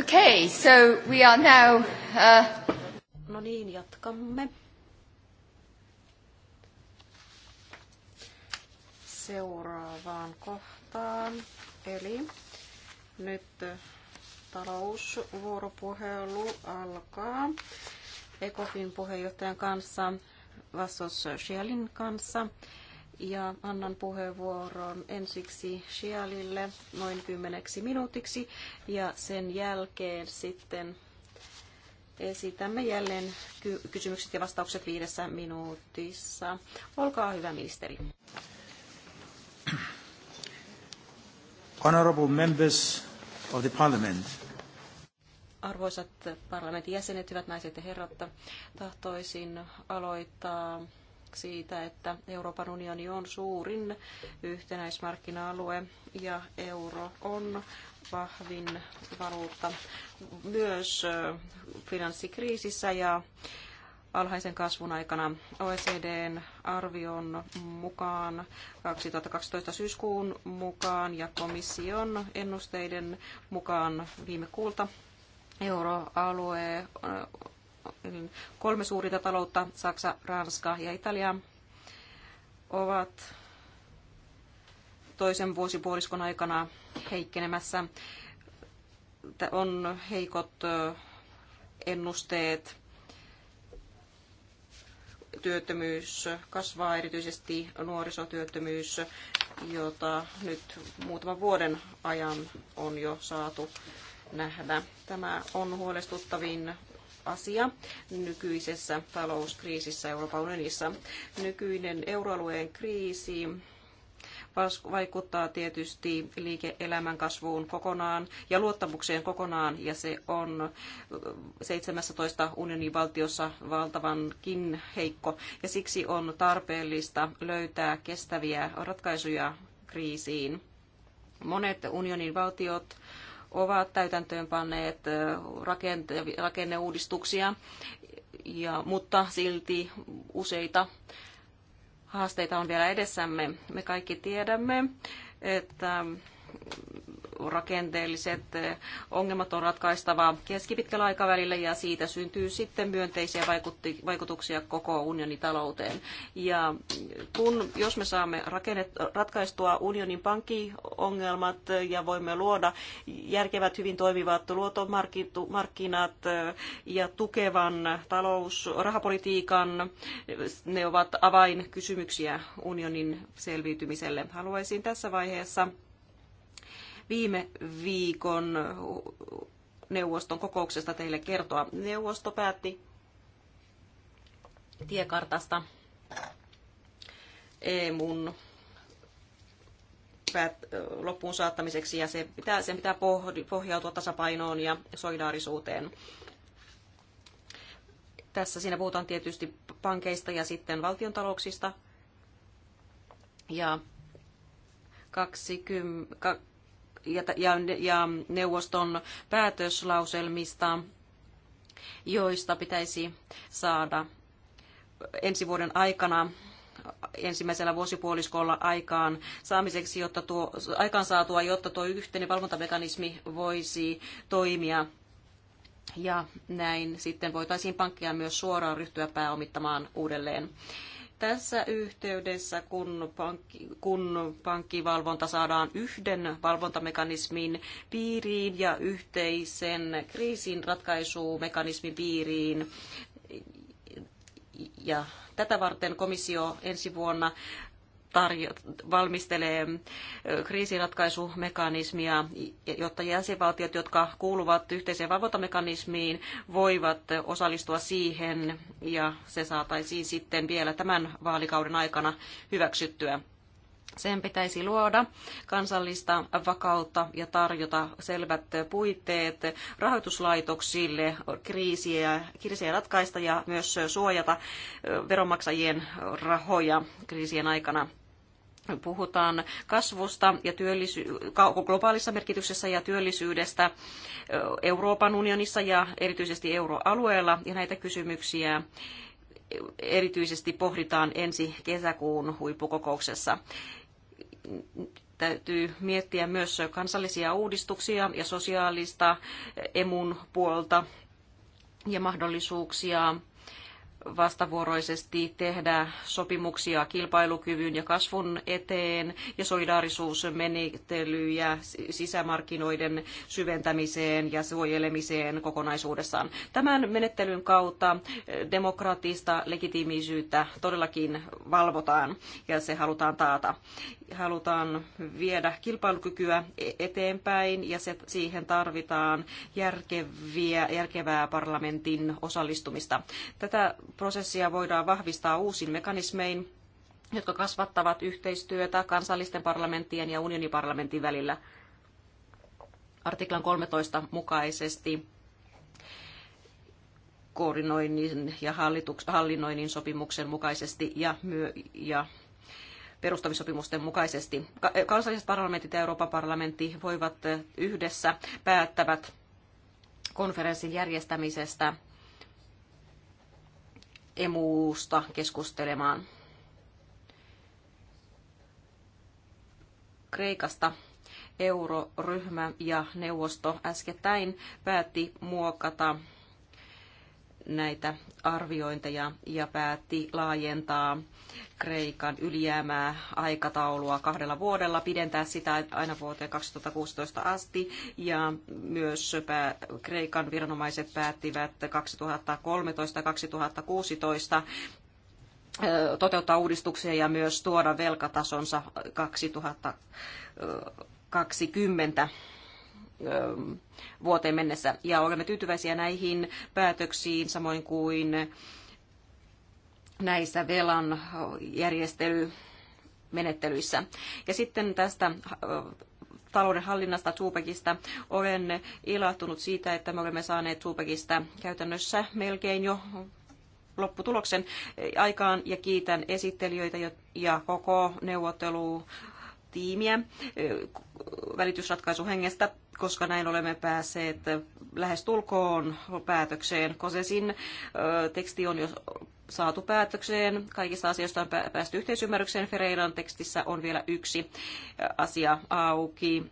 Okay, so we are now... Uh... No niin, jatkamme. Seuraavaan kohtaan. Eli nyt talousvuoropuhelu alkaa ECOFin puheenjohtajan kanssa, Vassos Schielin kanssa ja annan puheenvuoron ensiksi Shialille noin kymmeneksi minuutiksi ja sen jälkeen sitten esitämme jälleen ky- kysymykset ja vastaukset viidessä minuutissa. Olkaa hyvä, ministeri. Honorable members of the parliament. Arvoisat parlamentin jäsenet, hyvät naiset ja herrat, tahtoisin aloittaa siitä, että Euroopan unioni on suurin yhtenäismarkkina-alue ja euro on vahvin valuutta myös finanssikriisissä ja alhaisen kasvun aikana OECDn arvion mukaan 2012 syyskuun mukaan ja komission ennusteiden mukaan viime kuulta euroalue niin kolme suurinta taloutta, Saksa, Ranska ja Italia, ovat toisen vuosipuoliskon aikana heikkenemässä. On heikot ennusteet. Työttömyys kasvaa, erityisesti nuorisotyöttömyys, jota nyt muutaman vuoden ajan on jo saatu nähdä. Tämä on huolestuttavin asia nykyisessä talouskriisissä Euroopan unionissa. Nykyinen euroalueen kriisi vaikuttaa tietysti liike-elämän kasvuun kokonaan ja luottamukseen kokonaan, ja se on 17 unionin valtiossa valtavankin heikko, ja siksi on tarpeellista löytää kestäviä ratkaisuja kriisiin. Monet unionin valtiot ovat täytäntöönpanneet rakenneuudistuksia, ja, mutta silti useita haasteita on vielä edessämme. Me kaikki tiedämme, että rakenteelliset eh, ongelmat on ratkaistava keskipitkällä aikavälillä ja siitä syntyy sitten myönteisiä vaikutuksia koko unionin talouteen. Ja kun, jos me saamme rakennet, ratkaistua unionin pankkiongelmat eh, ja voimme luoda järkevät, hyvin toimivat luotomarkkinat eh, ja tukevan talous, rahapolitiikan, ne ovat avainkysymyksiä unionin selviytymiselle. Haluaisin tässä vaiheessa viime viikon neuvoston kokouksesta teille kertoa. Neuvosto päätti tiekartasta EMUn päät, loppuun saattamiseksi ja se pitää, sen pitää pohjautua tasapainoon ja solidaarisuuteen. Tässä siinä puhutaan tietysti pankeista ja sitten valtiontalouksista. Ja 20, ja, ja, ja neuvoston päätöslauselmista, joista pitäisi saada ensi vuoden aikana ensimmäisellä vuosipuoliskolla aikaan saamiseksi, jotta tuo, jotta tuo yhteinen valvontamekanismi voisi toimia. Ja näin sitten voitaisiin pankkia myös suoraan ryhtyä pääomittamaan uudelleen. Tässä yhteydessä, kun, pankki, kun pankkivalvonta saadaan yhden valvontamekanismin piiriin ja yhteisen kriisin ratkaisumekanismin piiriin, ja tätä varten komissio ensi vuonna tarjo- valmistelee kriisiratkaisumekanismia, jotta jäsenvaltiot, jotka kuuluvat yhteiseen valvontamekanismiin, voivat osallistua siihen ja se saataisiin sitten vielä tämän vaalikauden aikana hyväksyttyä. Sen pitäisi luoda kansallista vakautta ja tarjota selvät puitteet rahoituslaitoksille kriisiä, kriisiä ratkaista ja myös suojata veronmaksajien rahoja kriisien aikana puhutaan kasvusta ja työllisy- globaalissa merkityksessä ja työllisyydestä Euroopan unionissa ja erityisesti euroalueella. Ja näitä kysymyksiä erityisesti pohditaan ensi kesäkuun huippukokouksessa. Täytyy miettiä myös kansallisia uudistuksia ja sosiaalista emun puolta ja mahdollisuuksia vastavuoroisesti tehdä sopimuksia kilpailukyvyn ja kasvun eteen ja solidaarisuusmenettelyjä sisämarkkinoiden syventämiseen ja suojelemiseen kokonaisuudessaan. Tämän menettelyn kautta eh, demokraattista legitiimisyyttä todellakin valvotaan ja se halutaan taata. Halutaan viedä kilpailukykyä e- eteenpäin ja se, siihen tarvitaan järkeviä, järkevää parlamentin osallistumista. Tätä prosessia voidaan vahvistaa uusin mekanismein, jotka kasvattavat yhteistyötä kansallisten parlamenttien ja unioniparlamentin välillä artiklan 13 mukaisesti koordinoinnin ja hallinnoinnin sopimuksen mukaisesti ja, myö, ja perustamissopimusten mukaisesti. Kansalliset parlamentit ja Euroopan parlamentti voivat yhdessä päättävät konferenssin järjestämisestä emuusta keskustelemaan. Kreikasta euroryhmä ja neuvosto äskettäin päätti muokata näitä arviointeja ja päätti laajentaa Kreikan ylijäämää aikataulua kahdella vuodella, pidentää sitä aina vuoteen 2016 asti ja myös Kreikan viranomaiset päättivät 2013-2016 toteuttaa uudistuksia ja myös tuoda velkatasonsa 2020 vuoteen mennessä. Ja olemme tyytyväisiä näihin päätöksiin, samoin kuin näissä velan järjestelymenettelyissä. Ja sitten tästä talouden hallinnasta Tupekista. Olen ilahtunut siitä, että me olemme saaneet Tupekista käytännössä melkein jo lopputuloksen aikaan ja kiitän esittelijöitä ja koko neuvottelu tiimiä välitysratkaisuhengestä, koska näin olemme päässeet lähes tulkoon päätökseen. Kosesin teksti on jo saatu päätökseen. Kaikista asioista on päästy yhteisymmärrykseen. Ferreiran tekstissä on vielä yksi asia auki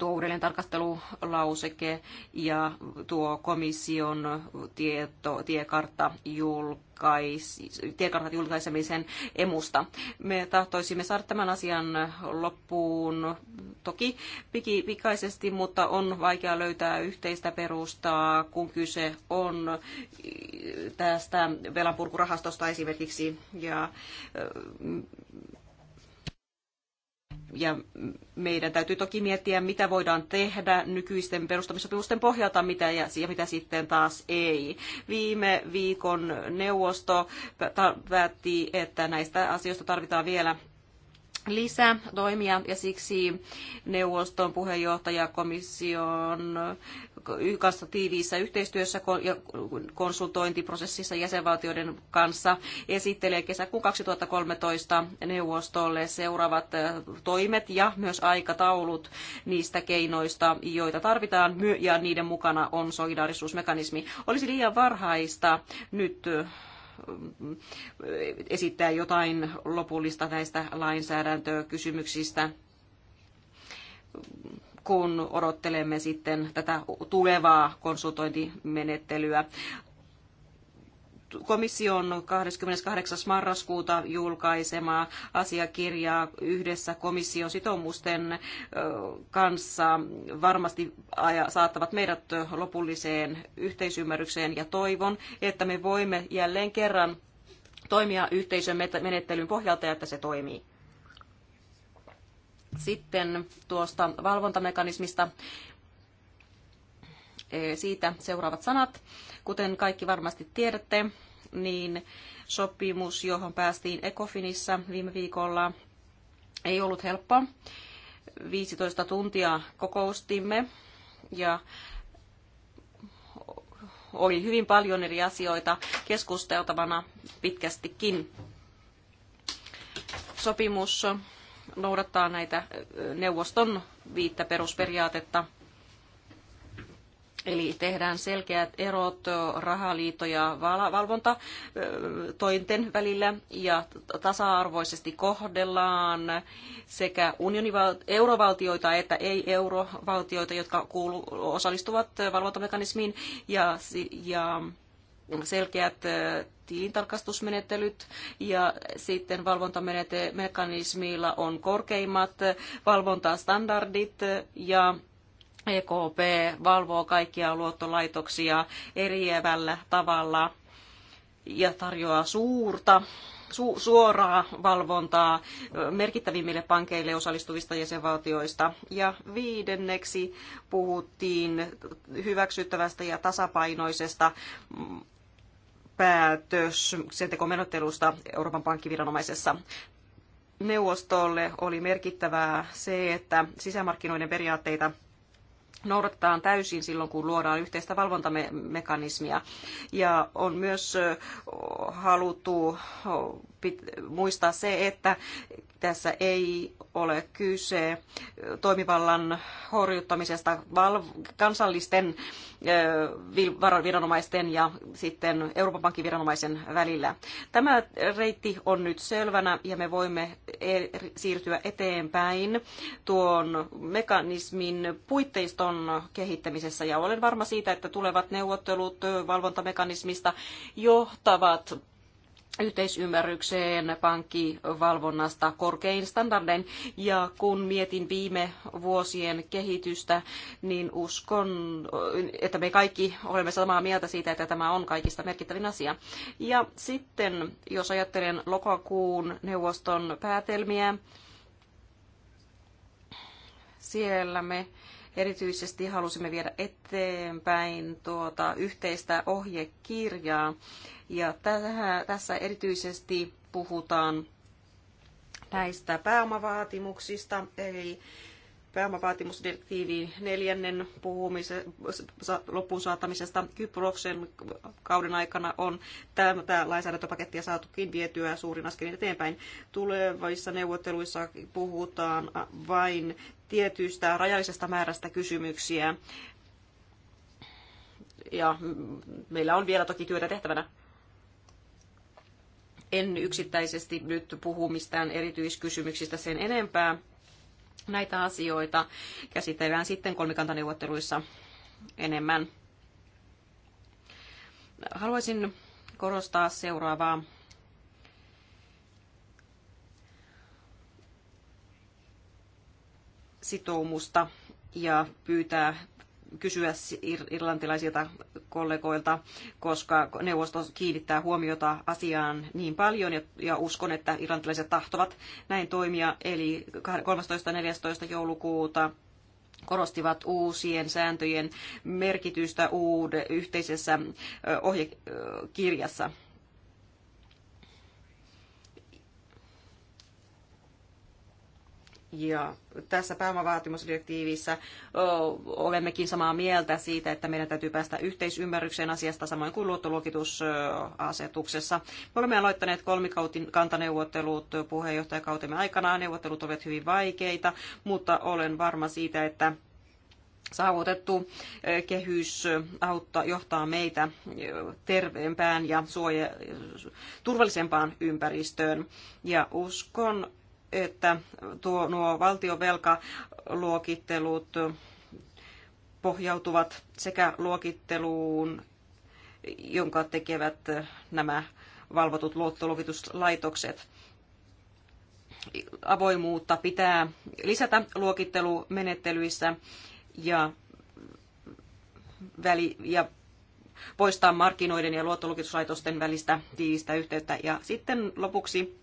tuo uudelleen tarkastelulauseke ja tuo komission tieto, tiekartta julkaisi, tiekartat julkaisemisen emusta. Me tahtoisimme saada tämän asian loppuun toki piki, pikaisesti, mutta on vaikea löytää yhteistä perustaa, kun kyse on tästä velanpurkurahastosta esimerkiksi. Ja ja meidän täytyy toki miettiä, mitä voidaan tehdä nykyisten perustamissopimusten pohjalta mitä ja, ja mitä sitten taas ei. Viime viikon neuvosto päätti, että näistä asioista tarvitaan vielä lisätoimia ja siksi neuvoston puheenjohtaja komission kanssa tiiviissä yhteistyössä ja konsultointiprosessissa jäsenvaltioiden kanssa esittelee kesäkuun 2013 neuvostolle seuraavat äh, toimet ja myös aikataulut niistä keinoista, joita tarvitaan ja niiden mukana on solidaarisuusmekanismi. Olisi liian varhaista nyt äh, esittää jotain lopullista näistä lainsäädäntökysymyksistä, kun odottelemme sitten tätä tulevaa konsultointimenettelyä komission 28. marraskuuta julkaisemaa asiakirjaa yhdessä komission sitoumusten kanssa varmasti saattavat meidät lopulliseen yhteisymmärrykseen ja toivon, että me voimme jälleen kerran toimia yhteisön menettelyn pohjalta ja että se toimii. Sitten tuosta valvontamekanismista siitä seuraavat sanat. Kuten kaikki varmasti tiedätte, niin sopimus, johon päästiin Ecofinissa viime viikolla, ei ollut helppo. 15 tuntia kokoustimme ja oli hyvin paljon eri asioita keskusteltavana pitkästikin. Sopimus noudattaa näitä neuvoston viittä perusperiaatetta – Eli tehdään selkeät erot rahaliito- ja valvontatointen välillä ja tasa-arvoisesti kohdellaan sekä unionival- eurovaltioita että ei-eurovaltioita, jotka kuulu- osallistuvat valvontamekanismiin ja, ja selkeät tilintarkastusmenettelyt ja sitten valvontamekanismilla on korkeimmat valvontastandardit ja EKP valvoo kaikkia luottolaitoksia eriävällä tavalla ja tarjoaa suurta su- suoraa valvontaa merkittävimmille pankeille osallistuvista jäsenvaltioista. Ja viidenneksi puhuttiin hyväksyttävästä ja tasapainoisesta päätöksentekomenottelusta Euroopan pankkiviranomaisessa neuvostolle oli merkittävää se, että sisämarkkinoiden periaatteita noudatetaan täysin silloin, kun luodaan yhteistä valvontamekanismia. Ja on myös haluttu muistaa se, että tässä ei ole kyse toimivallan horjuttamisesta kansallisten viranomaisten ja sitten Euroopan pankin viranomaisen välillä. Tämä reitti on nyt selvänä ja me voimme e-, siirtyä eteenpäin tuon mekanismin puitteiston kehittämisessä ja olen varma siitä, että tulevat neuvottelut valvontamekanismista johtavat yhteisymmärrykseen pankkivalvonnasta korkein standardein. Ja kun mietin viime vuosien kehitystä, niin uskon, että me kaikki olemme samaa mieltä siitä, että tämä on kaikista merkittävin asia. Ja sitten, jos ajattelen lokakuun neuvoston päätelmiä, siellä me Erityisesti halusimme viedä eteenpäin tuota yhteistä ohjekirjaa. Ja tähän, tässä erityisesti puhutaan näistä pääomavaatimuksista, eli pääomavaatimusdirektiiviin neljännen puhumisen, loppuun saattamisesta Kyproksen kauden aikana on tämä lainsäädäntöpakettia saatukin vietyä suurin askelin eteenpäin. Tulevissa neuvotteluissa puhutaan vain tietystä rajallisesta määrästä kysymyksiä. Ja meillä on vielä toki työtä tehtävänä en yksittäisesti nyt puhu mistään erityiskysymyksistä sen enempää, Näitä asioita käsitellään sitten kolmikantaneuvotteluissa enemmän. Haluaisin korostaa seuraavaa. sitoumusta ja pyytää kysyä irlantilaisilta kollegoilta, koska neuvosto kiinnittää huomiota asiaan niin paljon ja, uskon, että irlantilaiset tahtovat näin toimia. Eli 13.14. joulukuuta korostivat uusien sääntöjen merkitystä uud- yhteisessä ohjekirjassa Ja tässä pääomavaatimusdirektiivissä olemmekin samaa mieltä siitä, että meidän täytyy päästä yhteisymmärrykseen asiasta samoin kuin luottoluokitusasetuksessa. Me olemme aloittaneet kolmikantaneuvottelut puheenjohtajakautemme aikana. Neuvottelut ovat hyvin vaikeita, mutta olen varma siitä, että saavutettu kehys auttaa, johtaa meitä terveempään ja suoja, turvallisempaan ympäristöön. Ja uskon, että tuo, nuo valtionvelkaluokittelut pohjautuvat sekä luokitteluun, jonka tekevät nämä valvotut luottoluokituslaitokset. Avoimuutta pitää lisätä luokittelumenettelyissä ja, väli, ja poistaa markkinoiden ja luottoluokituslaitosten välistä tiivistä yhteyttä. Ja sitten lopuksi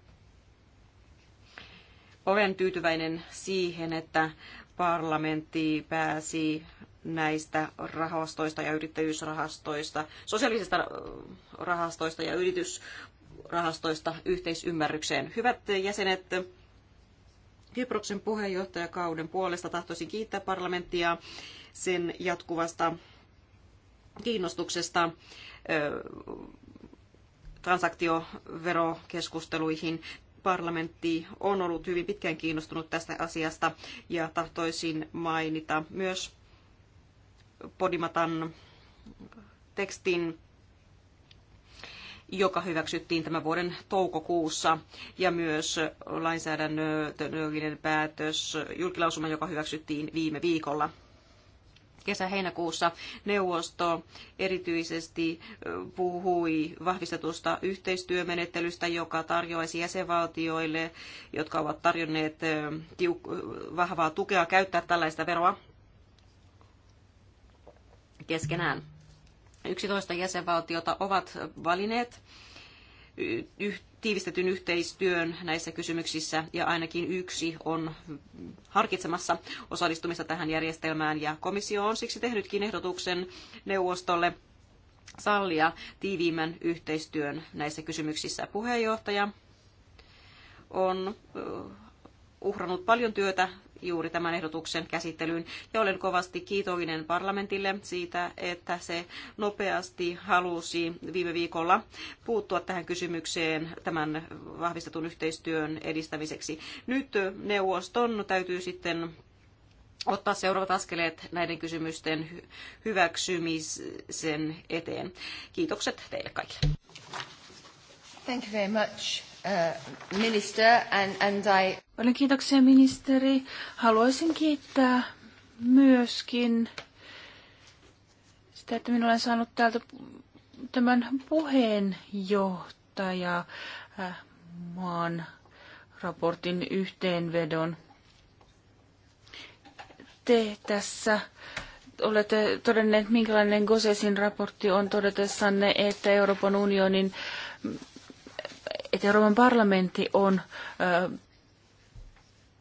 olen tyytyväinen siihen, että parlamentti pääsi näistä rahastoista ja yrittäjyysrahastoista, sosiaalisista rahastoista ja yritysrahastoista yhteisymmärrykseen. Hyvät jäsenet, Kyproksen puheenjohtajakauden puolesta tahtoisin kiittää parlamenttia sen jatkuvasta kiinnostuksesta transaktioverokeskusteluihin parlamentti on ollut hyvin pitkään kiinnostunut tästä asiasta ja tahtoisin mainita myös Podimatan tekstin joka hyväksyttiin tämän vuoden toukokuussa, ja myös lainsäädännöllinen päätös, julkilausuma, joka hyväksyttiin viime viikolla kesä-heinäkuussa neuvosto erityisesti puhui vahvistetusta yhteistyömenettelystä, joka tarjoaisi jäsenvaltioille, jotka ovat tarjonneet vahvaa tukea käyttää tällaista veroa keskenään. 11 jäsenvaltiota ovat valineet tiivistetyn yhteistyön näissä kysymyksissä ja ainakin yksi on harkitsemassa osallistumista tähän järjestelmään ja komissio on siksi tehnytkin ehdotuksen neuvostolle sallia tiiviimmän yhteistyön näissä kysymyksissä. Puheenjohtaja on uhrannut paljon työtä juuri tämän ehdotuksen käsittelyyn. Ja olen kovasti kiitollinen parlamentille siitä, että se nopeasti halusi viime viikolla puuttua tähän kysymykseen tämän vahvistetun yhteistyön edistämiseksi. Nyt neuvoston täytyy sitten ottaa seuraavat askeleet näiden kysymysten hyväksymisen eteen. Kiitokset teille kaikille. Thank you very much. Uh, minister and, and I... Paljon kiitoksia ministeri. Haluaisin kiittää myöskin sitä, että minä olen saanut täältä tämän puheenjohtaja äh, maan raportin yhteenvedon. Te tässä olette todenneet, minkälainen Gosesin raportti on todetessanne, että Euroopan unionin että Euroopan parlamentti on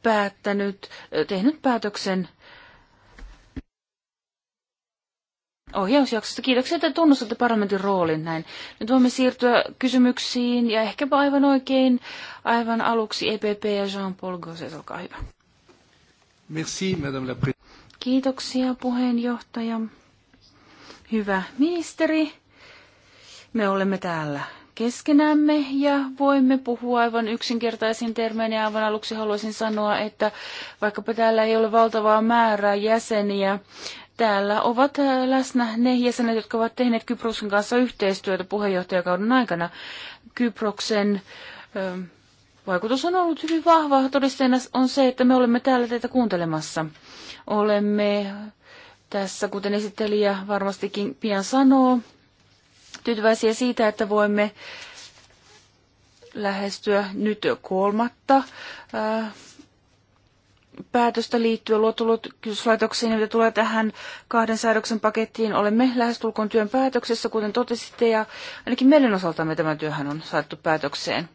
päättänyt, tehnyt päätöksen ohjausjaksosta. Kiitoksia, että tunnustatte parlamentin roolin näin. Nyt voimme siirtyä kysymyksiin ja ehkäpä aivan oikein aivan aluksi EPP ja Jean-Paul Gosset, olkaa hyvä. Merci, Madame la Kiitoksia puheenjohtaja. Hyvä ministeri, me olemme täällä keskenämme ja voimme puhua aivan yksinkertaisin termein. Ja aivan aluksi haluaisin sanoa, että vaikkapa täällä ei ole valtavaa määrää jäseniä, Täällä ovat äh, läsnä ne jäsenet, jotka ovat tehneet Kyproksen kanssa yhteistyötä puheenjohtajakauden aikana. Kyproksen ähm, vaikutus on ollut hyvin vahva. Todisteena on se, että me olemme täällä teitä kuuntelemassa. Olemme tässä, kuten esittelijä varmastikin pian sanoo, tyytyväisiä siitä, että voimme lähestyä nyt kolmatta päätöstä liittyen luottoluokituslaitokseen, joita tulee tähän kahden säädöksen pakettiin. Olemme lähestulkoon työn päätöksessä, kuten totesitte, ja ainakin meidän osaltamme tämä työhän on saatu päätökseen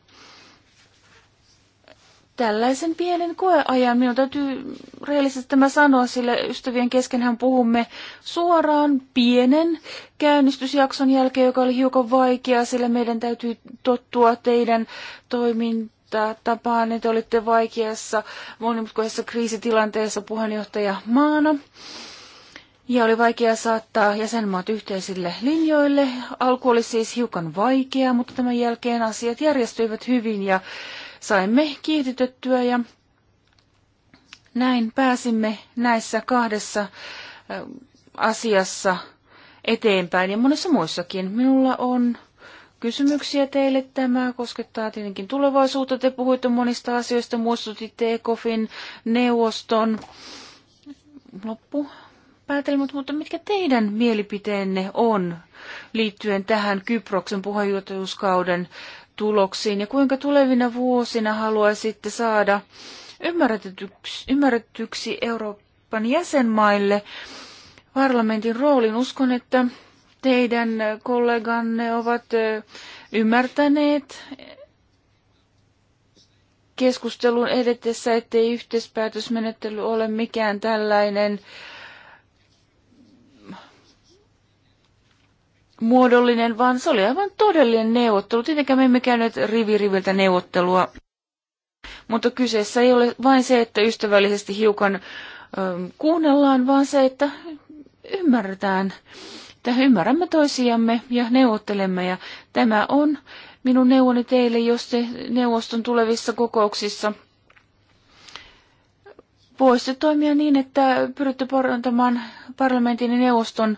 tällaisen pienen koeajan. Minun täytyy rehellisesti tämä sanoa, sillä ystävien keskenhän puhumme suoraan pienen käynnistysjakson jälkeen, joka oli hiukan vaikea, sillä meidän täytyy tottua teidän toimintatapaan, että olitte vaikeassa monimutkaisessa kriisitilanteessa puheenjohtaja maana. Ja oli vaikea saattaa jäsenmaat yhteisille linjoille. Alku oli siis hiukan vaikea, mutta tämän jälkeen asiat järjestyivät hyvin ja saimme kiihdytettyä ja näin pääsimme näissä kahdessa asiassa eteenpäin ja monessa muissakin. Minulla on kysymyksiä teille tämä. Koskettaa tietenkin tulevaisuutta. Te puhuitte monista asioista, muistutitte Ekofin neuvoston loppu Päätelmät, mutta mitkä teidän mielipiteenne on liittyen tähän Kyproksen puheenjohtajuuskauden tuloksiin ja kuinka tulevina vuosina haluaisitte saada ymmärretyksi, ymmärretyksi Euroopan jäsenmaille parlamentin roolin. Uskon, että teidän kolleganne ovat ymmärtäneet keskustelun edetessä, ettei yhteispäätösmenettely ole mikään tällainen äh, muodollinen, vaan se oli aivan todellinen neuvottelu. Tietenkään me emme käyneet riviriviltä neuvottelua, mutta kyseessä ei ole vain se, että ystävällisesti hiukan ö, ähm, kuunnellaan, vaan se, että ymmärretään, että ymmärrämme toisiamme ja neuvottelemme. Ja tämä on minun neuvoni teille, jos te neuvoston tulevissa kokouksissa voisitte toimia niin, että pyritte parantamaan parlamentin ja neuvoston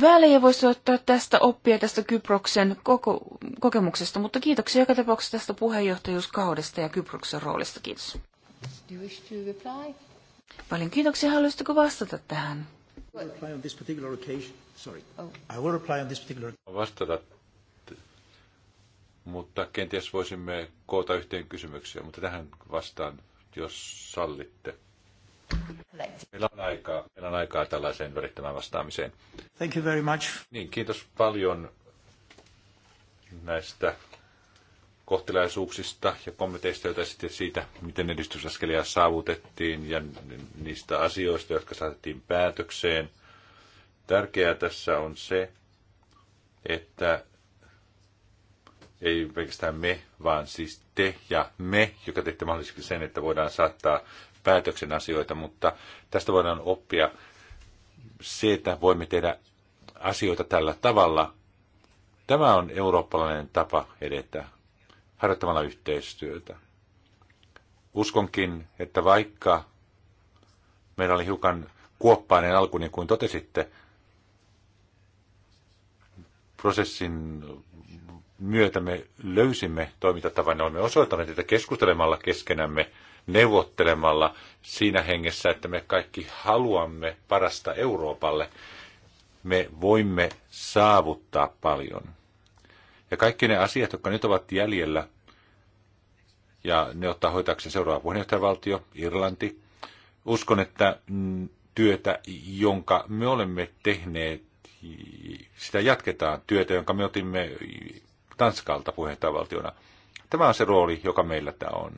väliä voisi ottaa tästä oppia tästä Kyproksen koko, kokemuksesta, mutta kiitoksia joka tapauksessa tästä puheenjohtajuuskaudesta ja Kyproksen roolista. Kiitos. Paljon kiitoksia. Haluaisitko vastata tähän? Oh. Vastata, mutta kenties voisimme koota yhteen kysymyksiä, mutta tähän vastaan, jos sallitte. Meillä on aikaa, meillä on aikaa tällaiseen värittämään vastaamiseen. Thank you very much. Niin, kiitos paljon näistä kohtelaisuuksista ja kommenteista, joita sitten siitä, miten edistysaskelia saavutettiin ja niistä asioista, jotka saatettiin päätökseen. Tärkeää tässä on se, että ei pelkästään me, vaan siis te ja me, joka teette mahdollisesti sen, että voidaan saattaa päätöksen asioita, mutta tästä voidaan oppia se, että voimme tehdä asioita tällä tavalla. Tämä on eurooppalainen tapa edetä harjoittamalla yhteistyötä. Uskonkin, että vaikka meillä oli hiukan kuoppainen alku, niin kuin totesitte, prosessin myötä me löysimme toimintatavan ja olemme osoittaneet, että keskustelemalla keskenämme neuvottelemalla siinä hengessä, että me kaikki haluamme parasta Euroopalle, me voimme saavuttaa paljon. Ja kaikki ne asiat, jotka nyt ovat jäljellä, ja ne ottaa hoitaakseen seuraava puheenjohtajavaltio, Irlanti, uskon, että mm, työtä, jonka me olemme tehneet, sitä jatketaan, työtä, jonka me otimme Tanskalta puheenjohtajavaltiona. Tämä on se rooli, joka meillä tämä on.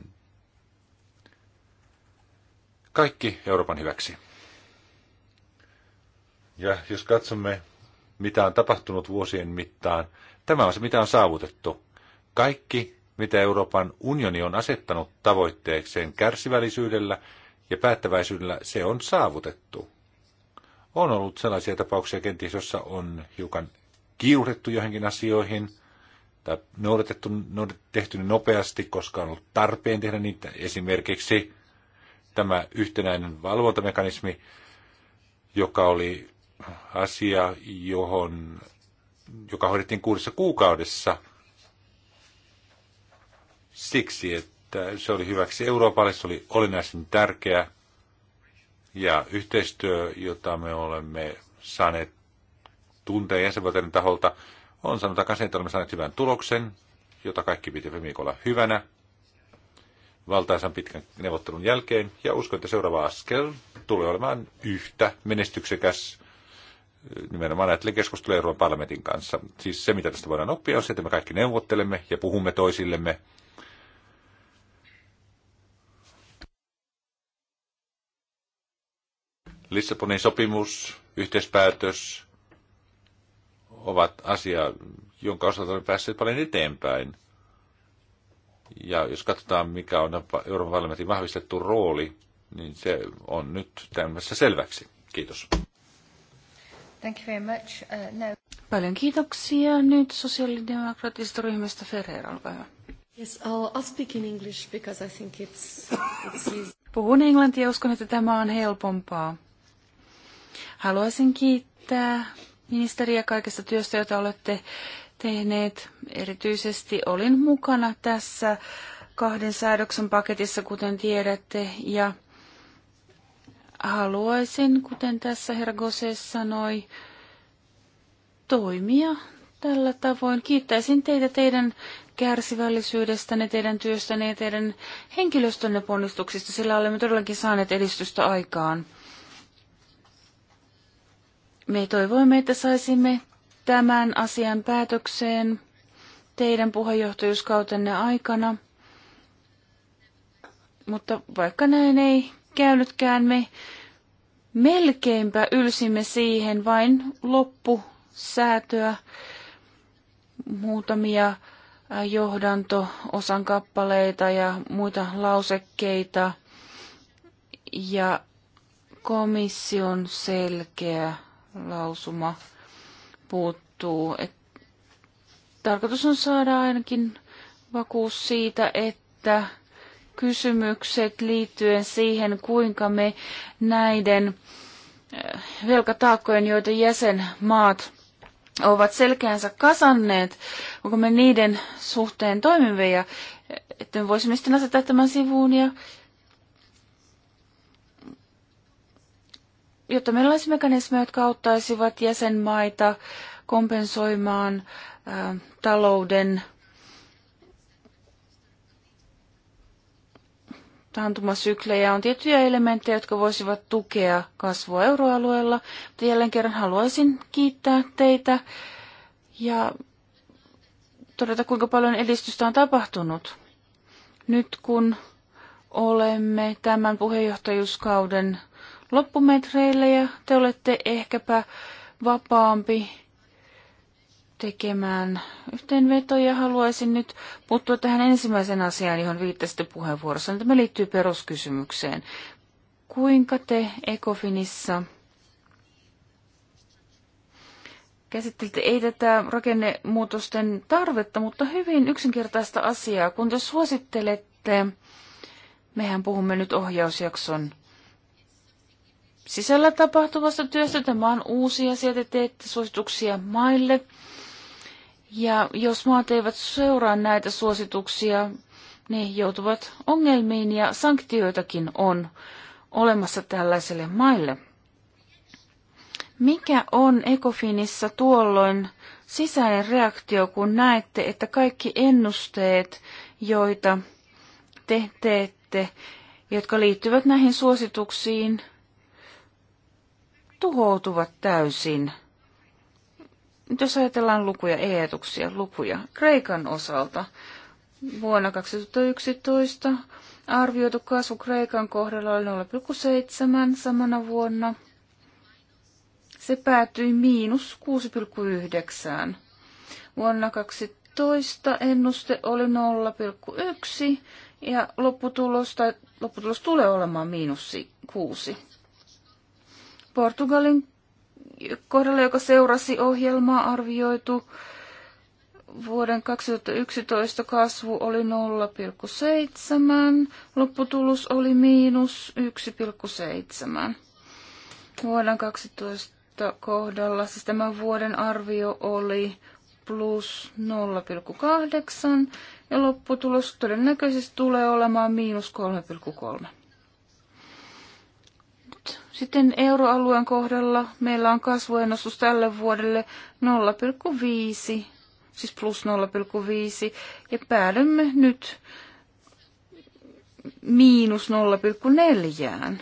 Kaikki Euroopan hyväksi. Ja jos katsomme, mitä on tapahtunut vuosien mittaan, tämä on se, mitä on saavutettu. Kaikki, mitä Euroopan unioni on asettanut tavoitteekseen kärsivällisyydellä ja päättäväisyydellä, se on saavutettu. On ollut sellaisia tapauksia kenties, jossa on hiukan kiiruhdettu johonkin asioihin – tai noudatettu, tehty nopeasti, koska on ollut tarpeen tehdä niitä. Esimerkiksi tämä yhtenäinen valvontamekanismi, joka oli asia, johon, joka hoidettiin kuudessa kuukaudessa siksi, että se oli hyväksi Euroopalle, se oli olennaisen tärkeä ja yhteistyö, jota me olemme saaneet tuntea jäsenvaltioiden taholta, on sanotaan sen, että olemme saaneet hyvän tuloksen, jota kaikki piti viikolla hyvänä valtaisan pitkän neuvottelun jälkeen, ja uskon, että seuraava askel tulee olemaan yhtä menestyksekäs eh, nimenomaan ajattelen keskustelua Euroopan parlamentin kanssa. Siis se, mitä tästä voidaan oppia, on se, että me kaikki neuvottelemme ja puhumme toisillemme. Lissabonin sopimus, yhteispäätös ovat asia, jonka osalta olemme päässeet paljon eteenpäin. Ja jos katsotaan, mikä on Euroopan parlamentin vahvistettu rooli, niin se on nyt tämmössä selväksi. Kiitos. Thank you very much. Uh, no. Paljon kiitoksia. Nyt sosiaalidemokraattisesta ryhmästä Ferreira, olkaa hyvä. Yes, I'll, I'll speak in English because I think it's, it's easy. Puhun englantia ja uskon, että tämä on helpompaa. Haluaisin kiittää ministeriä kaikesta työstä, jota olette tehneet. Erityisesti olin mukana tässä kahden säädöksen paketissa, kuten tiedätte, ja haluaisin, kuten tässä herra Gose sanoi, toimia tällä tavoin. Kiittäisin teitä teidän kärsivällisyydestänne, teidän työstänne ja teidän henkilöstönne ponnistuksista, sillä olemme todellakin saaneet edistystä aikaan. Me toivoimme, että saisimme tämän asian päätökseen teidän puheenjohtajuuskautenne aikana. Mutta vaikka näin ei käynytkään, me melkeinpä ylsimme siihen vain loppusäätöä muutamia johdanto-osan kappaleita ja muita lausekkeita ja komission selkeä lausuma puuttuu. Et tarkoitus on saada ainakin vakuus siitä, että kysymykset liittyen siihen, kuinka me näiden eh, velkataakkojen, joita jäsenmaat ovat selkeänsä kasanneet, onko me niiden suhteen toimivia, eh, että me voisimme sitten asettaa tämän sivuun ja jotta meillä olisi mekanismeja, jotka auttaisivat jäsenmaita kompensoimaan ä, talouden taantumasyklejä. On tiettyjä elementtejä, jotka voisivat tukea kasvua euroalueella. Mutta jälleen kerran haluaisin kiittää teitä ja todeta, kuinka paljon edistystä on tapahtunut. Nyt kun olemme tämän puheenjohtajuuskauden loppumetreillä ja te olette ehkäpä vapaampi tekemään yhteenvetoja. Haluaisin nyt puuttua tähän ensimmäiseen asiaan, johon viittasitte puheenvuorossa. Tämä liittyy peruskysymykseen. Kuinka te Ecofinissa käsittelitte ei tätä rakennemuutosten tarvetta, mutta hyvin yksinkertaista asiaa, kun te suosittelette, mehän puhumme nyt ohjausjakson sisällä tapahtuvasta työstä. Tämä on uusi asia, te teette suosituksia maille. Ja jos maat eivät seuraa näitä suosituksia, ne joutuvat ongelmiin ja sanktioitakin on olemassa tällaiselle maille. Mikä on Ecofinissa tuolloin sisäinen reaktio, kun näette, että kaikki ennusteet, joita te teette, jotka liittyvät näihin suosituksiin, tuhoutuvat täysin. Jos ajatellaan lukuja, eetuksia lukuja. Kreikan osalta vuonna 2011 arvioitu kasvu Kreikan kohdalla oli 0,7 samana vuonna. Se päätyi miinus 6,9. Vuonna 2012 ennuste oli 0,1 ja lopputulos, tai lopputulos tulee olemaan miinus 6. Portugalin kohdalla, joka seurasi ohjelmaa, arvioitu vuoden 2011 kasvu oli 0,7, lopputulos oli miinus 1,7. Vuoden 12 kohdalla, siis tämän vuoden arvio oli plus 0,8 ja lopputulos todennäköisesti tulee olemaan miinus 3,3. Sitten euroalueen kohdalla meillä on kasvuennustus tälle vuodelle 0,5, siis plus 0,5, ja päädymme nyt miinus 0,4.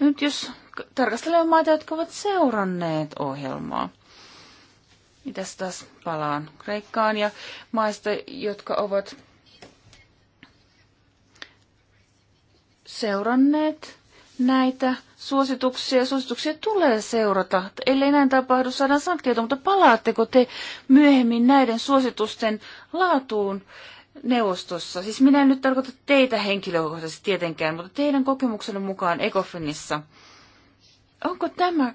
Nyt jos tarkastelemme maita, jotka ovat seuranneet ohjelmaa, niin tässä taas palaan Kreikkaan ja maista, jotka ovat seuranneet näitä suosituksia. Suosituksia tulee seurata. Ellei näin tapahdu, saadaan sanktioita, mutta palaatteko te myöhemmin näiden suositusten laatuun neuvostossa? Siis minä en nyt tarkoita teitä henkilökohtaisesti tietenkään, mutta teidän kokemuksenne mukaan Ecofinissa. Onko tämä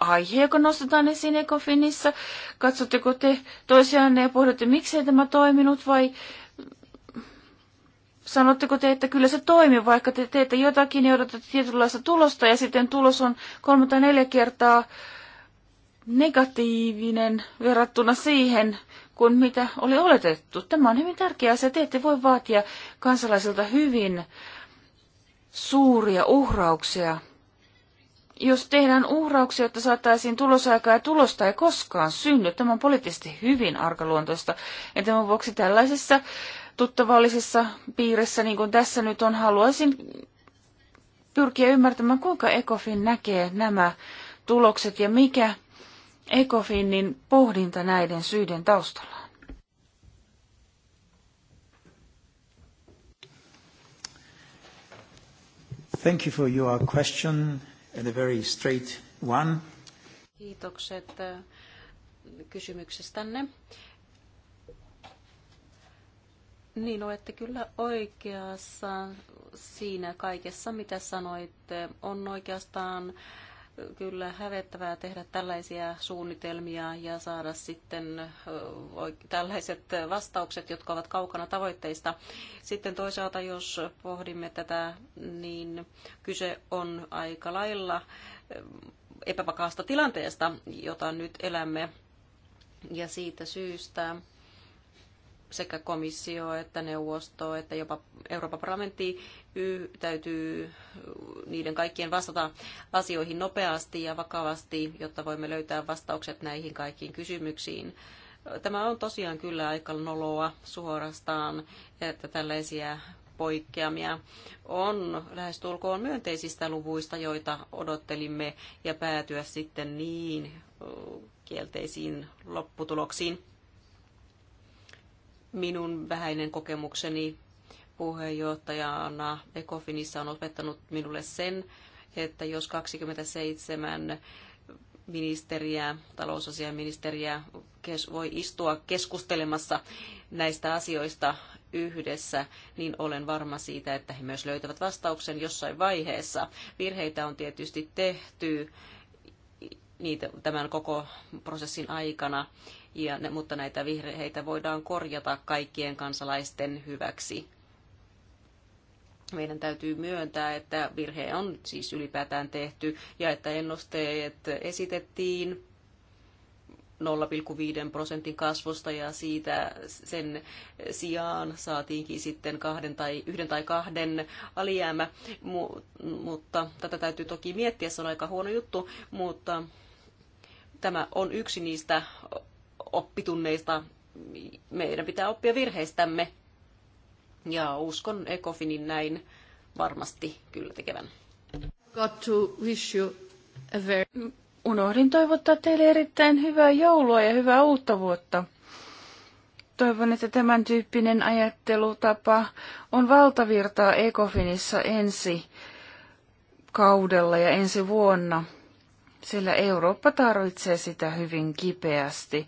aihe, joka nostetaan esiin Ecofinissa? Katsotteko te toisiaan ja pohditte, miksei tämä toiminut vai sanotteko te, että kyllä se toimii, vaikka te teette jotakin ja niin odotatte tietynlaista tulosta ja sitten tulos on kolme tai neljä kertaa negatiivinen verrattuna siihen, kuin mitä oli oletettu. Tämä on hyvin tärkeä asia. Te ette voi vaatia kansalaisilta hyvin suuria uhrauksia. Jos tehdään uhrauksia, että saataisiin tulosaikaa ja tulosta ei koskaan synny, tämä on poliittisesti hyvin arkaluontoista. Ja tämän vuoksi tällaisessa tuttavallisessa piirissä, niin kuin tässä nyt on, haluaisin pyrkiä ymmärtämään, kuinka ECOFIN näkee nämä tulokset ja mikä ECOFINin pohdinta näiden syiden taustalla. Thank you for your question and a very straight one. Kiitokset äh, kysymyksestänne. Niin, olette kyllä oikeassa siinä kaikessa, mitä sanoitte. On oikeastaan kyllä hävettävää tehdä tällaisia suunnitelmia ja saada sitten tällaiset vastaukset, jotka ovat kaukana tavoitteista. Sitten toisaalta, jos pohdimme tätä, niin kyse on aika lailla epävakaasta tilanteesta, jota nyt elämme. Ja siitä syystä sekä komissio että neuvosto että jopa Euroopan parlamentti täytyy niiden kaikkien vastata asioihin nopeasti ja vakavasti, jotta voimme löytää vastaukset näihin kaikkiin kysymyksiin. Tämä on tosiaan kyllä aika noloa suorastaan, että tällaisia poikkeamia on lähestulkoon myönteisistä luvuista, joita odottelimme, ja päätyä sitten niin kielteisiin lopputuloksiin minun vähäinen kokemukseni puheenjohtajana Ecofinissa on opettanut minulle sen, että jos 27 ministeriä, talousasiaministeriä voi istua keskustelemassa näistä asioista yhdessä, niin olen varma siitä, että he myös löytävät vastauksen jossain vaiheessa. Virheitä on tietysti tehty niitä tämän koko prosessin aikana ja ne, mutta näitä vihreitä voidaan korjata kaikkien kansalaisten hyväksi. Meidän täytyy myöntää, että virhe on siis ylipäätään tehty ja että ennusteet esitettiin 0,5 prosentin kasvusta ja siitä sen sijaan saatiinkin sitten kahden tai, yhden tai kahden alijäämä, Mu- mutta tätä täytyy toki miettiä, se on aika huono juttu, mutta tämä on yksi niistä oppitunneista. Meidän pitää oppia virheistämme. Ja uskon Ecofinin näin varmasti kyllä tekevän. Got to wish you a very... Mm, unohdin toivottaa teille erittäin hyvää joulua ja hyvää uutta vuotta. Toivon, että tämän tyyppinen ajattelutapa on valtavirtaa Ecofinissa ensi kaudella ja ensi vuonna, sillä Eurooppa tarvitsee sitä hyvin kipeästi.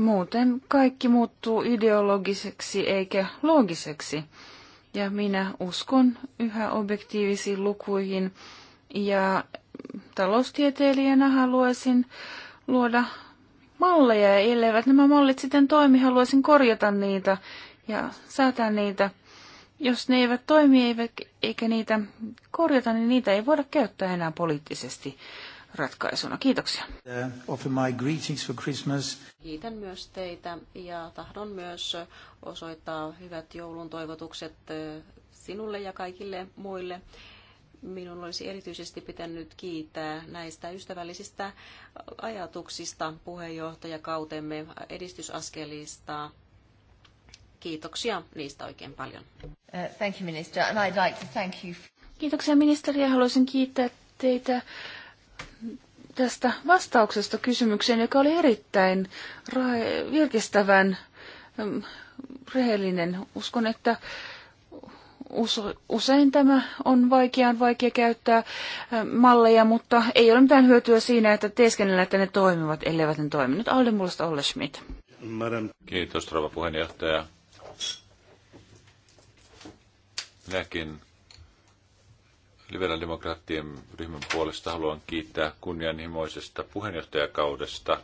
Muuten kaikki muuttuu ideologiseksi eikä loogiseksi. Ja minä uskon yhä objektiivisiin lukuihin ja taloustieteilijänä haluaisin luoda malleja ja elleivät nämä mallit sitten toimi, haluaisin korjata niitä ja säätää niitä. Jos ne eivät toimi eikä niitä korjata, niin niitä ei voida käyttää enää poliittisesti ratkaisuna. Kiitoksia. Uh, Kiitän myös teitä ja tahdon myös osoittaa hyvät joulun toivotukset uh, sinulle ja kaikille muille. Minun olisi erityisesti pitänyt kiittää näistä ystävällisistä ajatuksista puheenjohtajakautemme edistysaskelista kiitoksia niistä oikein paljon. Uh, thank you, minister, and I'd like to thank you. Kiitoksia ministeri ja haluaisin kiittää teitä tästä vastauksesta kysymykseen, joka oli erittäin virkistävän rehellinen. Uskon, että usein tämä on vaikeaan vaikea käyttää malleja, mutta ei ole mitään hyötyä siinä, että teeskennellä, että ne toimivat, elleivät ne toimi. Nyt Alde Mullasta Olle Schmidt. Kiitos, rouva puheenjohtaja. Minäkin liberaalidemokraattien ryhmän puolesta haluan kiittää kunnianhimoisesta puheenjohtajakaudesta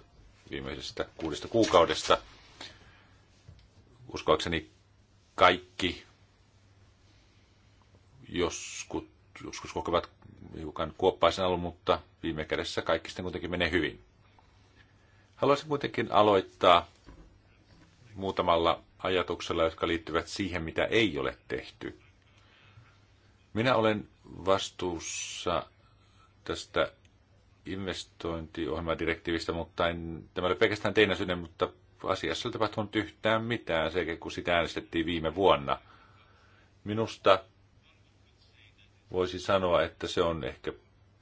viimeisestä kuudesta kuukaudesta. Uskoakseni kaikki joskus, joskus kokevat hiukan kuoppaisen alun, mutta viime kädessä kaikki sitten kuitenkin menee hyvin. Haluaisin kuitenkin aloittaa muutamalla ajatuksella, jotka liittyvät siihen, mitä ei ole tehty. Minä olen vastuussa tästä investointiohjelmadirektiivistä, mutta en, tämä oli pelkästään teidän syyden, mutta asiassa ei tapahtunut yhtään mitään, sekä kun sitä äänestettiin viime vuonna. Minusta voisi sanoa, että se on ehkä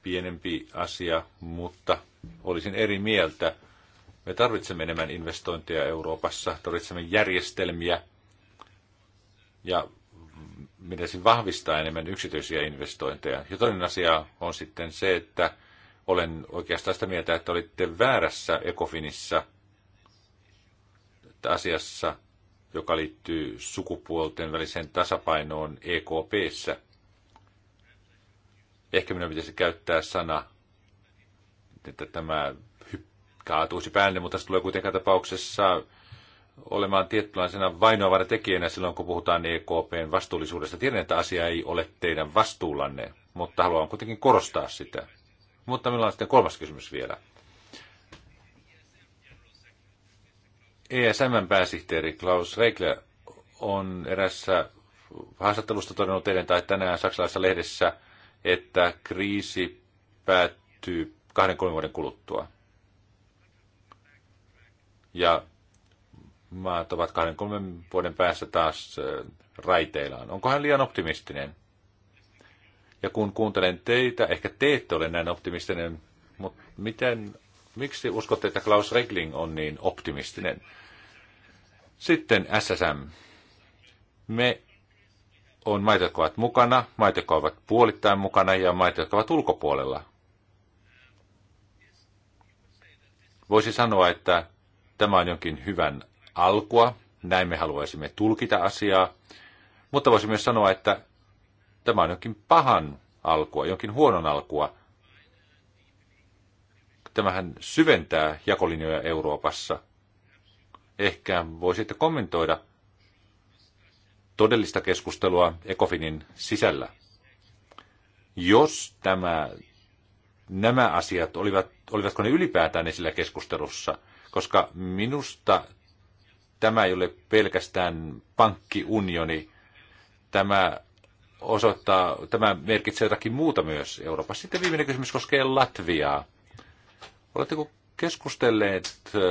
pienempi asia, mutta olisin eri mieltä. Me tarvitsemme enemmän investointeja Euroopassa, tarvitsemme järjestelmiä ja pitäisi vahvistaa enemmän yksityisiä investointeja. Ja toinen asia on sitten se, että olen oikeastaan sitä mieltä, että olitte väärässä Ecofinissa asiassa, joka liittyy sukupuolten väliseen tasapainoon EKPssä. Ehkä minä pitäisi käyttää sana, että tämä kaatuisi päälle, mutta se tulee kuitenkaan tapauksessa olemaan tietynlaisena vainoavana tekijänä silloin, kun puhutaan EKPn vastuullisuudesta. Tiedän, että asia ei ole teidän vastuullanne, mutta haluan kuitenkin korostaa sitä. Mutta minulla on sitten kolmas kysymys vielä. ESMn pääsihteeri Klaus Reikle on erässä haastattelusta todennut teidän tai tänään saksalaisessa lehdessä, että kriisi päättyy kahden kolmen vuoden kuluttua. Ja maat ovat 23 vuoden päässä taas raiteillaan. Onko hän liian optimistinen? Ja kun kuuntelen teitä, ehkä te ette ole näin optimistinen, mutta miten, miksi uskotte, että Klaus Regling on niin optimistinen? Sitten SSM. Me on maita, jotka ovat mukana, maita, jotka ovat puolittain mukana ja maita, jotka ovat ulkopuolella. Voisi sanoa, että tämä on jonkin hyvän alkua, näin me haluaisimme tulkita asiaa, mutta voisimme myös sanoa, että tämä on jokin pahan alkua, jonkin huonon alkua. Tämähän syventää jakolinjoja Euroopassa. Ehkä voisitte kommentoida todellista keskustelua Ekofinin sisällä. Jos tämä, nämä asiat, olivat, olivatko ne ylipäätään esillä keskustelussa? Koska minusta tämä ei ole pelkästään pankkiunioni. Tämä osoittaa, tämä merkitsee jotakin muuta myös Euroopassa. Sitten viimeinen kysymys koskee Latviaa. Oletteko keskustelleet äh,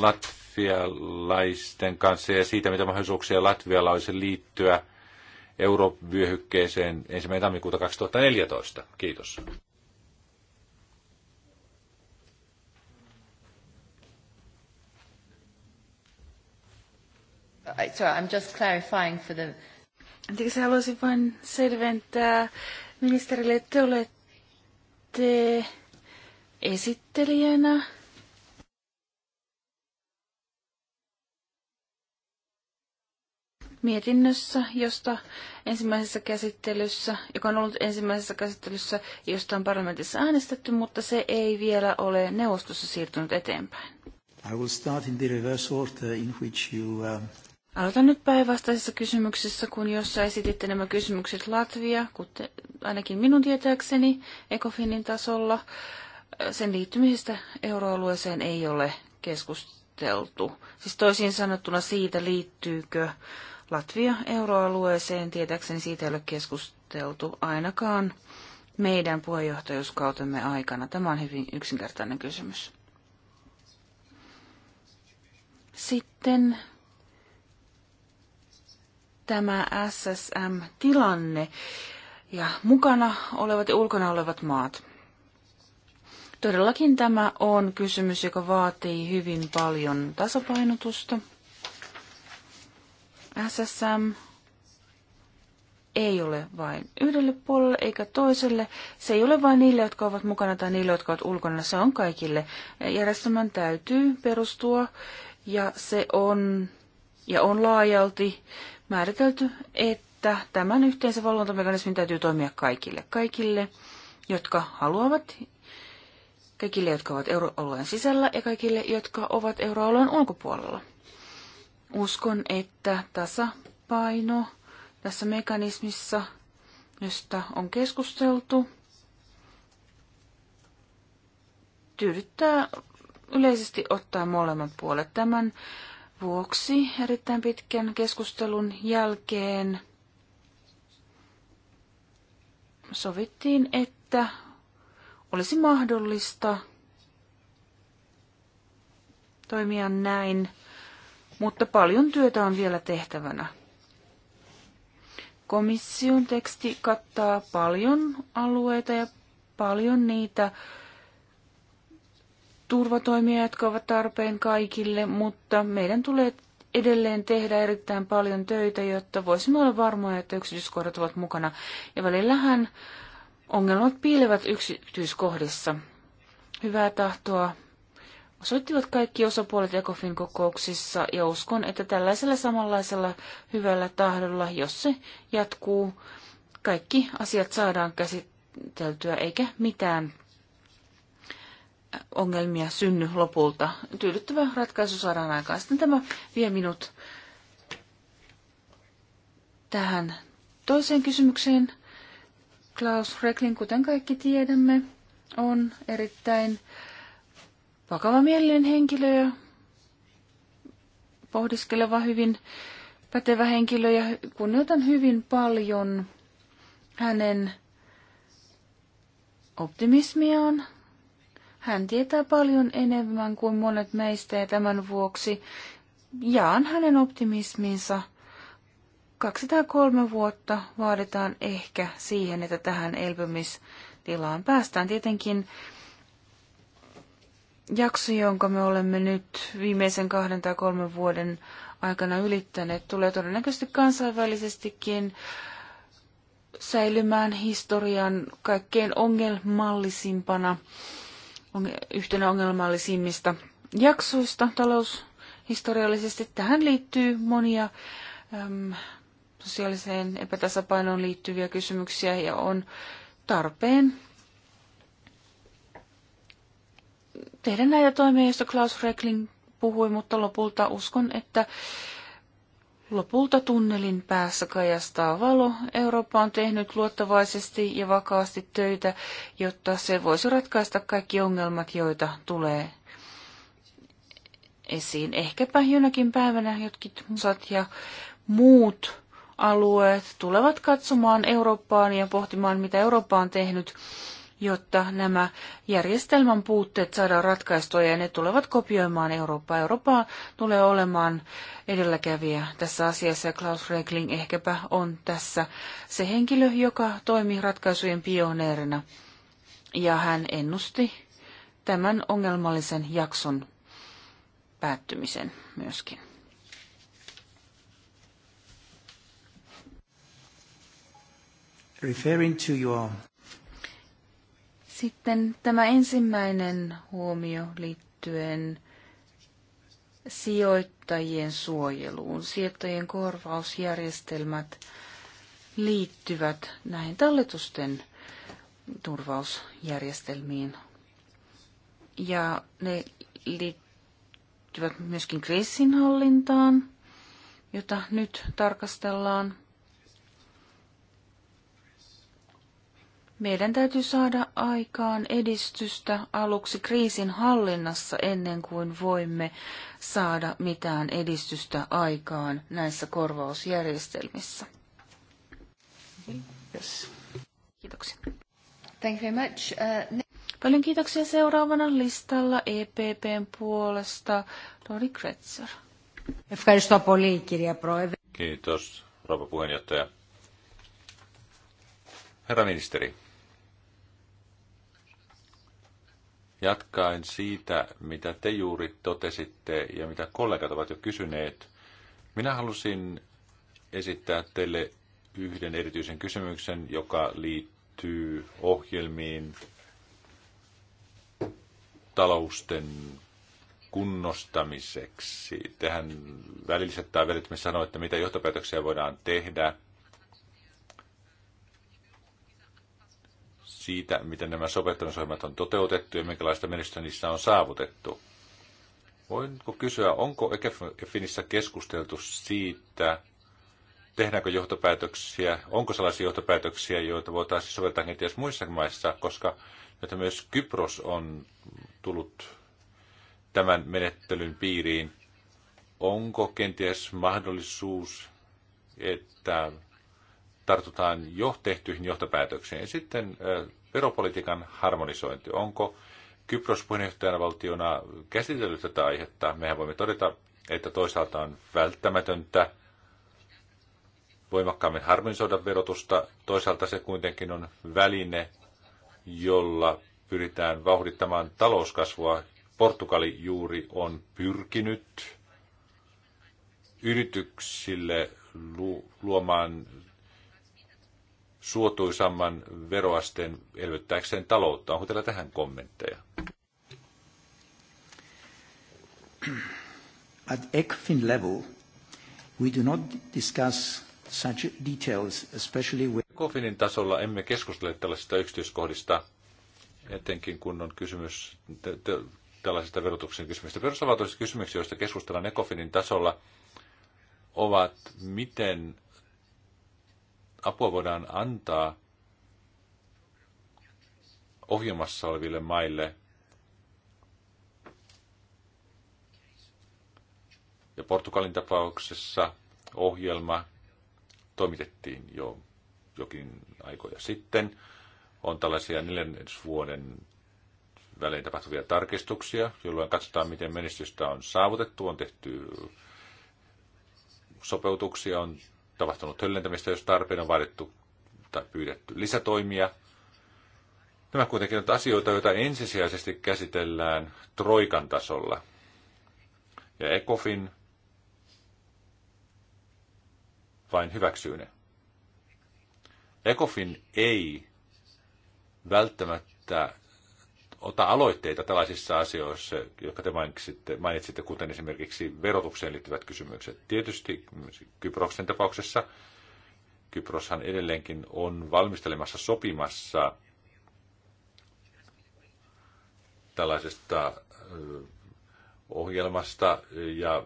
latvialaisten kanssa ja siitä, mitä mahdollisuuksia Latvialla olisi liittyä eurovyöhykkeeseen ensimmäinen tammikuuta 2014? Kiitos. sorry, I'm just clarifying for the... Anteeksi, haluaisin vain selventää ministerille, että te olette esittelijänä. mietinnössä, josta ensimmäisessä käsittelyssä, joka on ollut ensimmäisessä käsittelyssä, josta on parlamentissa äänestetty, mutta se ei vielä ole neuvostossa siirtynyt eteenpäin. I will start in the reverse order in which you uh, Aloitan nyt päinvastaisissa kysymyksissä, kun jossa esititte nämä kysymykset Latvia, kuten ainakin minun tietääkseni Ecofinin tasolla. Sen liittymisestä euroalueeseen ei ole keskusteltu. Siis toisin sanottuna siitä, liittyykö Latvia euroalueeseen, tietääkseni siitä ei ole keskusteltu ainakaan meidän puheenjohtajuuskautemme aikana. Tämä on hyvin yksinkertainen kysymys. Sitten tämä SSM-tilanne ja mukana olevat ja ulkona olevat maat. Todellakin tämä on kysymys, joka vaatii hyvin paljon tasapainotusta. SSM ei ole vain yhdelle puolelle eikä toiselle. Se ei ole vain niille, jotka ovat mukana tai niille, jotka ovat ulkona. Se on kaikille. Järjestelmän täytyy perustua ja se on ja on laajalti määritelty, että tämän yhteensä valvontamekanismin täytyy toimia kaikille. Kaikille, jotka haluavat, kaikille, jotka ovat euroalueen sisällä ja kaikille, jotka ovat euroalueen ulkopuolella. Uskon, että tasapaino tässä mekanismissa, josta on keskusteltu, tyydyttää yleisesti ottaa molemmat puolet. Tämän vuoksi erittäin pitkän keskustelun jälkeen sovittiin, että olisi mahdollista toimia näin, mutta paljon työtä on vielä tehtävänä. Komission teksti kattaa paljon alueita ja paljon niitä turvatoimia, jotka ovat tarpeen kaikille, mutta meidän tulee edelleen tehdä erittäin paljon töitä, jotta voisimme olla varmoja, että yksityiskohdat ovat mukana. Ja välillähän ongelmat piilevät yksityiskohdissa. Hyvää tahtoa osoittivat kaikki osapuolet ECOFIN kokouksissa ja uskon, että tällaisella samanlaisella hyvällä tahdolla, jos se jatkuu, kaikki asiat saadaan käsiteltyä eikä mitään ongelmia synny lopulta. Tyydyttävä ratkaisu saadaan aikaan. Sitten tämä vie minut tähän toiseen kysymykseen. Klaus Reklin, kuten kaikki tiedämme, on erittäin vakava mielinen henkilö ja pohdiskeleva hyvin pätevä henkilö ja kunnioitan hyvin paljon hänen optimismiaan, hän tietää paljon enemmän kuin monet meistä ja tämän vuoksi jaan hänen optimisminsa. Kaksi tai kolme vuotta vaaditaan ehkä siihen, että tähän elpymistilaan päästään. Tietenkin jakso, jonka me olemme nyt viimeisen kahden tai kolmen vuoden aikana ylittäneet, tulee todennäköisesti kansainvälisestikin säilymään historian kaikkein ongelmallisimpana yhtenä ongelmallisimmista jaksoista taloushistoriallisesti. Tähän liittyy monia äm, sosiaaliseen epätasapainoon liittyviä kysymyksiä ja on tarpeen tehdä näitä toimia, joista Klaus Reckling puhui, mutta lopulta uskon, että Lopulta tunnelin päässä kajastaa valo. Eurooppa on tehnyt luottavaisesti ja vakaasti töitä, jotta se voisi ratkaista kaikki ongelmat, joita tulee esiin. Ehkäpä jonakin päivänä jotkin musat ja muut alueet tulevat katsomaan Eurooppaan ja pohtimaan, mitä Eurooppa on tehnyt jotta nämä järjestelmän puutteet saadaan ratkaistua ja ne tulevat kopioimaan Eurooppaa. Eurooppa tulee olemaan edelläkävijä tässä asiassa ja Klaus Regling ehkäpä on tässä se henkilö, joka toimii ratkaisujen pioneerina. Ja hän ennusti tämän ongelmallisen jakson päättymisen myöskin. Referring to your sitten tämä ensimmäinen huomio liittyen sijoittajien suojeluun. Sijoittajien korvausjärjestelmät liittyvät näihin talletusten turvausjärjestelmiin. Ja ne liittyvät myöskin kriisinhallintaan, jota nyt tarkastellaan. Meidän täytyy saada aikaan edistystä aluksi kriisin hallinnassa ennen kuin voimme saada mitään edistystä aikaan näissä korvausjärjestelmissä. Yes. Kiitoksia. Thank you very much. Uh, Paljon kiitoksia seuraavana listalla EPPn puolesta. Lori Kretzer. Kiitos, rouva puheenjohtaja. Herra ministeri, jatkaen siitä, mitä te juuri totesitte ja mitä kollegat ovat jo kysyneet. Minä halusin esittää teille yhden erityisen kysymyksen, joka liittyy ohjelmiin talousten kunnostamiseksi. Tähän välilliset tai välittömästi sanoo, että mitä johtopäätöksiä voidaan tehdä – siitä, miten nämä sopeuttamisohjelmat on toteutettu ja minkälaista menestystä niissä on saavutettu. Voinko kysyä, onko Ekefinissä keskusteltu siitä, tehdäänkö johtopäätöksiä, onko sellaisia johtopäätöksiä, joita voitaisiin soveltaa kenties muissa maissa, koska että myös Kypros on tullut tämän menettelyn piiriin. Onko kenties mahdollisuus, että tartutaan jo tehtyihin johtopäätöksiin. Ja sitten veropolitiikan harmonisointi. Onko Kypros puheenjohtajana valtiona käsitellyt tätä aihetta? Mehän voimme todeta, että toisaalta on välttämätöntä voimakkaammin harmonisoida verotusta. Toisaalta se kuitenkin on väline, jolla pyritään vauhdittamaan talouskasvua. Portugali juuri on pyrkinyt yrityksille luomaan suotuisamman veroasteen elvyttääkseen taloutta. Onko teillä tähän kommentteja? At ECFIN level, we do not discuss such details, especially with... Kofinin tasolla emme keskustele tällaisista yksityiskohdista, etenkin kun on kysymys tällaisista verotuksen kysymyksistä. Perustavanlaatuiset kysymyksistä, joista keskustellaan Ecofinin tasolla, ovat miten apua voidaan antaa ohjelmassa oleville maille. Ja Portugalin tapauksessa ohjelma toimitettiin jo jokin aikoja sitten. On tällaisia neljännesvuoden välein tapahtuvia tarkistuksia, jolloin katsotaan, miten menestystä on saavutettu, on tehty sopeutuksia, on tapahtunut höllentämistä, jos tarpeen on vaadittu tai pyydetty lisätoimia. Nämä kuitenkin ovat asioita, joita ensisijaisesti käsitellään Troikan tasolla. Ja ECOFIN vain hyväksyy ne. ECOFIN ei välttämättä ota aloitteita tällaisissa asioissa, jotka te mainitsitte, mainitsitte kuten esimerkiksi verotukseen liittyvät kysymykset. Tietysti Kyproksen tapauksessa Kyproshan edelleenkin on valmistelemassa sopimassa tällaisesta ohjelmasta ja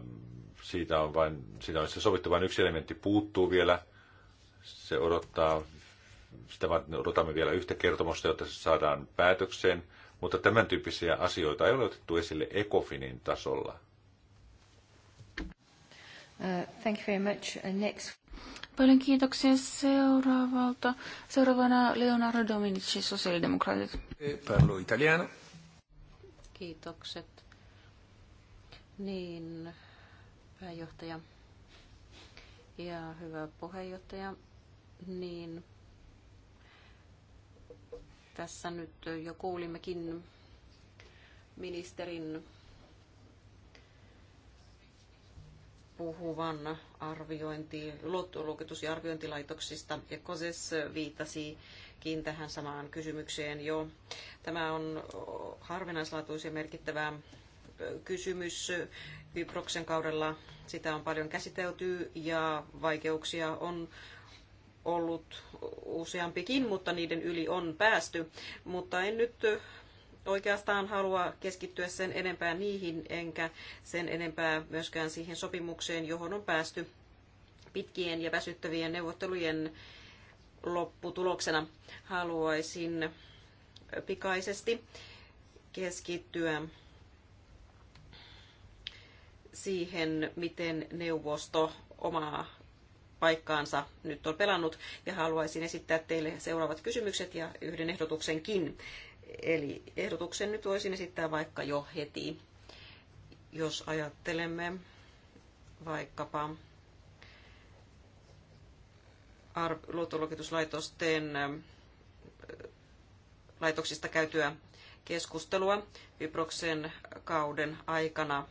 siitä on vain, siitä on se sovittu vain yksi elementti puuttuu vielä. Se odottaa, sitä odotamme vielä yhtä kertomusta, jotta se saadaan päätökseen mutta tämän tyyppisiä asioita ei ole otettu esille ECOFINin tasolla. Uh, thank you very much. Uh, next. Paljon kiitoksia seuraavalta. Seuraavana Leonardo Dominici, sosiaalidemokraatit. Parlo italiano. Kiitokset. Niin, pääjohtaja ja hyvä puheenjohtaja, niin tässä nyt jo kuulimmekin ministerin puhuvan arviointi, luottoluokitus- ja arviointilaitoksista, ja Koses viittasikin tähän samaan kysymykseen jo. Tämä on harvinaislaatuisen merkittävä kysymys. Kyproksen kaudella sitä on paljon käsitelty ja vaikeuksia on ollut useampikin, mutta niiden yli on päästy. Mutta en nyt oikeastaan halua keskittyä sen enempää niihin, enkä sen enempää myöskään siihen sopimukseen, johon on päästy pitkien ja väsyttävien neuvottelujen lopputuloksena. Haluaisin pikaisesti keskittyä siihen, miten neuvosto omaa paikkaansa nyt on pelannut. Ja haluaisin esittää teille seuraavat kysymykset ja yhden ehdotuksenkin. Eli ehdotuksen nyt voisin esittää vaikka jo heti. Jos ajattelemme vaikkapa luottoluokituslaitosten laitoksista käytyä keskustelua Kyproksen kauden aikana.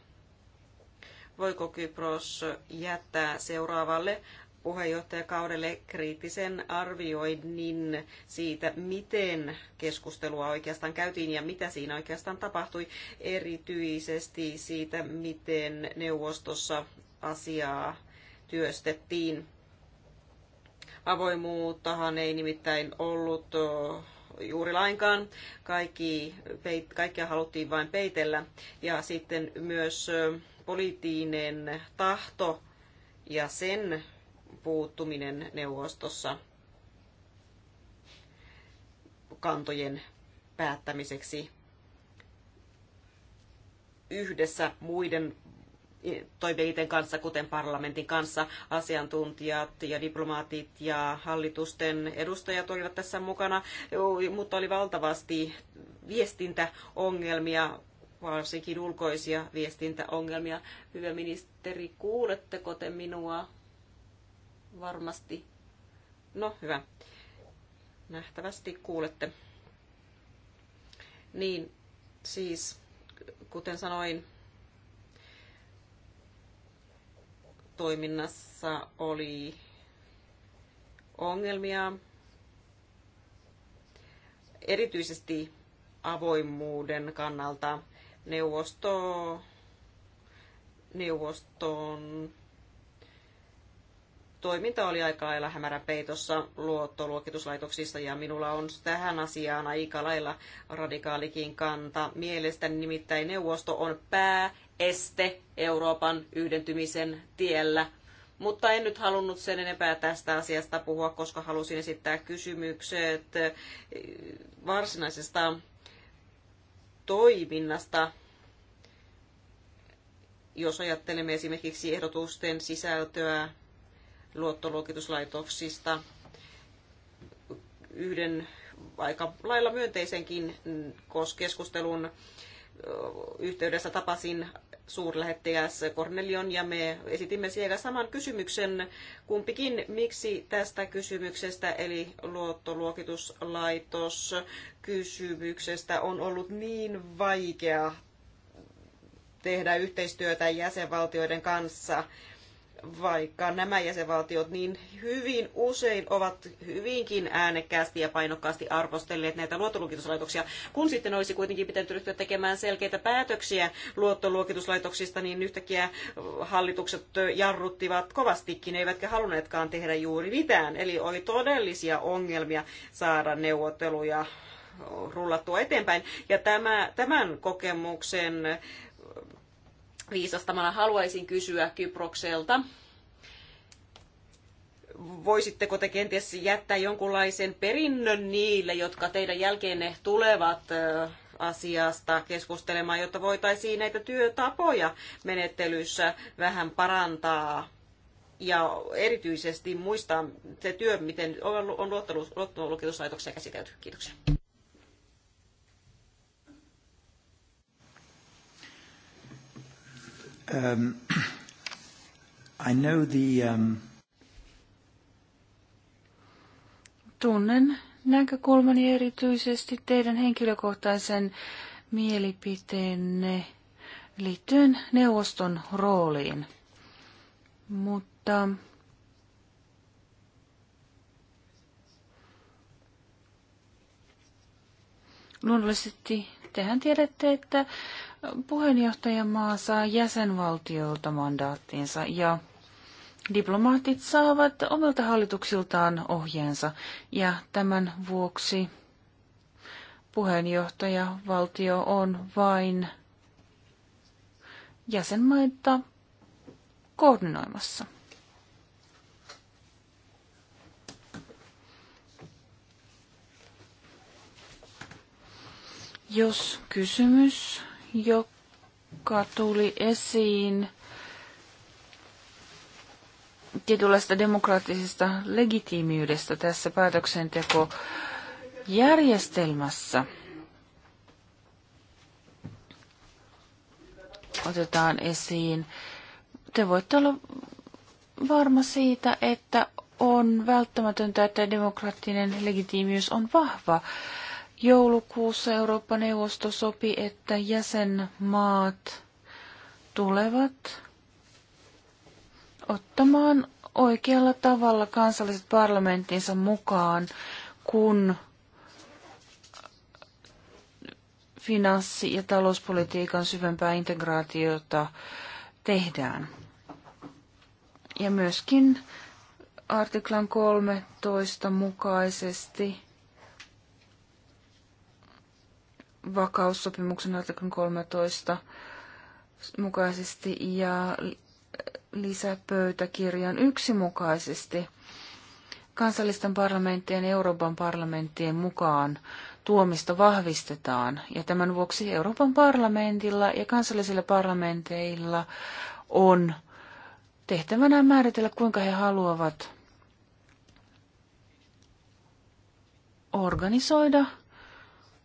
Voiko Kypros jättää seuraavalle puheenjohtajakaudelle kriittisen arvioinnin siitä, miten keskustelua oikeastaan käytiin ja mitä siinä oikeastaan tapahtui, erityisesti siitä, miten neuvostossa asiaa työstettiin. Avoimuuttahan ei nimittäin ollut juuri lainkaan. Kaikki, peit, kaikkia haluttiin vain peitellä. Ja sitten myös poliittinen tahto ja sen puuttuminen neuvostossa kantojen päättämiseksi yhdessä muiden toiveiden kanssa, kuten parlamentin kanssa, asiantuntijat ja diplomaatit ja hallitusten edustajat olivat tässä mukana, mutta oli valtavasti viestintäongelmia, varsinkin ulkoisia viestintäongelmia. Hyvä ministeri, kuuletteko te minua? varmasti. No hyvä. Nähtävästi kuulette. Niin, siis kuten sanoin, toiminnassa oli ongelmia. Erityisesti avoimuuden kannalta neuvosto, neuvoston toiminta oli aika lailla hämärän peitossa luottoluokituslaitoksissa ja minulla on tähän asiaan aika lailla radikaalikin kanta. Mielestäni nimittäin neuvosto on pääeste Euroopan yhdentymisen tiellä. Mutta en nyt halunnut sen enempää tästä asiasta puhua, koska halusin esittää kysymykset eh, varsinaisesta toiminnasta jos ajattelemme esimerkiksi ehdotusten sisältöä luottoluokituslaitoksista yhden aika lailla myönteisenkin keskustelun yhteydessä tapasin suurlähettiläs Cornelion ja me esitimme siellä saman kysymyksen kumpikin, miksi tästä kysymyksestä eli luottoluokituslaitos kysymyksestä on ollut niin vaikea tehdä yhteistyötä jäsenvaltioiden kanssa vaikka nämä jäsenvaltiot niin hyvin usein ovat hyvinkin äänekkäästi ja painokkaasti arvostelleet näitä luottoluokituslaitoksia, kun sitten olisi kuitenkin pitänyt ryhtyä tekemään selkeitä päätöksiä luottoluokituslaitoksista, niin yhtäkkiä hallitukset jarruttivat kovastikin, eivätkä halunneetkaan tehdä juuri mitään. Eli oli todellisia ongelmia saada neuvotteluja rullattua eteenpäin. Ja tämä, tämän kokemuksen viisastamana haluaisin kysyä Kyprokselta, voisitteko te kenties jättää jonkunlaisen perinnön niille, jotka teidän jälkeenne tulevat asiasta keskustelemaan, jotta voitaisiin näitä työtapoja menettelyssä vähän parantaa? Ja erityisesti muistaa se työ, miten on luottoluokituslaitoksia käsitelty. Kiitoksia. Um, I know the, um... Tunnen näkökulmani erityisesti teidän henkilökohtaisen mielipiteenne liittyen neuvoston rooliin. Mutta luonnollisesti tehän tiedätte, että Puheenjohtajamaa saa jäsenvaltiolta mandaattinsa ja diplomaatit saavat omilta hallituksiltaan ohjeensa ja tämän vuoksi puheenjohtajavaltio on vain jäsenmaita koordinoimassa. Jos kysymys joka tuli esiin tietynlaista demokraattisesta legitiimiydestä tässä päätöksentekojärjestelmässä. Otetaan esiin. Te voitte olla varma siitä, että on välttämätöntä, että demokraattinen legitiimiys on vahva. Joulukuussa Eurooppa-neuvosto sopi, että jäsenmaat tulevat ottamaan oikealla tavalla kansalliset parlamenttinsa mukaan, kun finanssi- ja talouspolitiikan syvempää integraatiota tehdään. Ja myöskin artiklan 13 mukaisesti vakaussopimuksen artiklan 13 mukaisesti ja lisäpöytäkirjan yksi mukaisesti kansallisten parlamenttien Euroopan parlamenttien mukaan tuomista vahvistetaan ja tämän vuoksi Euroopan parlamentilla ja kansallisilla parlamenteilla on tehtävänä määritellä, kuinka he haluavat organisoida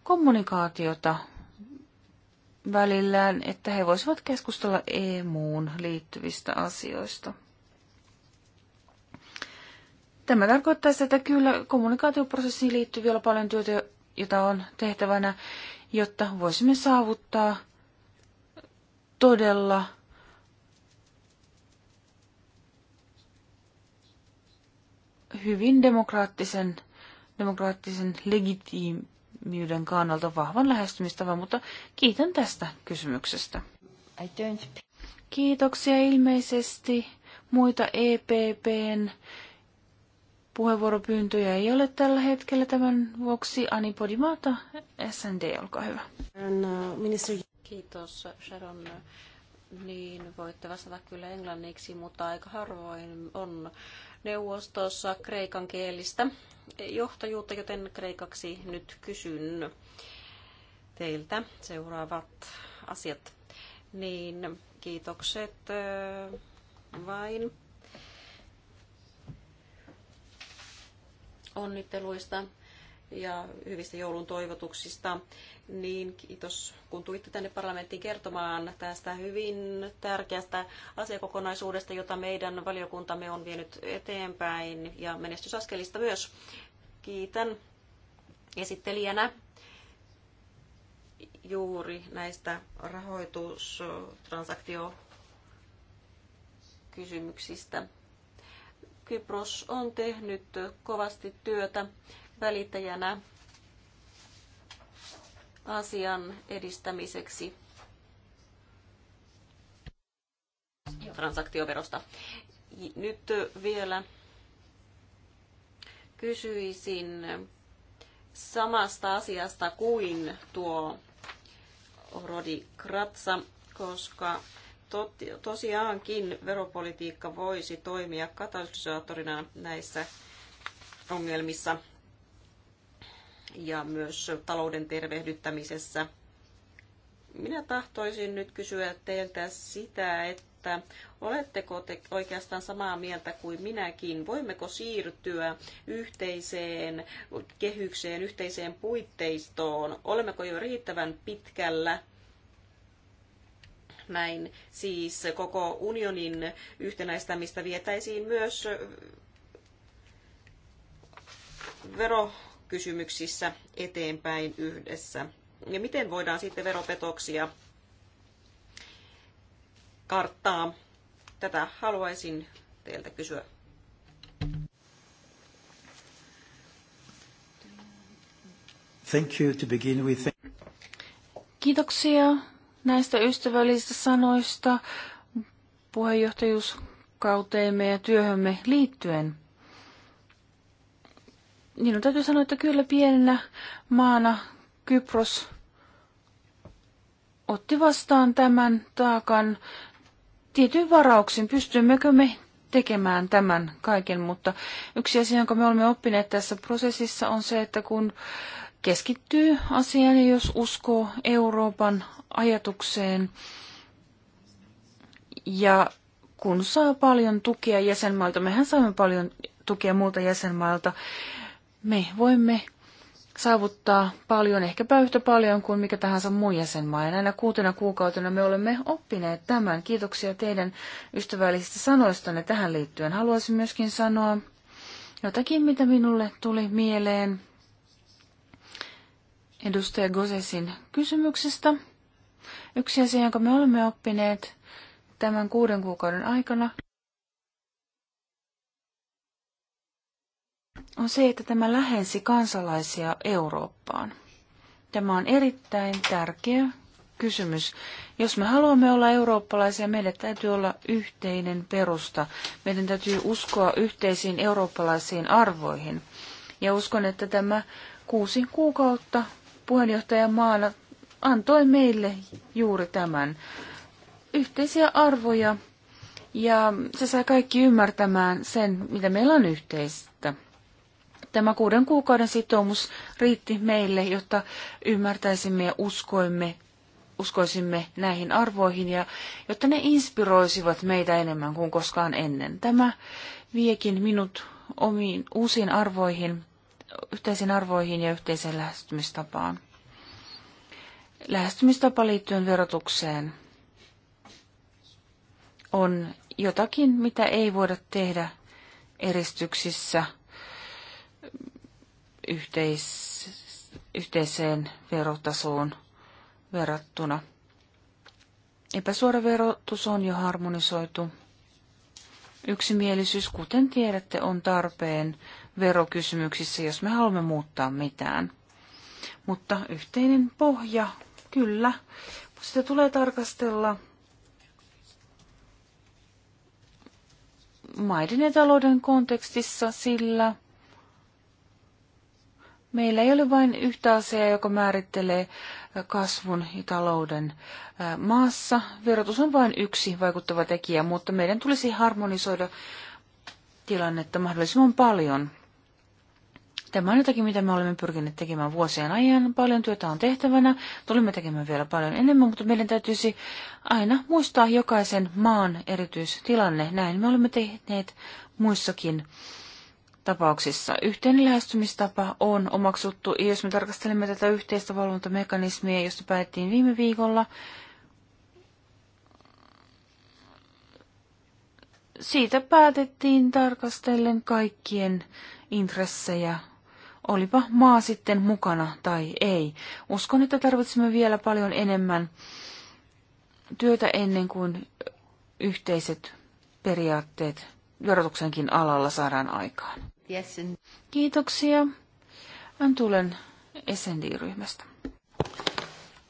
kommunikaatiota välillään, että he voisivat keskustella EMUun liittyvistä asioista. Tämä tarkoittaa sitä, että kyllä kommunikaatioprosessiin liittyy vielä paljon työtä, jota on tehtävänä, jotta voisimme saavuttaa todella hyvin demokraattisen, demokraattisen legitiim, valmiuden kannalta vahvan lähestymistavan, mutta kiitän tästä kysymyksestä. Kiitoksia ilmeisesti. Muita EPPn puheenvuoropyyntöjä ei ole tällä hetkellä. Tämän vuoksi Ani Podimata, SND, olkaa hyvä. Uh, Kiitos Sharon. Niin, voitte vastata kyllä englanniksi, mutta aika harvoin on neuvostossa kreikan kielistä johtajuutta, joten kreikaksi nyt kysyn teiltä seuraavat asiat. Niin kiitokset äh, vain onnitteluista ja hyvistä joulun toivotuksista niin kiitos kun tulitte tänne parlamenttiin kertomaan tästä hyvin tärkeästä asiakokonaisuudesta, jota meidän valiokuntamme on vienyt eteenpäin ja menestysaskelista myös. Kiitän esittelijänä juuri näistä rahoitustransaktiokysymyksistä. Kypros on tehnyt kovasti työtä välittäjänä asian edistämiseksi transaktioverosta. Nyt vielä kysyisin samasta asiasta kuin tuo Rodi Kratsa, koska tosiaankin veropolitiikka voisi toimia katalysaattorina näissä ongelmissa ja myös talouden tervehdyttämisessä. Minä tahtoisin nyt kysyä teiltä sitä, että oletteko te oikeastaan samaa mieltä kuin minäkin? Voimmeko siirtyä yhteiseen kehykseen, yhteiseen puitteistoon? Olemmeko jo riittävän pitkällä näin siis koko unionin yhtenäistämistä vietäisiin myös vero, kysymyksissä eteenpäin yhdessä. Ja miten voidaan sitten veropetoksia karttaa? Tätä haluaisin teiltä kysyä. Thank you to begin with. Kiitoksia näistä ystävällisistä sanoista puheenjohtajuuskauteemme ja työhömme liittyen minun niin, no, täytyy sanoa, että kyllä pienenä maana Kypros otti vastaan tämän taakan tietyn varauksen. Pystymmekö me tekemään tämän kaiken, mutta yksi asia, jonka me olemme oppineet tässä prosessissa on se, että kun keskittyy asiaan ja jos uskoo Euroopan ajatukseen ja kun saa paljon tukea jäsenmailta, mehän saamme paljon tukea muilta jäsenmailta, me voimme saavuttaa paljon, ehkäpä yhtä paljon kuin mikä tahansa muu jäsenmaa. Ja näinä kuutena kuukautena me olemme oppineet tämän. Kiitoksia teidän ystävällisistä sanoistanne tähän liittyen. Haluaisin myöskin sanoa jotakin, mitä minulle tuli mieleen edustaja Gosesin kysymyksestä. Yksi asia, jonka me olemme oppineet tämän kuuden kuukauden aikana, on se, että tämä lähensi kansalaisia Eurooppaan. Tämä on erittäin tärkeä kysymys. Jos me haluamme olla eurooppalaisia, meidän täytyy olla yhteinen perusta. Meidän täytyy uskoa yhteisiin eurooppalaisiin arvoihin. Ja uskon, että tämä kuusi kuukautta puheenjohtajan maana antoi meille juuri tämän yhteisiä arvoja. Ja se sai kaikki ymmärtämään sen, mitä meillä on yhteistä. Tämä kuuden kuukauden sitoumus riitti meille, jotta ymmärtäisimme ja uskoimme, uskoisimme näihin arvoihin ja jotta ne inspiroisivat meitä enemmän kuin koskaan ennen. Tämä viekin minut omiin uusiin arvoihin, yhteisiin arvoihin ja yhteiseen lähestymistapaan. Lähestymistapa liittyen verotukseen on jotakin, mitä ei voida tehdä eristyksissä – yhteis, yhteiseen verotasoon verrattuna. Epäsuora verotus on jo harmonisoitu. Yksimielisyys, kuten tiedätte, on tarpeen verokysymyksissä, jos me haluamme muuttaa mitään. Mutta yhteinen pohja, kyllä, sitä tulee tarkastella maiden ja talouden kontekstissa, sillä Meillä ei ole vain yhtä asiaa, joka määrittelee kasvun ja talouden maassa. Verotus on vain yksi vaikuttava tekijä, mutta meidän tulisi harmonisoida tilannetta mahdollisimman paljon. Tämä on jotakin, mitä me olemme pyrkineet tekemään vuosien ajan. Paljon työtä on tehtävänä. Tulemme tekemään vielä paljon enemmän, mutta meidän täytyisi aina muistaa jokaisen maan erityistilanne. Näin me olemme tehneet muissakin tapauksissa. Yhteinen lähestymistapa on omaksuttu, jos me tarkastelemme tätä yhteistä valvontamekanismia, josta päätettiin viime viikolla, siitä päätettiin tarkastellen kaikkien intressejä, olipa maa sitten mukana tai ei. Uskon, että tarvitsemme vielä paljon enemmän työtä ennen kuin yhteiset periaatteet verotuksenkin alalla saadaan aikaan. Yes, and... Kiitoksia. Antulen SND-ryhmästä.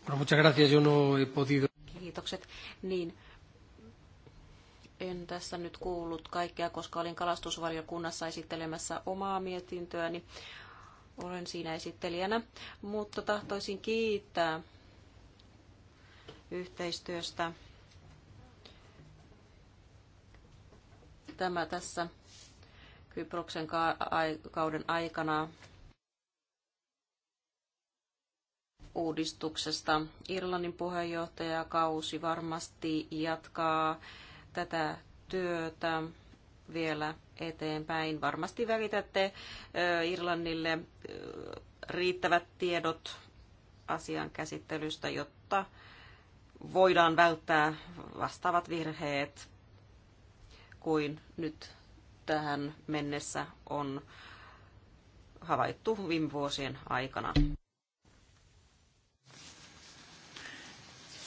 No, muchas gracias. Yo no he podido... Kiitokset. Niin, en tässä nyt kuullut kaikkea, koska olin kalastusvaliokunnassa esittelemässä omaa mietintöäni. Niin olen siinä esittelijänä, mutta tahtoisin kiittää yhteistyöstä. Tämä tässä Kyproksen kauden aikana uudistuksesta. Irlannin puheenjohtajakausi varmasti jatkaa tätä työtä vielä eteenpäin. Varmasti välitätte Irlannille riittävät tiedot asian käsittelystä, jotta voidaan välttää vastaavat virheet kuin nyt tähän mennessä on havaittu viime vuosien aikana.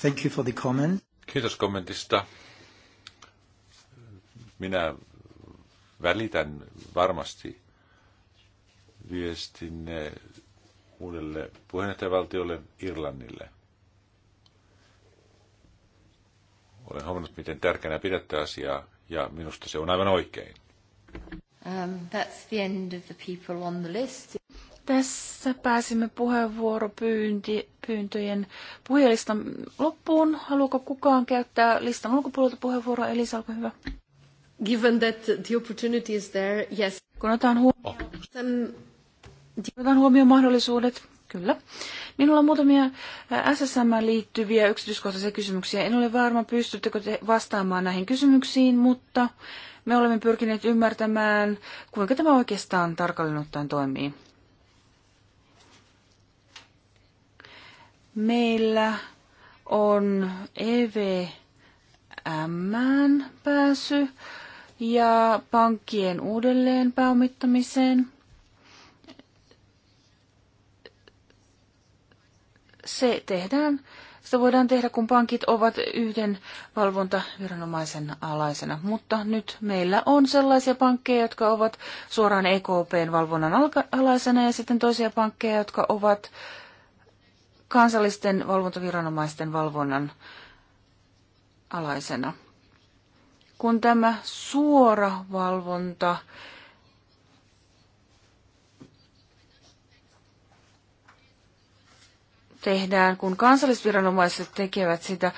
Thank you for the comment. Kiitos kommentista. Minä välitän varmasti viestinne uudelle puheenjohtajavaltiolle Irlannille. Olen huomannut, miten tärkeänä pidätte asiaa, ja minusta se on aivan oikein. Um, that's the end of the people on the list. Tässä pääsimme puheenvuoropyyntöjen puhujalistan loppuun. Haluaako kukaan käyttää listan ulkopuolelta puheenvuoroa? Elisa, olko hyvä. Given that the opportunity is there, yes. Kun otan huomioon, oh. um, otan huomioon mahdollisuudet, kyllä. Minulla on muutamia SSM liittyviä yksityiskohtaisia kysymyksiä. En ole varma, pystyttekö te vastaamaan näihin kysymyksiin, mutta me olemme pyrkineet ymmärtämään, kuinka tämä oikeastaan tarkalleen ottaen toimii. Meillä on EVM pääsy ja pankkien uudelleen pääomittamiseen. Se tehdään sitä voidaan tehdä, kun pankit ovat yhden valvontaviranomaisen alaisena, mutta nyt meillä on sellaisia pankkeja, jotka ovat suoraan EKPn valvonnan alaisena ja sitten toisia pankkeja, jotka ovat kansallisten valvontaviranomaisten valvonnan alaisena. Kun tämä suora valvonta tehdään, kun kansallisviranomaiset tekevät sitä,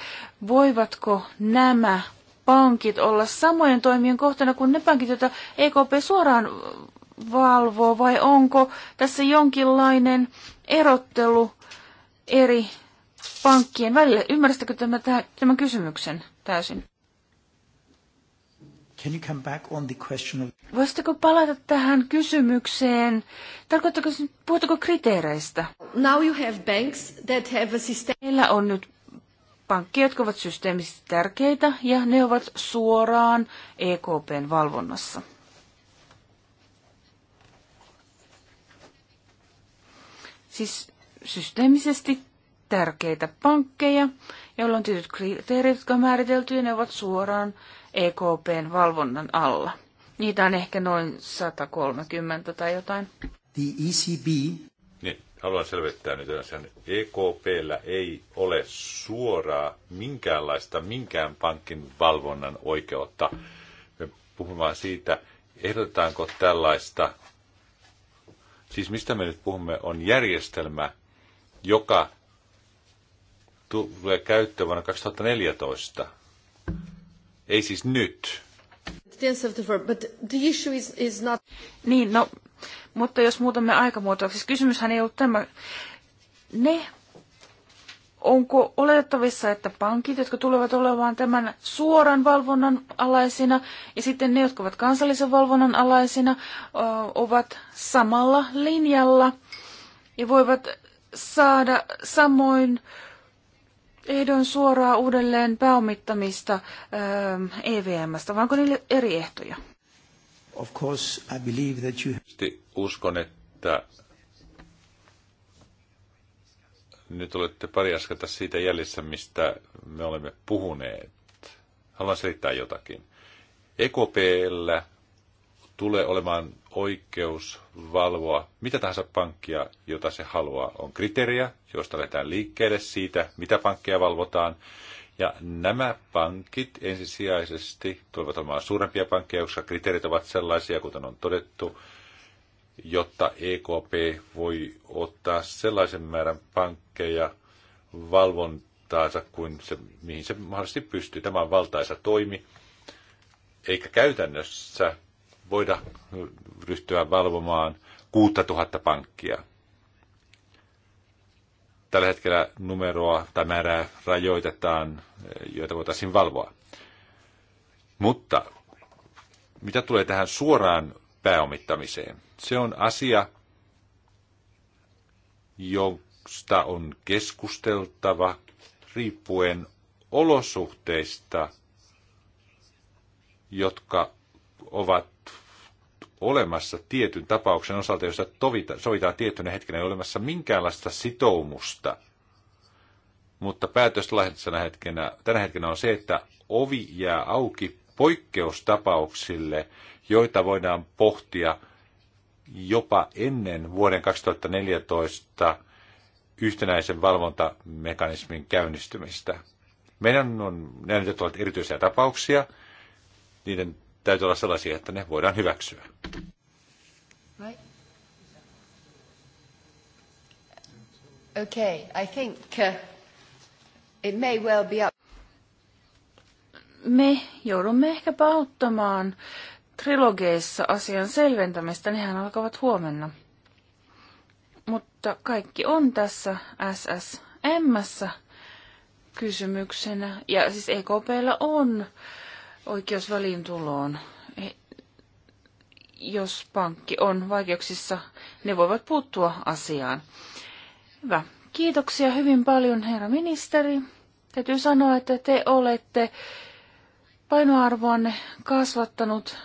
voivatko nämä pankit olla samojen toimien kohtana kuin ne pankit, joita EKP suoraan valvoo, vai onko tässä jonkinlainen erottelu eri pankkien välillä? Ymmärsitkö tämän, tämän kysymyksen täysin? Can you come back on the question of... Voisitteko palata tähän kysymykseen? Tarkoittako, puhutteko kriteereistä? Now you have banks that have a system... Meillä on nyt pankkeja, jotka ovat systeemisesti tärkeitä ja ne ovat suoraan EKPn valvonnassa. Siis systeemisesti tärkeitä pankkeja, joilla on tietyt kriteerit, jotka on määritelty ja ne ovat suoraan EKPn valvonnan alla. Niitä on ehkä noin 130 tai jotain. The ECB. Niin, haluan selvittää nyt sen EKPllä ei ole suoraa minkäänlaista minkään pankin valvonnan oikeutta. Me puhumme vaan siitä, ehdotetaanko tällaista, siis mistä me nyt puhumme, on järjestelmä, joka tulee käyttöön vuonna 2014. Ei siis nyt. Niin, no, mutta jos muutamme aikamuotoa, siis kysymyshän ei ollut tämä. Ne, onko oletettavissa, että pankit, jotka tulevat olemaan tämän suoran valvonnan alaisina, ja sitten ne, jotka ovat kansallisen valvonnan alaisina, ovat samalla linjalla ja voivat saada samoin ehdon suoraa uudelleen pääomittamista ähm, EVMstä, vai onko niille eri ehtoja? Of course, I believe that you... Uskon, että nyt olette pari askelta siitä jäljessä, mistä me olemme puhuneet. Haluan selittää jotakin. EKPllä tulee olemaan oikeus valvoa mitä tahansa pankkia, jota se haluaa. On kriteeriä, joista lähdetään liikkeelle siitä, mitä pankkia valvotaan. Ja nämä pankit ensisijaisesti tulevat olemaan suurempia pankkeja, koska kriteerit ovat sellaisia, kuten on todettu, jotta EKP voi ottaa sellaisen määrän pankkeja valvontaansa kuin se, mihin se mahdollisesti pystyy. Tämä on valtaisa toimi, eikä käytännössä voida ryhtyä valvomaan 6000 pankkia. Tällä hetkellä numeroa tai määrää rajoitetaan, joita voitaisiin valvoa. Mutta mitä tulee tähän suoraan pääomittamiseen? Se on asia, josta on keskusteltava riippuen olosuhteista, jotka ovat olemassa tietyn tapauksen osalta, jossa tovita, sovitaan tiettynä hetkenä, ei ole olemassa minkäänlaista sitoumusta. Mutta päätös tänä hetkenä, tänä hetkenä on se, että ovi jää auki poikkeustapauksille, joita voidaan pohtia jopa ennen vuoden 2014 yhtenäisen valvontamekanismin käynnistymistä. Meidän on näytettävä erityisiä tapauksia, niiden täytyy olla sellaisia, että ne voidaan hyväksyä. Right. Okay, I think uh, it may well be up. Me joudumme ehkä auttamaan trilogeissa asian selventämistä, nehän alkavat huomenna. Mutta kaikki on tässä SSM-kysymyksenä, ja siis EKPllä on oikeus väliintuloon. E, jos pankki on vaikeuksissa, ne voivat puuttua asiaan. Hyvä. Kiitoksia hyvin paljon, herra ministeri. Täytyy sanoa, että te olette painoarvoanne kasvattanut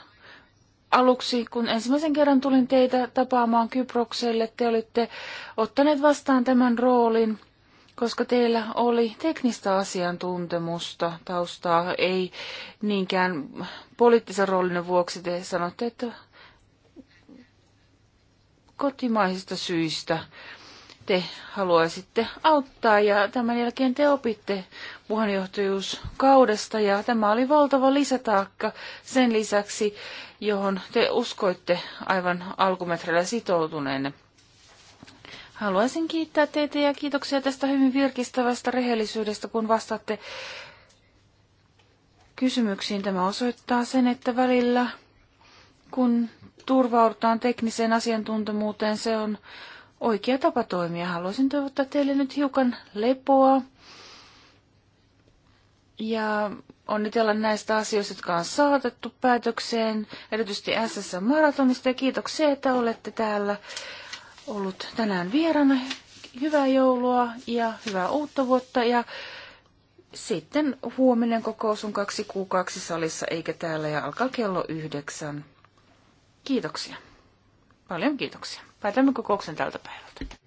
aluksi, kun ensimmäisen kerran tulin teitä tapaamaan Kyprokselle, te olitte ottaneet vastaan tämän roolin koska teillä oli teknistä asiantuntemusta taustaa, ei niinkään poliittisen roolin vuoksi te sanotte, että kotimaisista syistä te haluaisitte auttaa ja tämän jälkeen te opitte puheenjohtajuuskaudesta ja tämä oli valtava lisätaakka sen lisäksi, johon te uskoitte aivan alkumetreillä sitoutuneenne. Haluaisin kiittää teitä ja kiitoksia tästä hyvin virkistävästä rehellisyydestä, kun vastaatte kysymyksiin. Tämä osoittaa sen, että välillä kun turvaudutaan tekniseen asiantuntemuuteen, se on oikea tapa toimia. Haluaisin toivottaa teille nyt hiukan lepoa ja onnitella näistä asioista, jotka on saatettu päätökseen, erityisesti SS-maratonista ja kiitoksia, että olette täällä ollut tänään vieraana. Hyvää joulua ja hyvää uutta vuotta ja sitten huominen kokous on kaksi kuukaksi salissa eikä täällä ja alkaa kello yhdeksän. Kiitoksia. Paljon kiitoksia. Päätämme kokouksen tältä päivältä.